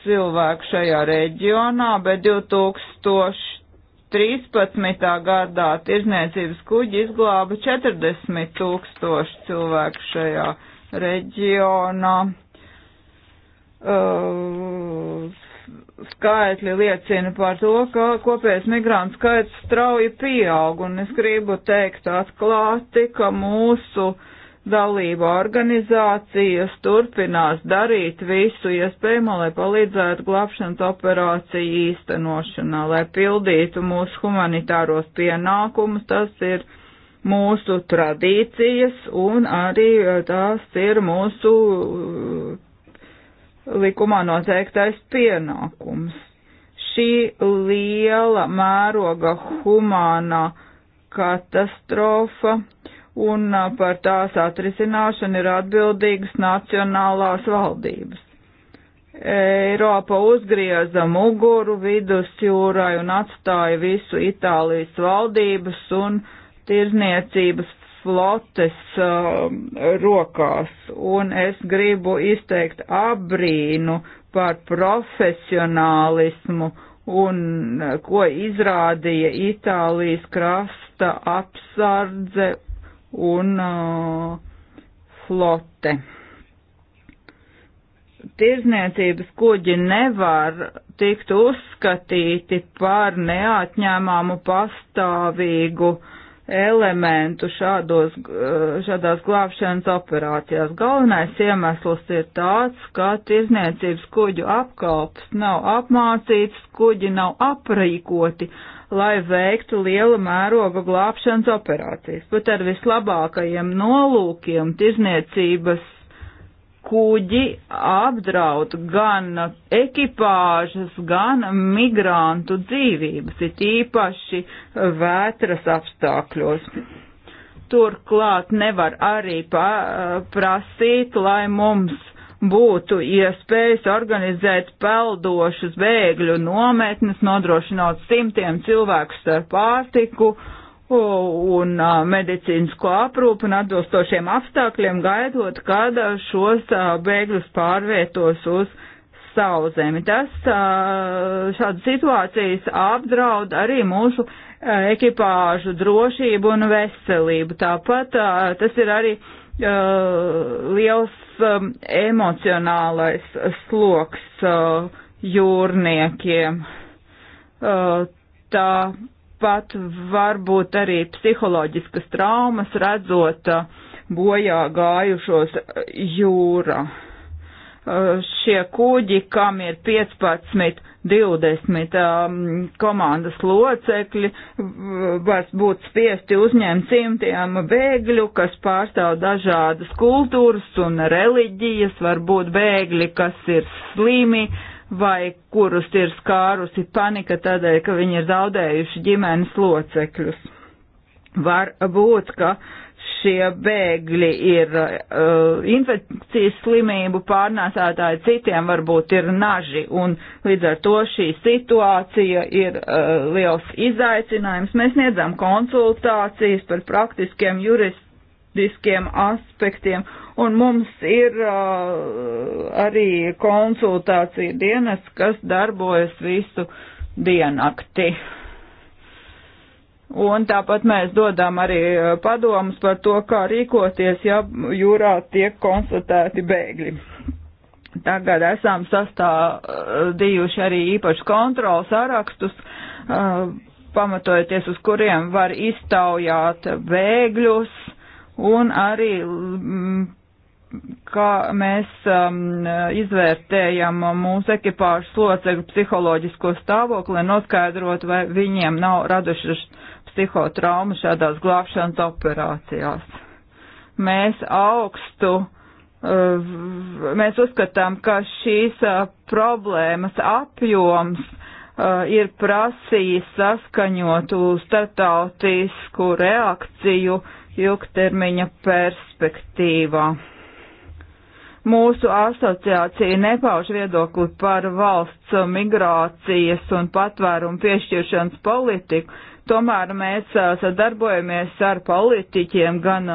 cilvēku šajā reģionā, bet 2000 2013. gadā tirzniecības kuģi izglāba 40 tūkstoši cilvēku šajā reģionā. Uh, skaitļi liecina par to, ka kopējais migrantu skaits strauji pieaug, un es gribu teikt atklāti, ka mūsu uh, dalību organizācijas turpinās darīt visu iespējamo, lai palīdzētu glābšanas operāciju īstenošanā, lai pildītu mūsu humanitāros pienākumus. Tas ir mūsu tradīcijas un arī eh, tās ir mūsu eh, likumā noteiktais pienākums. Šī liela mēroga humānā katastrofa un par tās atrisināšanu ir atbildīgas nacionālās valdības. Eiropa uzgrieza muguru vidusjūrai un atstāja visu Itālijas valdības un tirzniecības flotes uh, rokās, un es gribu izteikt abrīnu par profesionālismu un ko izrādīja Itālijas krasta apsardze un uh, flote. Tirzniecības kuģi nevar tikt uzskatīti par neatņēmāmu pastāvīgu elementu šādos, uh, šādās glābšanas operācijās. Galvenais iemesls ir tāds, ka tirzniecības kuģu apkalps nav apmācīts, kuģi nav aprīkoti lai veiktu liela mēroga glābšanas operācijas, bet ar vislabākajiem nolūkiem tirzniecības kuģi apdraud gan ekipāžas, gan migrantu dzīvības, it īpaši vētras apstākļos. Turklāt nevar arī prasīt, lai mums būtu iespējas organizēt peldošas bēgļu nometnes, nodrošinot simtiem cilvēkus ar pārtiku un medicīnisko aprūpu un atbilstošiem apstākļiem, gaidot, kad šos bēgļus pārvietos uz sauzemi. Tas šāda situācijas apdraud arī mūsu ekipāžu drošību un veselību. Tāpat tas ir arī liels um, emocionālais sloks uh, jūrniekiem. Uh, tāpat varbūt arī psiholoģiskas traumas redzot uh, bojā gājušos jūra. Uh, šie kuģi, kam ir 15 20 um, komandas locekļi var būt spiesti uzņemt simtiem bēgļu, kas pārstāv dažādas kultūras un reliģijas, varbūt bēgļi, kas ir slimi vai kurus ir skārusi panika tādēļ, ka viņi ir zaudējuši ģimenes locekļus. Var būt, ka uh, šie bēgļi ir uh, infekcijas slimību pārnēsātāji, citiem varbūt ir naži, un līdz ar to šī situācija ir uh, liels izaicinājums. Mēs niedzam konsultācijas par praktiskiem juridiskiem aspektiem, un mums ir uh, arī konsultācija dienas, kas darbojas visu diennakti. Un tāpat mēs dodam arī eh, padomus par to, kā rīkoties, ja jūrā tiek konstatēti bēgļi. Tagad esam sastādījuši arī īpašu kontrolu sarakstus, eh, pamatojoties uz kuriem var iztaujāt bēgļus un arī mm, kā mēs um, izvērtējam mūsu ekipāžu locekļu psiholoģisko stāvokli, lai noskaidrotu, vai viņiem nav radušas uh, psihotraumu šādās glābšanas operācijās. Mēs augstu, uh, mēs uzskatām, ka šīs uh, problēmas apjoms uh, ir prasījis saskaņotu startautisku reakciju ilgtermiņa perspektīvā. Mūsu asociācija nepauž viedokli par valsts migrācijas un patvērumu piešķiršanas politiku, Tomēr mēs sadarbojamies ar politiķiem gan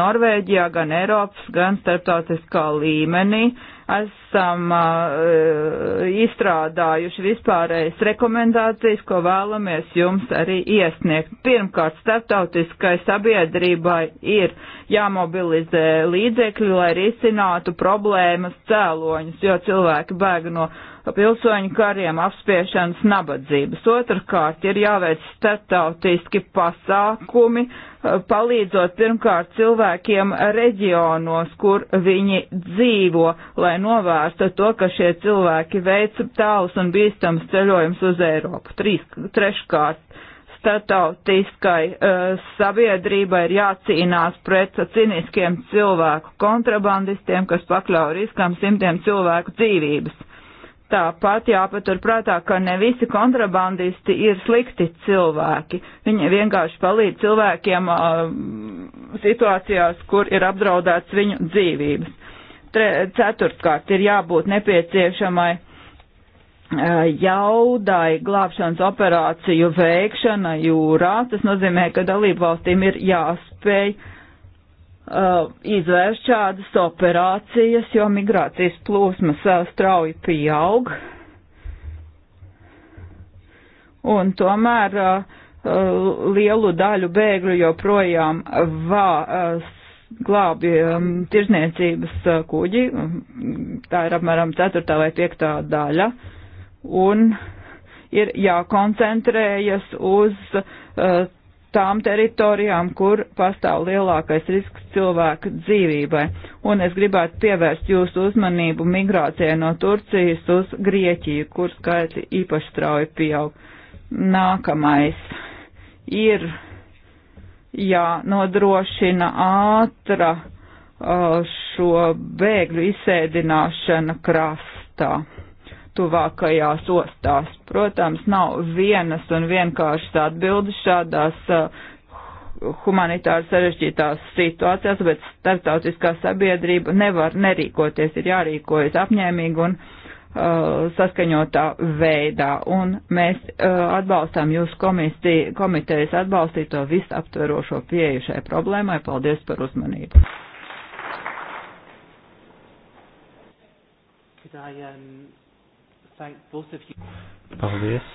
Norvēģijā, gan Eiropas, gan starptautiskā līmenī. Uh, esam uh, izstrādājuši vispārējas rekomendācijas, ko vēlamies jums arī iesniegt. Pirmkārt, starptautiskai sabiedrībai ir jāmobilizē līdzekļi, lai risinātu problēmas cēloņus, jo cilvēki bēg no pilsoņu kariem apspiešanas nabadzības. Otrkārt, ir jāveic starptautiski pasākumi, uh, Eh, palīdzot pirmkārt cilvēkiem reģionos, kur viņi dzīvo, lai novērstu to, ka šie cilvēki veic tālus un bīstams ceļojums uz Eiropu. Trīs, treškārt, statautiskai uh, eh, sabiedrībai ir jācīnās pret ciniskiem cilvēku kontrabandistiem, kas pakļauj riskam simtiem cilvēku dzīvības. Tāpat jāpaturprātā, ka ne visi kontrabandisti ir slikti cilvēki. Viņi vienkārši palīdz cilvēkiem uh, situācijās, kur ir apdraudēts viņu dzīvības. Tre, ceturtkārt, ir jābūt nepieciešamai uh, jaudai glābšanas operāciju veikšana jūrā. Tas nozīmē, ka dalību valstīm ir jāspēj uh, izvērst šādas operācijas, jo migrācijas plūsmas uh, strauji pieaug. Un tomēr uh, uh lielu daļu bēgļu joprojām vā, uh, glābi um, tirzniecības uh, kuģi, um, tā ir apmēram ceturtā vai piektā daļa, un ir jākoncentrējas uz uh, tām teritorijām, kur pastāv lielākais risks cilvēku dzīvībai. Un es gribētu pievērst jūsu uzmanību migrācijai no Turcijas uz Grieķiju, kur skaitļi īpaši strauji pieaug. Nākamais ir jānodrošina ātra uh, šo bēgļu izsēdināšana krastā tuvākajās ostās. Protams, nav vienas un vienkāršas atbildes šādās uh, humanitāri sarežģītās situācijās, bet starptautiskā sabiedrība nevar nerīkoties, ir jārīkojas apņēmīgi un uh, saskaņotā veidā. Un mēs uh, atbalstām jūsu komisiju, komitejas atbalstīto visaptverošo pieeju šai problēmai. Paldies par uzmanību. Could I um, Paldies.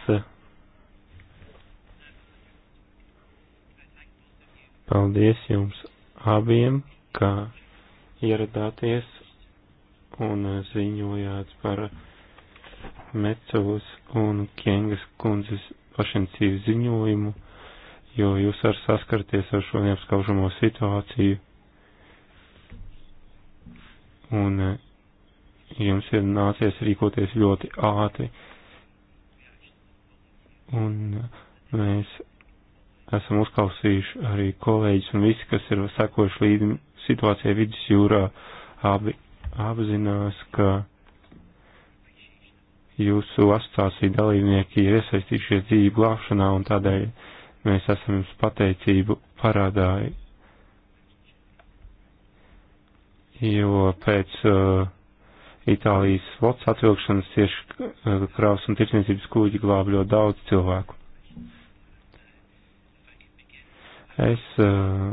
Paldies jums abiem, ka ieradāties un ziņojāt par Mecovas un Kiengas kundzes pašincīvu ziņojumu, jo jūs var saskarties ar šo neapskaužamo situāciju. Un jums ir nācies rīkoties ļoti ātri. Un mēs esam uzklausījuši arī kolēģis un visi, kas ir sekojuši līdzi situācijai vidus jūrā, abi apzinās, ka jūsu asociācija dalībnieki ir iesaistījušies dzīvi glābšanā un tādēļ mēs esam jums pateicību parādāji. Jo pēc uh, Itālijas flots atvilkšanas tieši eh, kraus un tirsniecības kuģi glāb ļoti daudz cilvēku. Es uh,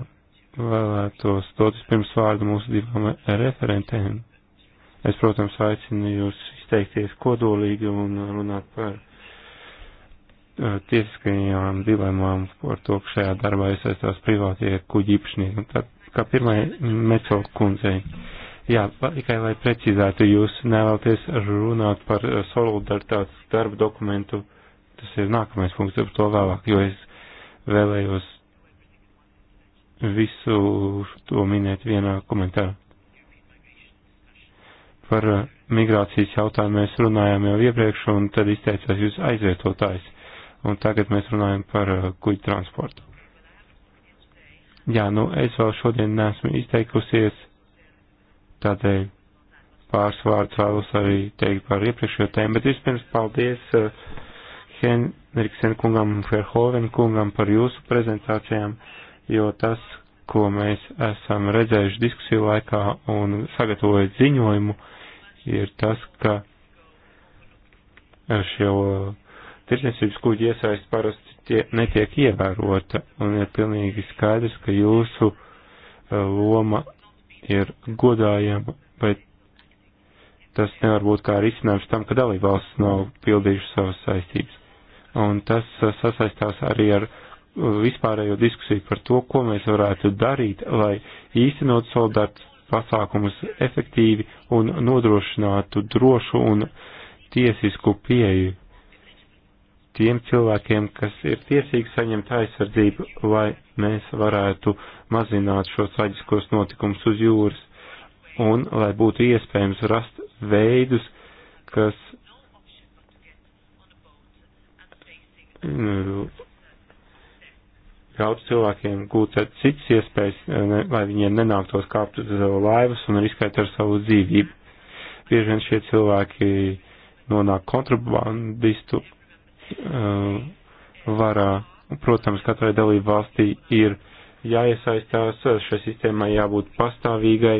vēlētos dot vispirms vārdu mūsu divām referentēm. Es, protams, aicinu jūs izteikties kodolīgi un runāt par uh, tiesiskajām dilemām par to, ka šajā darbā iesaistās privātie kuģi īpašnieki. Kā pirmai Meco kundzei. Uh, Jā, tikai lai precizētu, jūs nevēlaties runāt par eh, solidaritātes darba dokumentu. Tas ir nākamais punkts, par to vēlāk, jo es vēlējos visu to minēt vienā komentārā. Par eh, migrācijas jautājumu mēs runājām jau iepriekš, un tad izteicās jūs aizvietotājs. Un tagad mēs runājam par eh, kuģu transportu. Jā, nu es vēl šodien neesmu izteikusies Tādēļ pāris vārdus vēlos arī teikt par iepriekšējo tēmu, bet vispirms paldies uh, Henriksen kungam un Ferhoven kungam par jūsu prezentācijām, jo tas, ko mēs esam redzējuši diskusiju laikā un sagatavojot ziņojumu, ir tas, ka šo tirdzniecības kuģi iesaist parasti tie, netiek ievērota, un ir pilnīgi skaidrs, ka jūsu eh, loma ir godājama, bet tas nevar būt kā risinājums tam, ka dalībvalsts nav pildījuši savas saistības. Un tas uh, sasaistās arī ar uh, vispārējo diskusiju par to, ko mēs varētu darīt, lai īstenot soldātus pasākumus efektīvi un nodrošinātu drošu un tiesisku pieeju tiem cilvēkiem, kas ir tiesīgi saņemt aizsardzību, lai mēs varētu mazināt šos traģiskos notikumus uz jūras un lai būtu iespējams rast veidus, kas mm, ļautu cilvēkiem gūt citas iespējas, ne, lai viņiem nenāktos kāpt uz laivas un riskēt ar savu dzīvību. Bieži vien šie cilvēki nonāk kontrabandistu Uh, varā. Protams, katrai dalību valstī ir jāiesaistās, šai sistēmai jābūt pastāvīgai,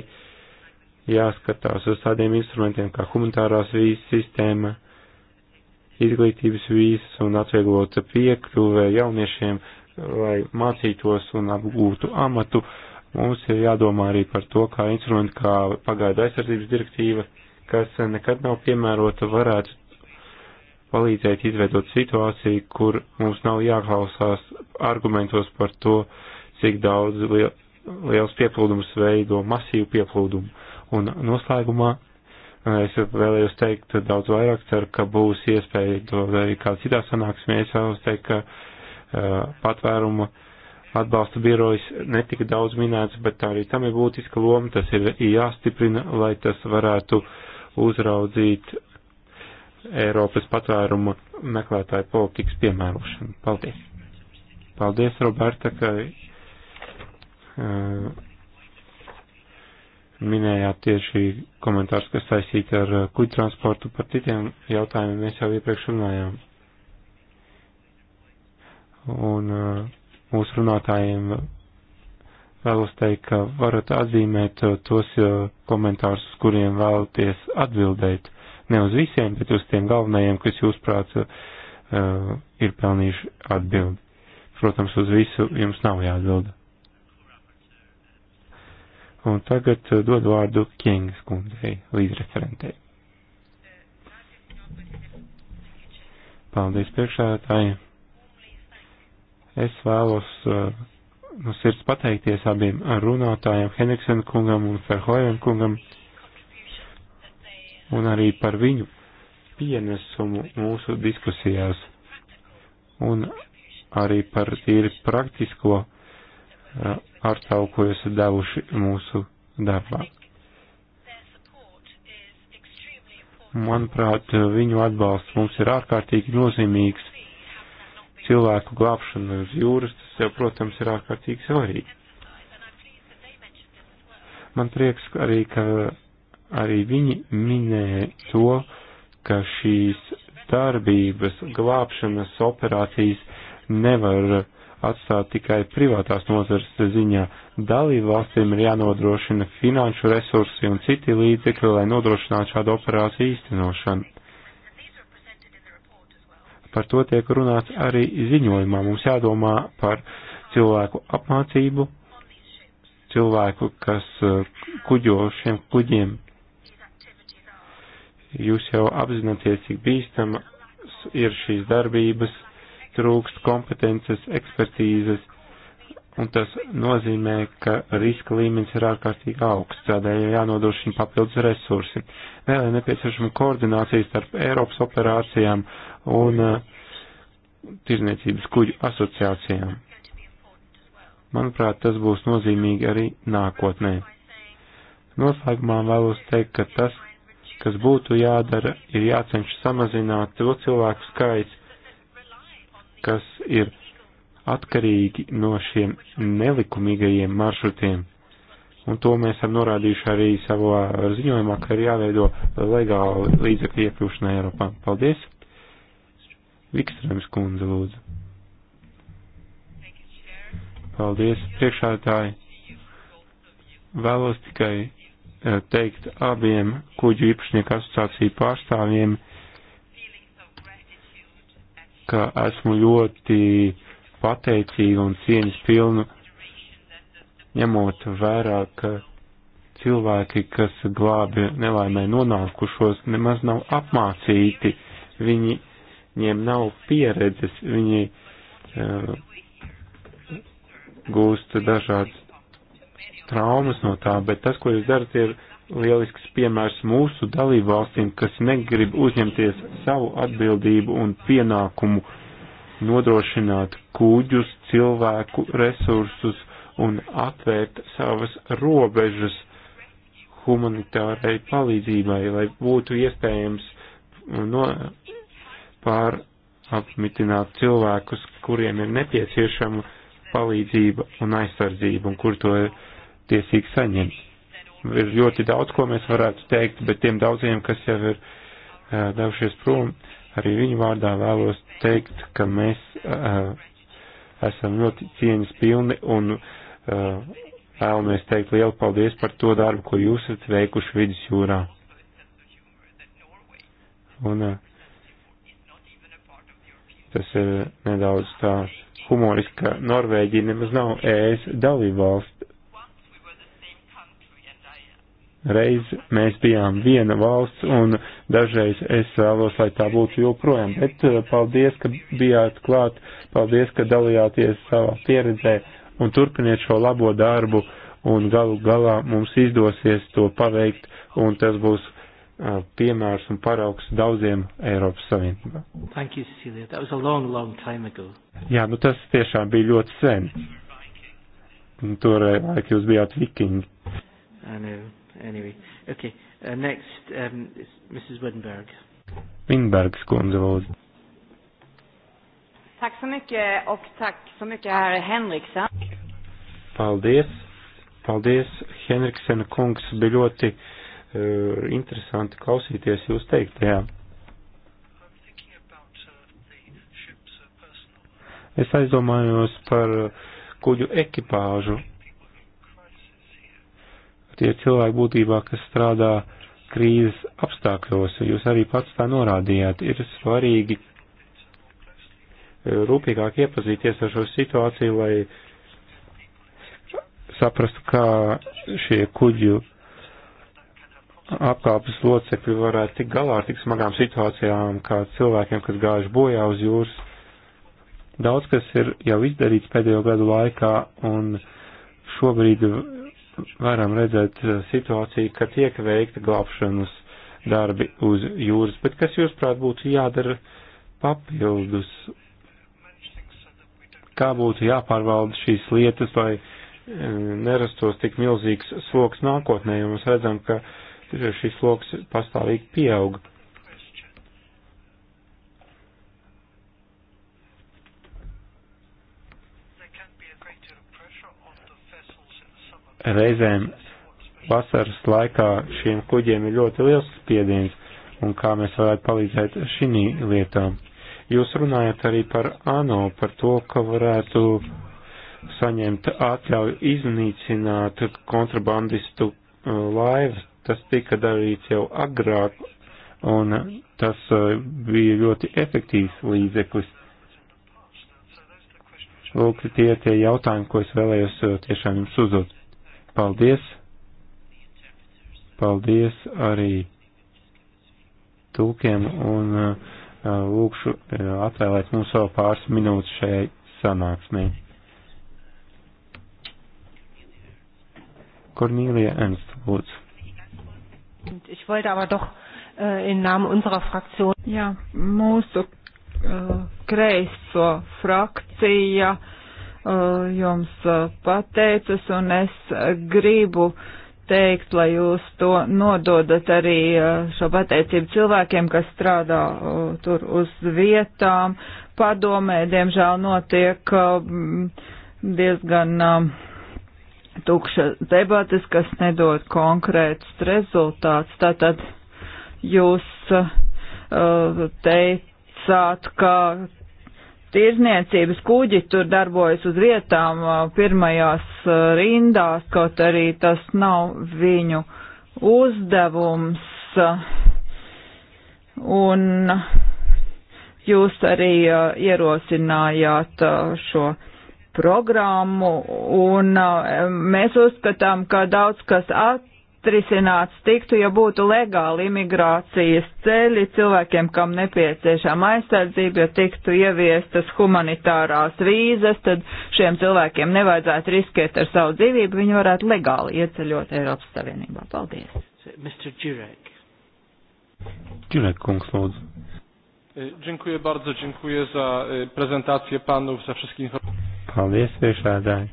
jāskatās uz tādiem instrumentiem kā humanitārās vīzes sistēma, izglītības vīzes un atvieglota piekļuve jauniešiem, lai mācītos un apgūtu amatu. Mums ir jādomā arī par to, kā instrumenti, kā pagaidu aizsardzības direktīva, kas nekad nav piemērota, varētu palīdzēt izveidot situāciju, kur mums nav jāklausās argumentos par to, cik daudz liels pieplūdums veido masīvu pieplūdumu. Un noslēgumā eh, es vēlējos teikt daudz vairāk, ceru, ka būs iespēja to arī kā citā sanāksmē. Es vēlos teikt, ka uh, eh, patvēruma atbalsta birojas netika daudz minēts, bet arī tam ir būtiska loma, tas ir jāstiprina, lai tas varētu uzraudzīt Eiropas patvēruma meklētāju politikas piemērošanu. Paldies! Paldies, Roberta, ka uh, minējāt tieši komentārs, kas saistīti ar uh, kuģu transportu. Par citiem jautājumiem mēs jau iepriekš runājām. Un uh, mūsu runātājiem vēlos teikt, ka varat atzīmēt uh, tos uh, komentārus, kuriem vēlaties atbildēt ne uz visiem, bet uz tiem galvenajiem, kas jūs prāt uh, ir pelnījuši atbildi. Protams, uz visu jums nav jāatbild. Un tagad uh, dod vārdu Kings kundzei, līdzreferentei. Paldies priekšādātāji. Es vēlos uh, no sirds pateikties abiem runātājiem, Henriksen kungam un Ferhojen kungam. Uh, un arī par viņu pienesumu mūsu diskusijās un arī par tīri praktisko eh, artavu, ko jūs devuši mūsu darbā. Manuprāt, viņu atbalsts mums ir ārkārtīgi nozīmīgs. Cilvēku glābšana uz jūras, tas jau, protams, ir ārkārtīgi svarīgi. Man prieks arī, ka Arī viņi minēja to, ka šīs darbības, glābšanas operācijas nevar atstāt tikai privātās nozares ziņā. Dalību valstīm ir jānodrošina finanšu resursi un citi līdzekļi, lai nodrošinātu šādu operāciju īstenošanu. Par to tiek runāts arī ziņojumā. Mums jādomā par cilvēku apmācību, cilvēku, kas eh, kuģo šiem kuģiem Jūs jau apzināties, cik bīstama ir šīs darbības, trūkst kompetences, ekspertīzes, un tas nozīmē, ka riska līmenis ir ārkārtīgi augsts, tādēļ jānodrošina papildus resursi. Vēl ir nepieciešama koordinācija starp Eiropas operācijām un uh, tirzniecības kuģu asociācijām. Manuprāt, tas būs nozīmīgi arī nākotnē. Noslēgumā vēlos teikt, ka tas, kas būtu jādara, ir jācenšas samazināt to cilvēku skaits, kas ir atkarīgi no šiem nelikumīgajiem maršrutiem. Un to mēs esam norādījuši arī savā ziņojumā, ka ir jāveido legāli līdzekļu iekļūšana Eiropā. Paldies! Vikstrēms kundze lūdzu. Paldies, priekšādātāji! Vēlos tikai Eh, teikt abiem kuģu īpašnieku asociāciju pārstāvjiem, ka esmu ļoti pateicīga un cieņas pilnu, ņemot vērā, ka cilvēki, kas glābi nelaimē nonākušos, nemaz nav apmācīti, viņi, viņiem nav pieredzes, viņi uh, gūst dažādas traumas no tā, bet tas, ko jūs darat, ir lielisks piemērs mūsu dalību valstīm, kas negrib uzņemties savu atbildību un pienākumu nodrošināt kūģus, cilvēku resursus un atvērt savas robežas humanitārai palīdzībai, lai būtu iespējams no, pār apmitināt cilvēkus, kuriem ir nepieciešama palīdzība un aizsardzība, un kur to ir tiesīgi saņemt. Ir ļoti daudz, ko mēs varētu teikt, bet tiem daudziem, kas jau ir uh, devušies prom, arī viņu vārdā vēlos teikt, ka mēs uh, esam ļoti cieņas pilni un uh, vēlamies teikt lielu paldies par to darbu, ko jūs esat veikuši vidus jūrā. Un tas ir nedaudz tā humoriski, ka Norvēģija nemaz nav ēs e dalībvalsts, reiz mēs bijām viena valsts, un dažreiz es vēlos, lai tā būtu joprojām. Bet eh, paldies, ka bijāt klāt, paldies, ka dalījāties savā pieredzē, un turpiniet šo labo darbu, un galu galā mums izdosies to paveikt, un tas būs uh, piemērs un paraugs daudziem Eiropas Savienībā. Thank you, Cecilia. That was a long, long time ago. Jā, nu tas tiešām bija ļoti sen. Toreiz, kad jūs bijāt vikingi. I know anyway. Okay. Uh, next, um, is Mrs. Winberg. Winberg, skånze, lūdzu. Tack så mycket och tack så mycket herr Henriksen. Paldies. Paldies, Henriksen kungs, bija ļoti uh, interesanti klausīties jūs teiktajā. Es aizdomājos par kuģu ekipāžu Tie ir cilvēki būtībā, kas strādā krīzes apstākļos, un jūs arī pats tā norādījāt, ir svarīgi eh, rūpīgāk iepazīties ar šo situāciju, lai saprastu, kā šie kuģu apkāpes locekļi varētu tik galā ar tik smagām situācijām, kā cilvēkiem, kas gājuši bojā uz jūras. Daudz kas ir jau izdarīts pēdējo gadu laikā, un šobrīd varam redzēt uh, situāciju, ka tiek veikta glābšanas darbi uz jūras, bet kas jūs prāt būtu jādara papildus? Kā būtu jāpārvalda šīs lietas, lai uh, nerastos tik milzīgs sloks nākotnē, jo mēs redzam, ka šis sloks pastāvīgi pieauga. reizēm vasaras laikā šiem kuģiem ir ļoti liels spiediens un kā mēs varētu palīdzēt šī lietā. Jūs runājat arī par ANO, par to, ka varētu saņemt atļauju iznīcināt kontrabandistu uh, laivas. Tas tika darīts jau agrāk, un tas uh, bija ļoti efektīvs līdzeklis. Lūk, tie tie jautājumi, ko es vēlējos uh, tiešām jums uzdot. Paldies! Paldies arī tūkiem un uh, uh, lūkšu uh, atvēlēt mums vēl pāris minūtes šajai sanāksmē. Cornelia Ernst, lūdzu. Ich wollte aber doch äh, in Namen unserer Fraktion. Ja, mūsu äh, kreiso frakcija. Äh, Eh, jums eh, pateicas, un es gribu teikt, lai jūs to nododat arī eh, šo pateicību cilvēkiem, kas strādā tur uz vietām. Padomē, diemžēl, notiek diezgan tukša debatas, kas nedod konkrētus rezultātus. Tātad jūs teicāt, ka tirzniecības kuģi tur darbojas uz vietām pirmajās rindās, kaut arī tas nav viņu uzdevums. Un jūs arī ierosinājāt šo programmu, un mēs uzskatām, ka daudz kas at atrisināts tiktu, ja būtu legāli imigrācijas ceļi cilvēkiem, kam nepieciešama aizsardzība, ja tiktu ieviestas humanitārās vīzas, tad šiem cilvēkiem nevajadzētu riskēt ar savu dzīvību, viņi varētu legāli ieceļot Eiropas Savienībā. Paldies. Mr. Jurek. Jurek, kungs, lūdzu. E, dziękuję bardzo, dziękuję za e, prezentację panów, za wszystkie informacje. Paldies, priekšādāji.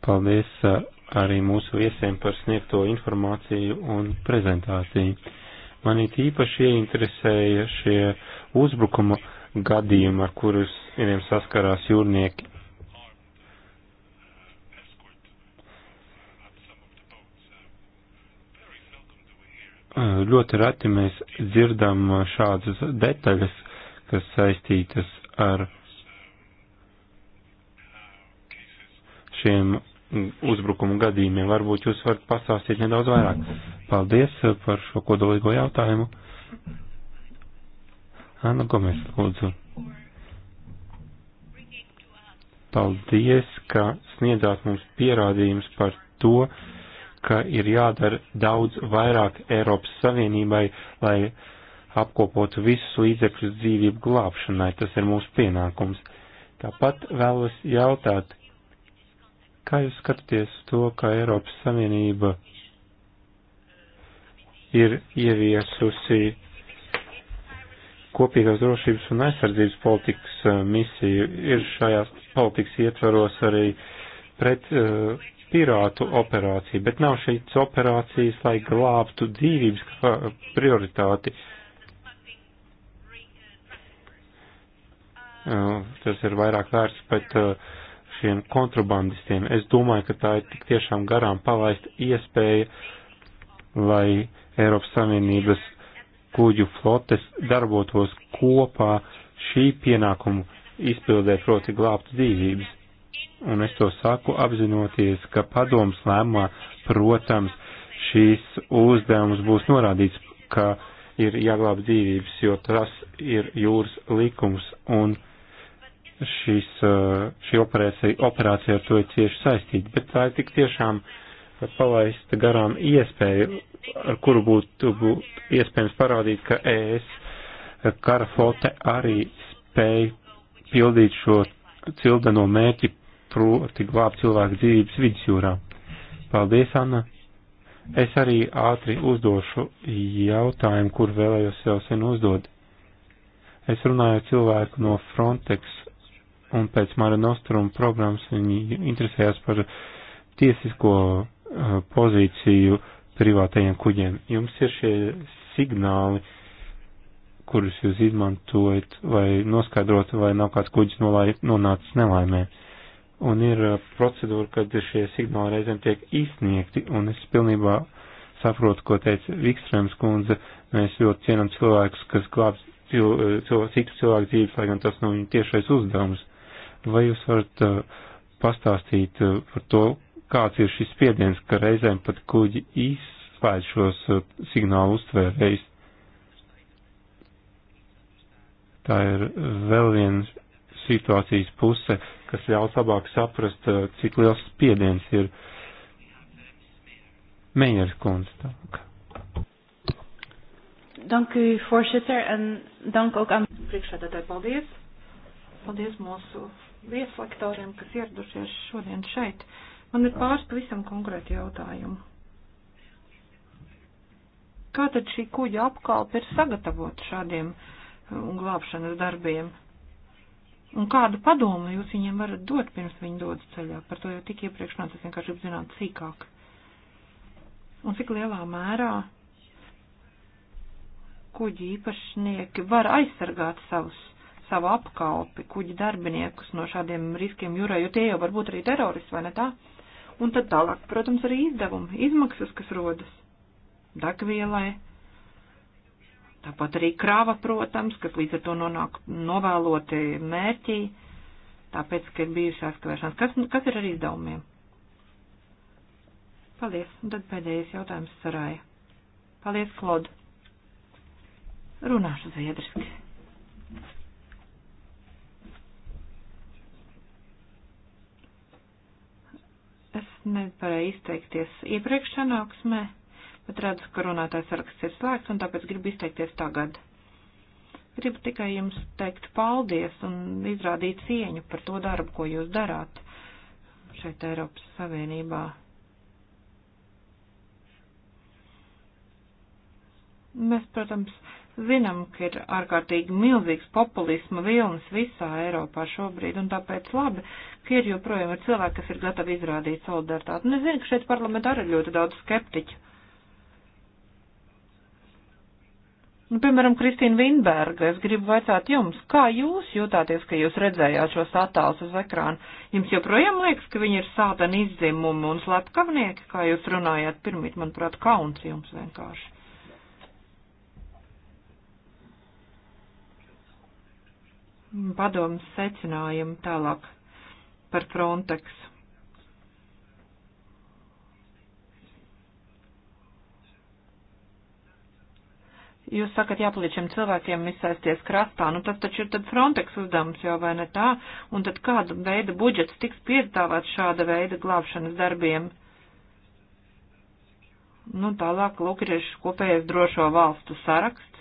Paldies e, arī mūsu viesiem par sniegto informāciju un prezentāciju. Manī tīpaši ieinteresēja šie uzbrukuma gadījumi, ar kurus vieniem saskarās jūrnieki. Ļoti reti mēs dzirdam šādas detaļas, kas saistītas ar šiem uzbrukumu gadījumiem. Varbūt jūs varat pastāstīt nedaudz vairāk. Paldies uh, par šo kodolīgo jautājumu. Anna Gomes, lūdzu. Paldies, ka sniedzāt mums pierādījums par to, ka ir jādara daudz vairāk Eiropas Savienībai, lai apkopotu visus līdzekļus dzīvību glābšanai. Tas ir mūsu pienākums. Tāpat vēlos jautāt, Kā jūs skatāties to, ka Eiropas Savienība ir ieviesusi kopīgās drošības un aizsardzības politikas uh, misiju, ir šajās politikas ietvaros arī pret uh, pirātu operāciju, bet nav šīs operācijas, lai glābtu dzīvības kā uh, prioritāti. Uh, tas ir vairāk vērts pēc uh, narkotikiem, kontrabandistiem. Es domāju, ka tā ir tik tiešām garām palaista iespēja, lai Eiropas Savienības kuģu flotes darbotos kopā šī pienākuma izpildē, proti glābt dzīvības. Un es to saku apzinoties, ka padoms lēmumā, protams, šīs uzdevums būs norādīts, ka ir jāglāb dzīvības, jo tas ir jūras likums un šīs, eh, šī operācija, operācija ar to ir cieši saistīta, bet tā ir tik tiešām palaista garām iespēja, ar kuru būtu būt iespējams parādīt, ka ES kara flote arī spēj pildīt šo cildeno mērķi, proti glābt cilvēku dzīvības vidusjūrā. Paldies, Anna! Es arī ātri uzdošu jautājumu, kur vēlējos jau sen uzdot. Es runāju cilvēku no Frontex un pēc Mara Nostrum programmas viņi interesējās par tiesisko pozīciju privātajiem kuģiem. Jums ir šie signāli, kurus jūs izmantojat, vai noskaidrot, vai nav kāds kuģis nolai, nonācis nelaimē. Un ir procedūra, kad šie signāli reizēm tiek izsniegti, un es pilnībā saprotu, ko teica Vikstrēms kundze. Mēs ļoti cienam cilvēkus, kas glābs cilvēku, citu cilvēku dzīves, lai gan tas nav viņa tiešais uzdevums. Vai jūs varat uh, pastāstīt uh, par to, kāds ir šis spiediens, ka reizēm pat kuģi izslēdz šos uh, signālu uztvērējus? Tā ir vēl viena situācijas puse, kas ļaus labāk saprast, cik liels spiediens ir Meijers kundze tālāk. Dank u, voorzitter, en dank ook aan... Priekšsēdētāji, paldies. Paldies mūsu vieslektoriem, kas ieradušies šodien šeit. Man ir pāris pavisam konkrēti jautājumi. Kā tad šī kuģa apkalpe ir sagatavot šādiem um, glābšanas darbiem? Un kādu padomu jūs viņiem varat dot, pirms viņi dodas ceļā? Par to jau tik iepriekš man tas vienkārši apzināt sīkāk. Un cik lielā mērā kuģi īpašnieki var aizsargāt savus savu apkalpi, kuģi darbiniekus no šādiem riskiem jūrā, jo tie jau var būt arī teroristi, vai ne tā? Un tad tālāk, protams, arī izdevumi, izmaksas, kas rodas degvielai. Tāpat arī krāva, protams, kas līdz ar to nonāk novēloti mērķī, tāpēc, ka ir bijusi aizkavēšanās. Kas, kas ir ar izdevumiem? Paldies. Un tad pēdējais jautājums sarāja. Paldies, Klod. Runāšu zviedriski. nevarēju izteikties iepriekš sanāksmē, bet redzu, ka runātājs saraksts ir slēgts un tāpēc gribu izteikties tagad. Gribu tikai jums teikt paldies un izrādīt cieņu par to darbu, ko jūs darāt šeit Eiropas Savienībā. Mēs, protams, Zinām, ka ir ārkārtīgi milzīgs populisma vilnis visā Eiropā šobrīd, un tāpēc labi, ka ir joprojām ir cilvēki, kas ir gatavi izrādīt solidaritāti. Un es zinu, ka šeit parlamentā ir ļoti daudz skeptiķu. Nu, piemēram, Kristīna Vinberga, es gribu vaicāt jums, kā jūs jūtāties, ka jūs redzējāt šos attēlus uz ekrāna? Jums joprojām liekas, ka viņi ir sātani izzimumi un slepkavnieki, kā jūs runājāt pirmīt, manuprāt, kauns jums vienkārši. padomas secinājumu tālāk par Frontex. Jūs sakat, jāpaliek šiem cilvēkiem izsēsties krastā, nu tas taču ir tad Frontex uzdevums jau vai ne tā, un tad kāda veida budžets tiks piedāvāts šāda veida glābšanas darbiem? Nu tālāk, lūk, ir kopējais drošo valstu saraksts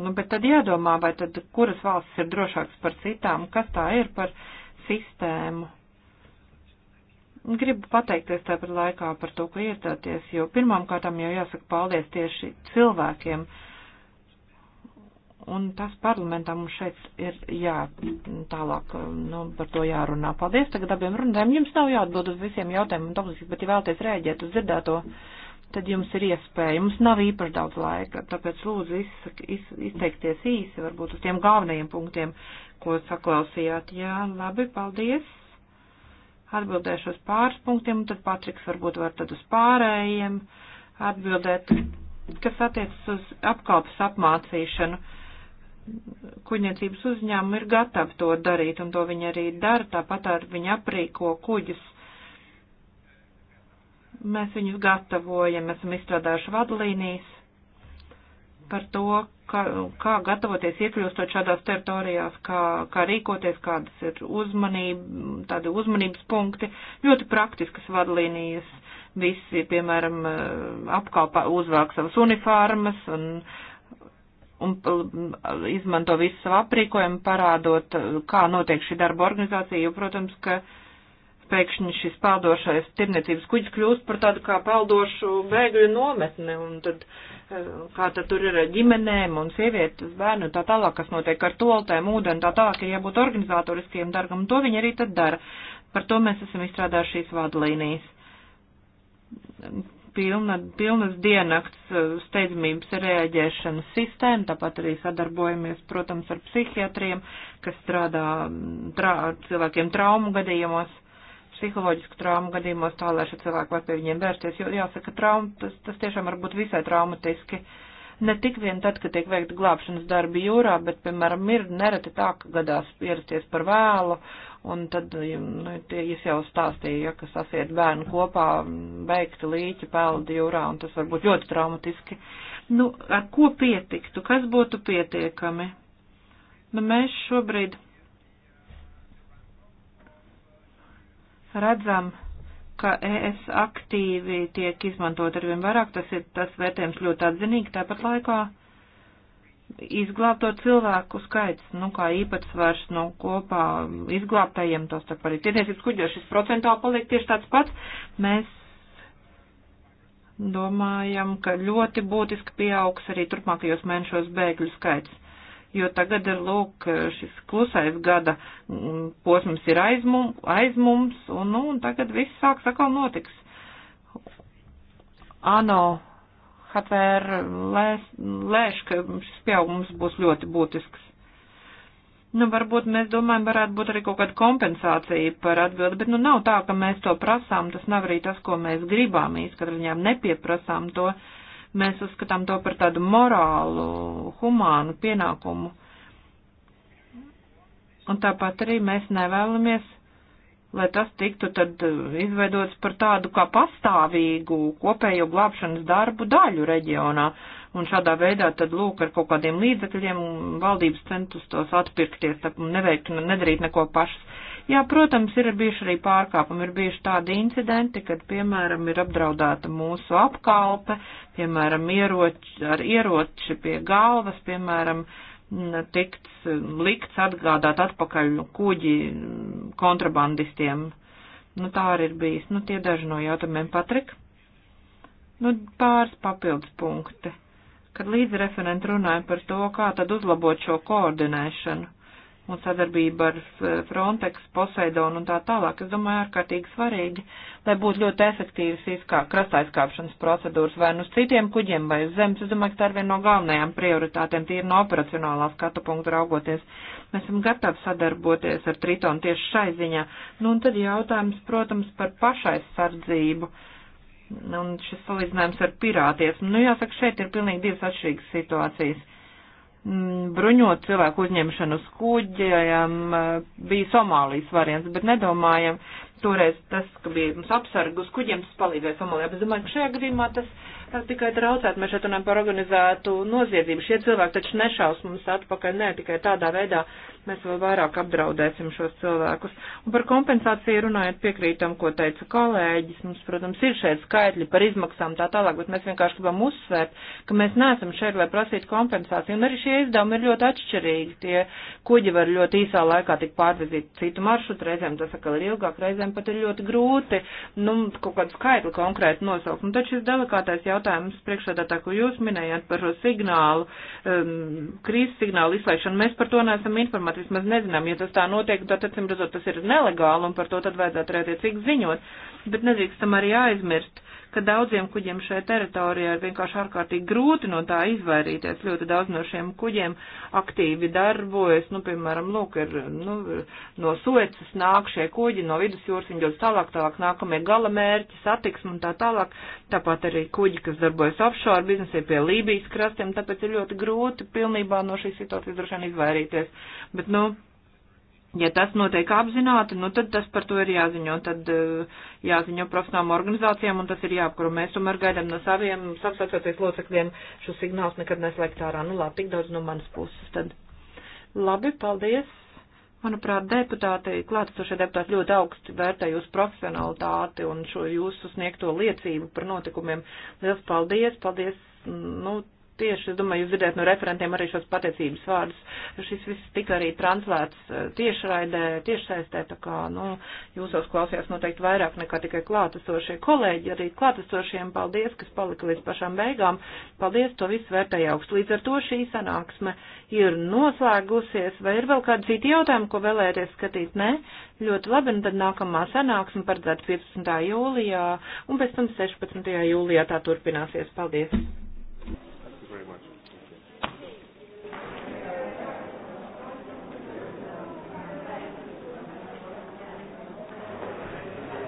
Nu, bet tad jādomā, vai tad kuras valstis ir drošākas par citām, kas tā ir par sistēmu. Gribu pateikties tāpat laikā par to, ka ieradāties, jo pirmām kārtām jau jāsaka paldies tieši cilvēkiem. Un tas parlamentam mums šeit ir jā, tālāk, nu, par to jārunā. Paldies tagad abiem runātājiem. Jums nav jāatbild uz visiem jautājumiem, bet, ja vēlaties rēģēt uz dzirdēto. Mm tad jums ir iespēja. Mums nav īpaši daudz laika, tāpēc lūdzu izsaka, iz, izteikties īsi, varbūt uz tiem galvenajiem punktiem, ko saklausījāt. Jā, labi, paldies. Atbildēšu uz pāris punktiem, un tad Patriks varbūt var tad uz pārējiem atbildēt, kas attiecas uz apkalpes apmācīšanu. Kuģniecības uzņēmumi ir gatavi to darīt, un to viņi arī dara, tāpat ar viņi aprīko kuģus Mēs viņus gatavojam, esam izstrādājuši vadlīnijas par to, kā, kā gatavoties iekļūstot šādās teritorijās, kā, kā rīkoties, kādas ir uzmanība, tādi uzmanības punkti, ļoti praktiskas vadlīnijas. Visi, piemēram, apkalpā uzvāk savas uniformas un, un um, izmanto visu savu aprīkojumu, parādot, kā notiek šī darba organizācija, jo, protams, ka uh, pēkšņi šis peldošais tirniecības kuģis kļūst par tādu kā peldošu bēgļu nometni, un tad eh, kā tad tur ir ģimenēm un sievietes, bērnu tā tālāk, kas notiek ar toltēm, ūdeni tā tālāk, ir jābūt organizatoriskiem darbam, to viņi arī tad dara. Par to mēs esam izstrādājuši šīs vadlīnijas. Pilna, pilnas dienakts eh, steidzamības reaģēšanas sistēma, tāpat arī sadarbojamies, protams, ar psihiatriem, kas strādā mm, trā, cilvēkiem traumu gadījumos psiholoģisku traumu gadījumos tā, lai šie cilvēki var pie viņiem vērsties, jo jāsaka, trauma, tas, tas tiešām var būt visai traumatiski. Ne tik vien tad, kad tiek veikta glābšanas darbi jūrā, bet, piemēram, ir nereti tā, ka gadās ierasties par vēlu, un tad, nu, tie, es jau stāstīju, ja, ka sasiet bērnu kopā, beigti līķi, peldi jūrā, un tas var būt ļoti traumatiski. Nu, ar ko pietiktu, kas būtu pietiekami? Nu, mēs šobrīd redzam, ka ES aktīvi tiek izmantot arvien vairāk, tas ir tas vērtējums ļoti atzinīgi, tāpat laikā izglābto cilvēku skaits, nu kā īpatsvars no nu, kopā izglābtajiem, tos starp arī tirniecības kuģos, šis procentāli paliek tieši tāds pats. Mēs domājam, ka ļoti būtiski pieaugs arī turpmākajos mēnešos bēgļu skaits jo tagad ir lūk šis klusais gada mm, posms ir aiz mums, aiz mums un, nu, un tagad viss sāks atkal notiks. Ano Hatvēr lēš, lēš, ka šis pieaugums būs ļoti būtisks. Nu, varbūt mēs domājam, varētu būt arī kaut kāda kompensācija par atbildi, bet nu nav tā, ka mēs to prasām, tas nav arī tas, ko mēs gribām, īstenībā viņām nepieprasām to. Uh, Mēs uzskatām to par tādu morālu, humānu pienākumu. Un tāpat arī mēs nevēlamies, lai tas tiktu tad eh, izveidots par tādu kā pastāvīgu kopējo glābšanas darbu daļu reģionā. Un šādā veidā tad lūk ar kaut kādiem līdzekļiem valdības centus tos atpirkties, tad neveikt, nedarīt neko pašas. Jā, protams, ir bijuši arī pārkāpumi, ir bijuši tādi incidenti, kad, piemēram, ir apdraudēta mūsu apkalpe, piemēram, ieroči, ar ieroči pie galvas, piemēram, tikts likts atgādāt atpakaļ kuģi kontrabandistiem. Nu, tā arī ir bijis. Nu, tie daži no jautājumiem, Patrik. Nu, pāris papildus punkti. Kad līdzi referenti runāja par to, kā tad uzlabot šo koordinēšanu un sadarbība ar Frontex, Poseidonu un tā tālāk. Es domāju, ārkārtīgi svarīgi, lai būtu ļoti efektīvas izkā, krastāizkāpšanas procedūras vai nu uz citiem kuģiem vai uz zemes. Es domāju, ka tā ir viena no galvenajām prioritātēm, tīri no operacionālā skatu punktu raugoties. Mēs esam gatavi sadarboties ar Tritonu tieši šai ziņā. Nu, un tad jautājums, protams, par pašaizsardzību un šis salīdzinājums ar pirāties. Nu, jāsaka, šeit ir pilnīgi divas atšķirīgas situācijas. Mm, bruņot cilvēku uzņemšanu uz kuģiem eh, bija Somālijas variants, bet nedomājam, toreiz tas, ka bija mums apsargu uz kuģiem, tas palīdzēja Somālijā, bet domāju, ka šajā gadījumā tas, tas eh, tikai traucētu, mēs šeit runājam par organizētu noziedzību. Šie cilvēki taču nešaus mums atpakaļ, ne tikai tādā veidā mēs vēl vairāk apdraudēsim šos cilvēkus. Un par kompensāciju runājot piekrītam, ko teica kolēģis, mums, protams, ir šeit skaitļi par izmaksām tā tālāk, bet mēs vienkārši gribam uzsvērt, ka mēs neesam šeit, lai prasītu kompensāciju. Un arī šie izdevumi ir ļoti atšķirīgi. Tie kuģi var ļoti īsā laikā tik pārvizīt citu maršrutu, reizēm tas atkal ir ilgāk, reizēm pat ir ļoti grūti, nu, kaut kādu skaitli konkrēti nosaukt. Un taču šis delikātais jautājums priekšādātā, ko jūs minējāt par šo signālu, um, krīzes signālu izslēgšanu, mēs par to neesam informēti domāt, vismaz nezinām, ja tas tā notiek, tad, acīm redzot, tas ir nelegāli un par to tad vajadzētu rētiecīgi ziņot, bet nedrīkstam arī aizmirst, uh, ka daudziem kuģiem šajā teritorijā ir vienkārši ārkārtīgi grūti no tā izvairīties. Ļoti daudz no šiem kuģiem aktīvi darbojas, nu, piemēram, lūk, ir, nu, no Suecas nāk šie kuģi, no vidusjūras viņi dodas tālāk, tālāk nākamie gala mērķi, satiksmi un tā tālāk. Tāpat arī kuģi, kas darbojas offshore biznesī pie Lībijas krastiem, tāpēc ir ļoti grūti pilnībā no šīs situācijas droši vien izvairīties. Bet, nu, Ja tas notiek apzināti, nu tad tas par to ir jāziņo, tad eh, jāziņo profesionālām organizācijām un tas ir jāapkaro. Mēs tomēr gaidām no saviem savsacēties locekļiem šo signālu nekad neslēgt ārā. Nu labi, tik daudz no manas puses tad. Labi, paldies. Manuprāt, deputāti, klātesošie deputāti ļoti augstu vērtē jūsu profesionalitāti un šo jūsu sniegto liecību par notikumiem. Liels paldies, paldies, nu, tieši, es domāju, jūs dzirdēt no referentiem arī šos pateicības vārdus. Šis viss tika arī translēts eh, tiešraidē, tiešsaistē, tā kā, nu, jūsos klausījās noteikti vairāk nekā tikai klātesošie kolēģi, arī klātesošiem paldies, kas palika līdz pašām beigām. Paldies, to viss vērtēja augstu. Līdz ar to šī sanāksme ir noslēgusies, vai ir vēl kādi citi jautājumi, ko vēlēties skatīt? Nē, ļoti labi, un nu tad nākamā sanāksme paredzēta 15. jūlijā, un pēc tam 16. jūlijā tā turpināsies. Paldies! very much.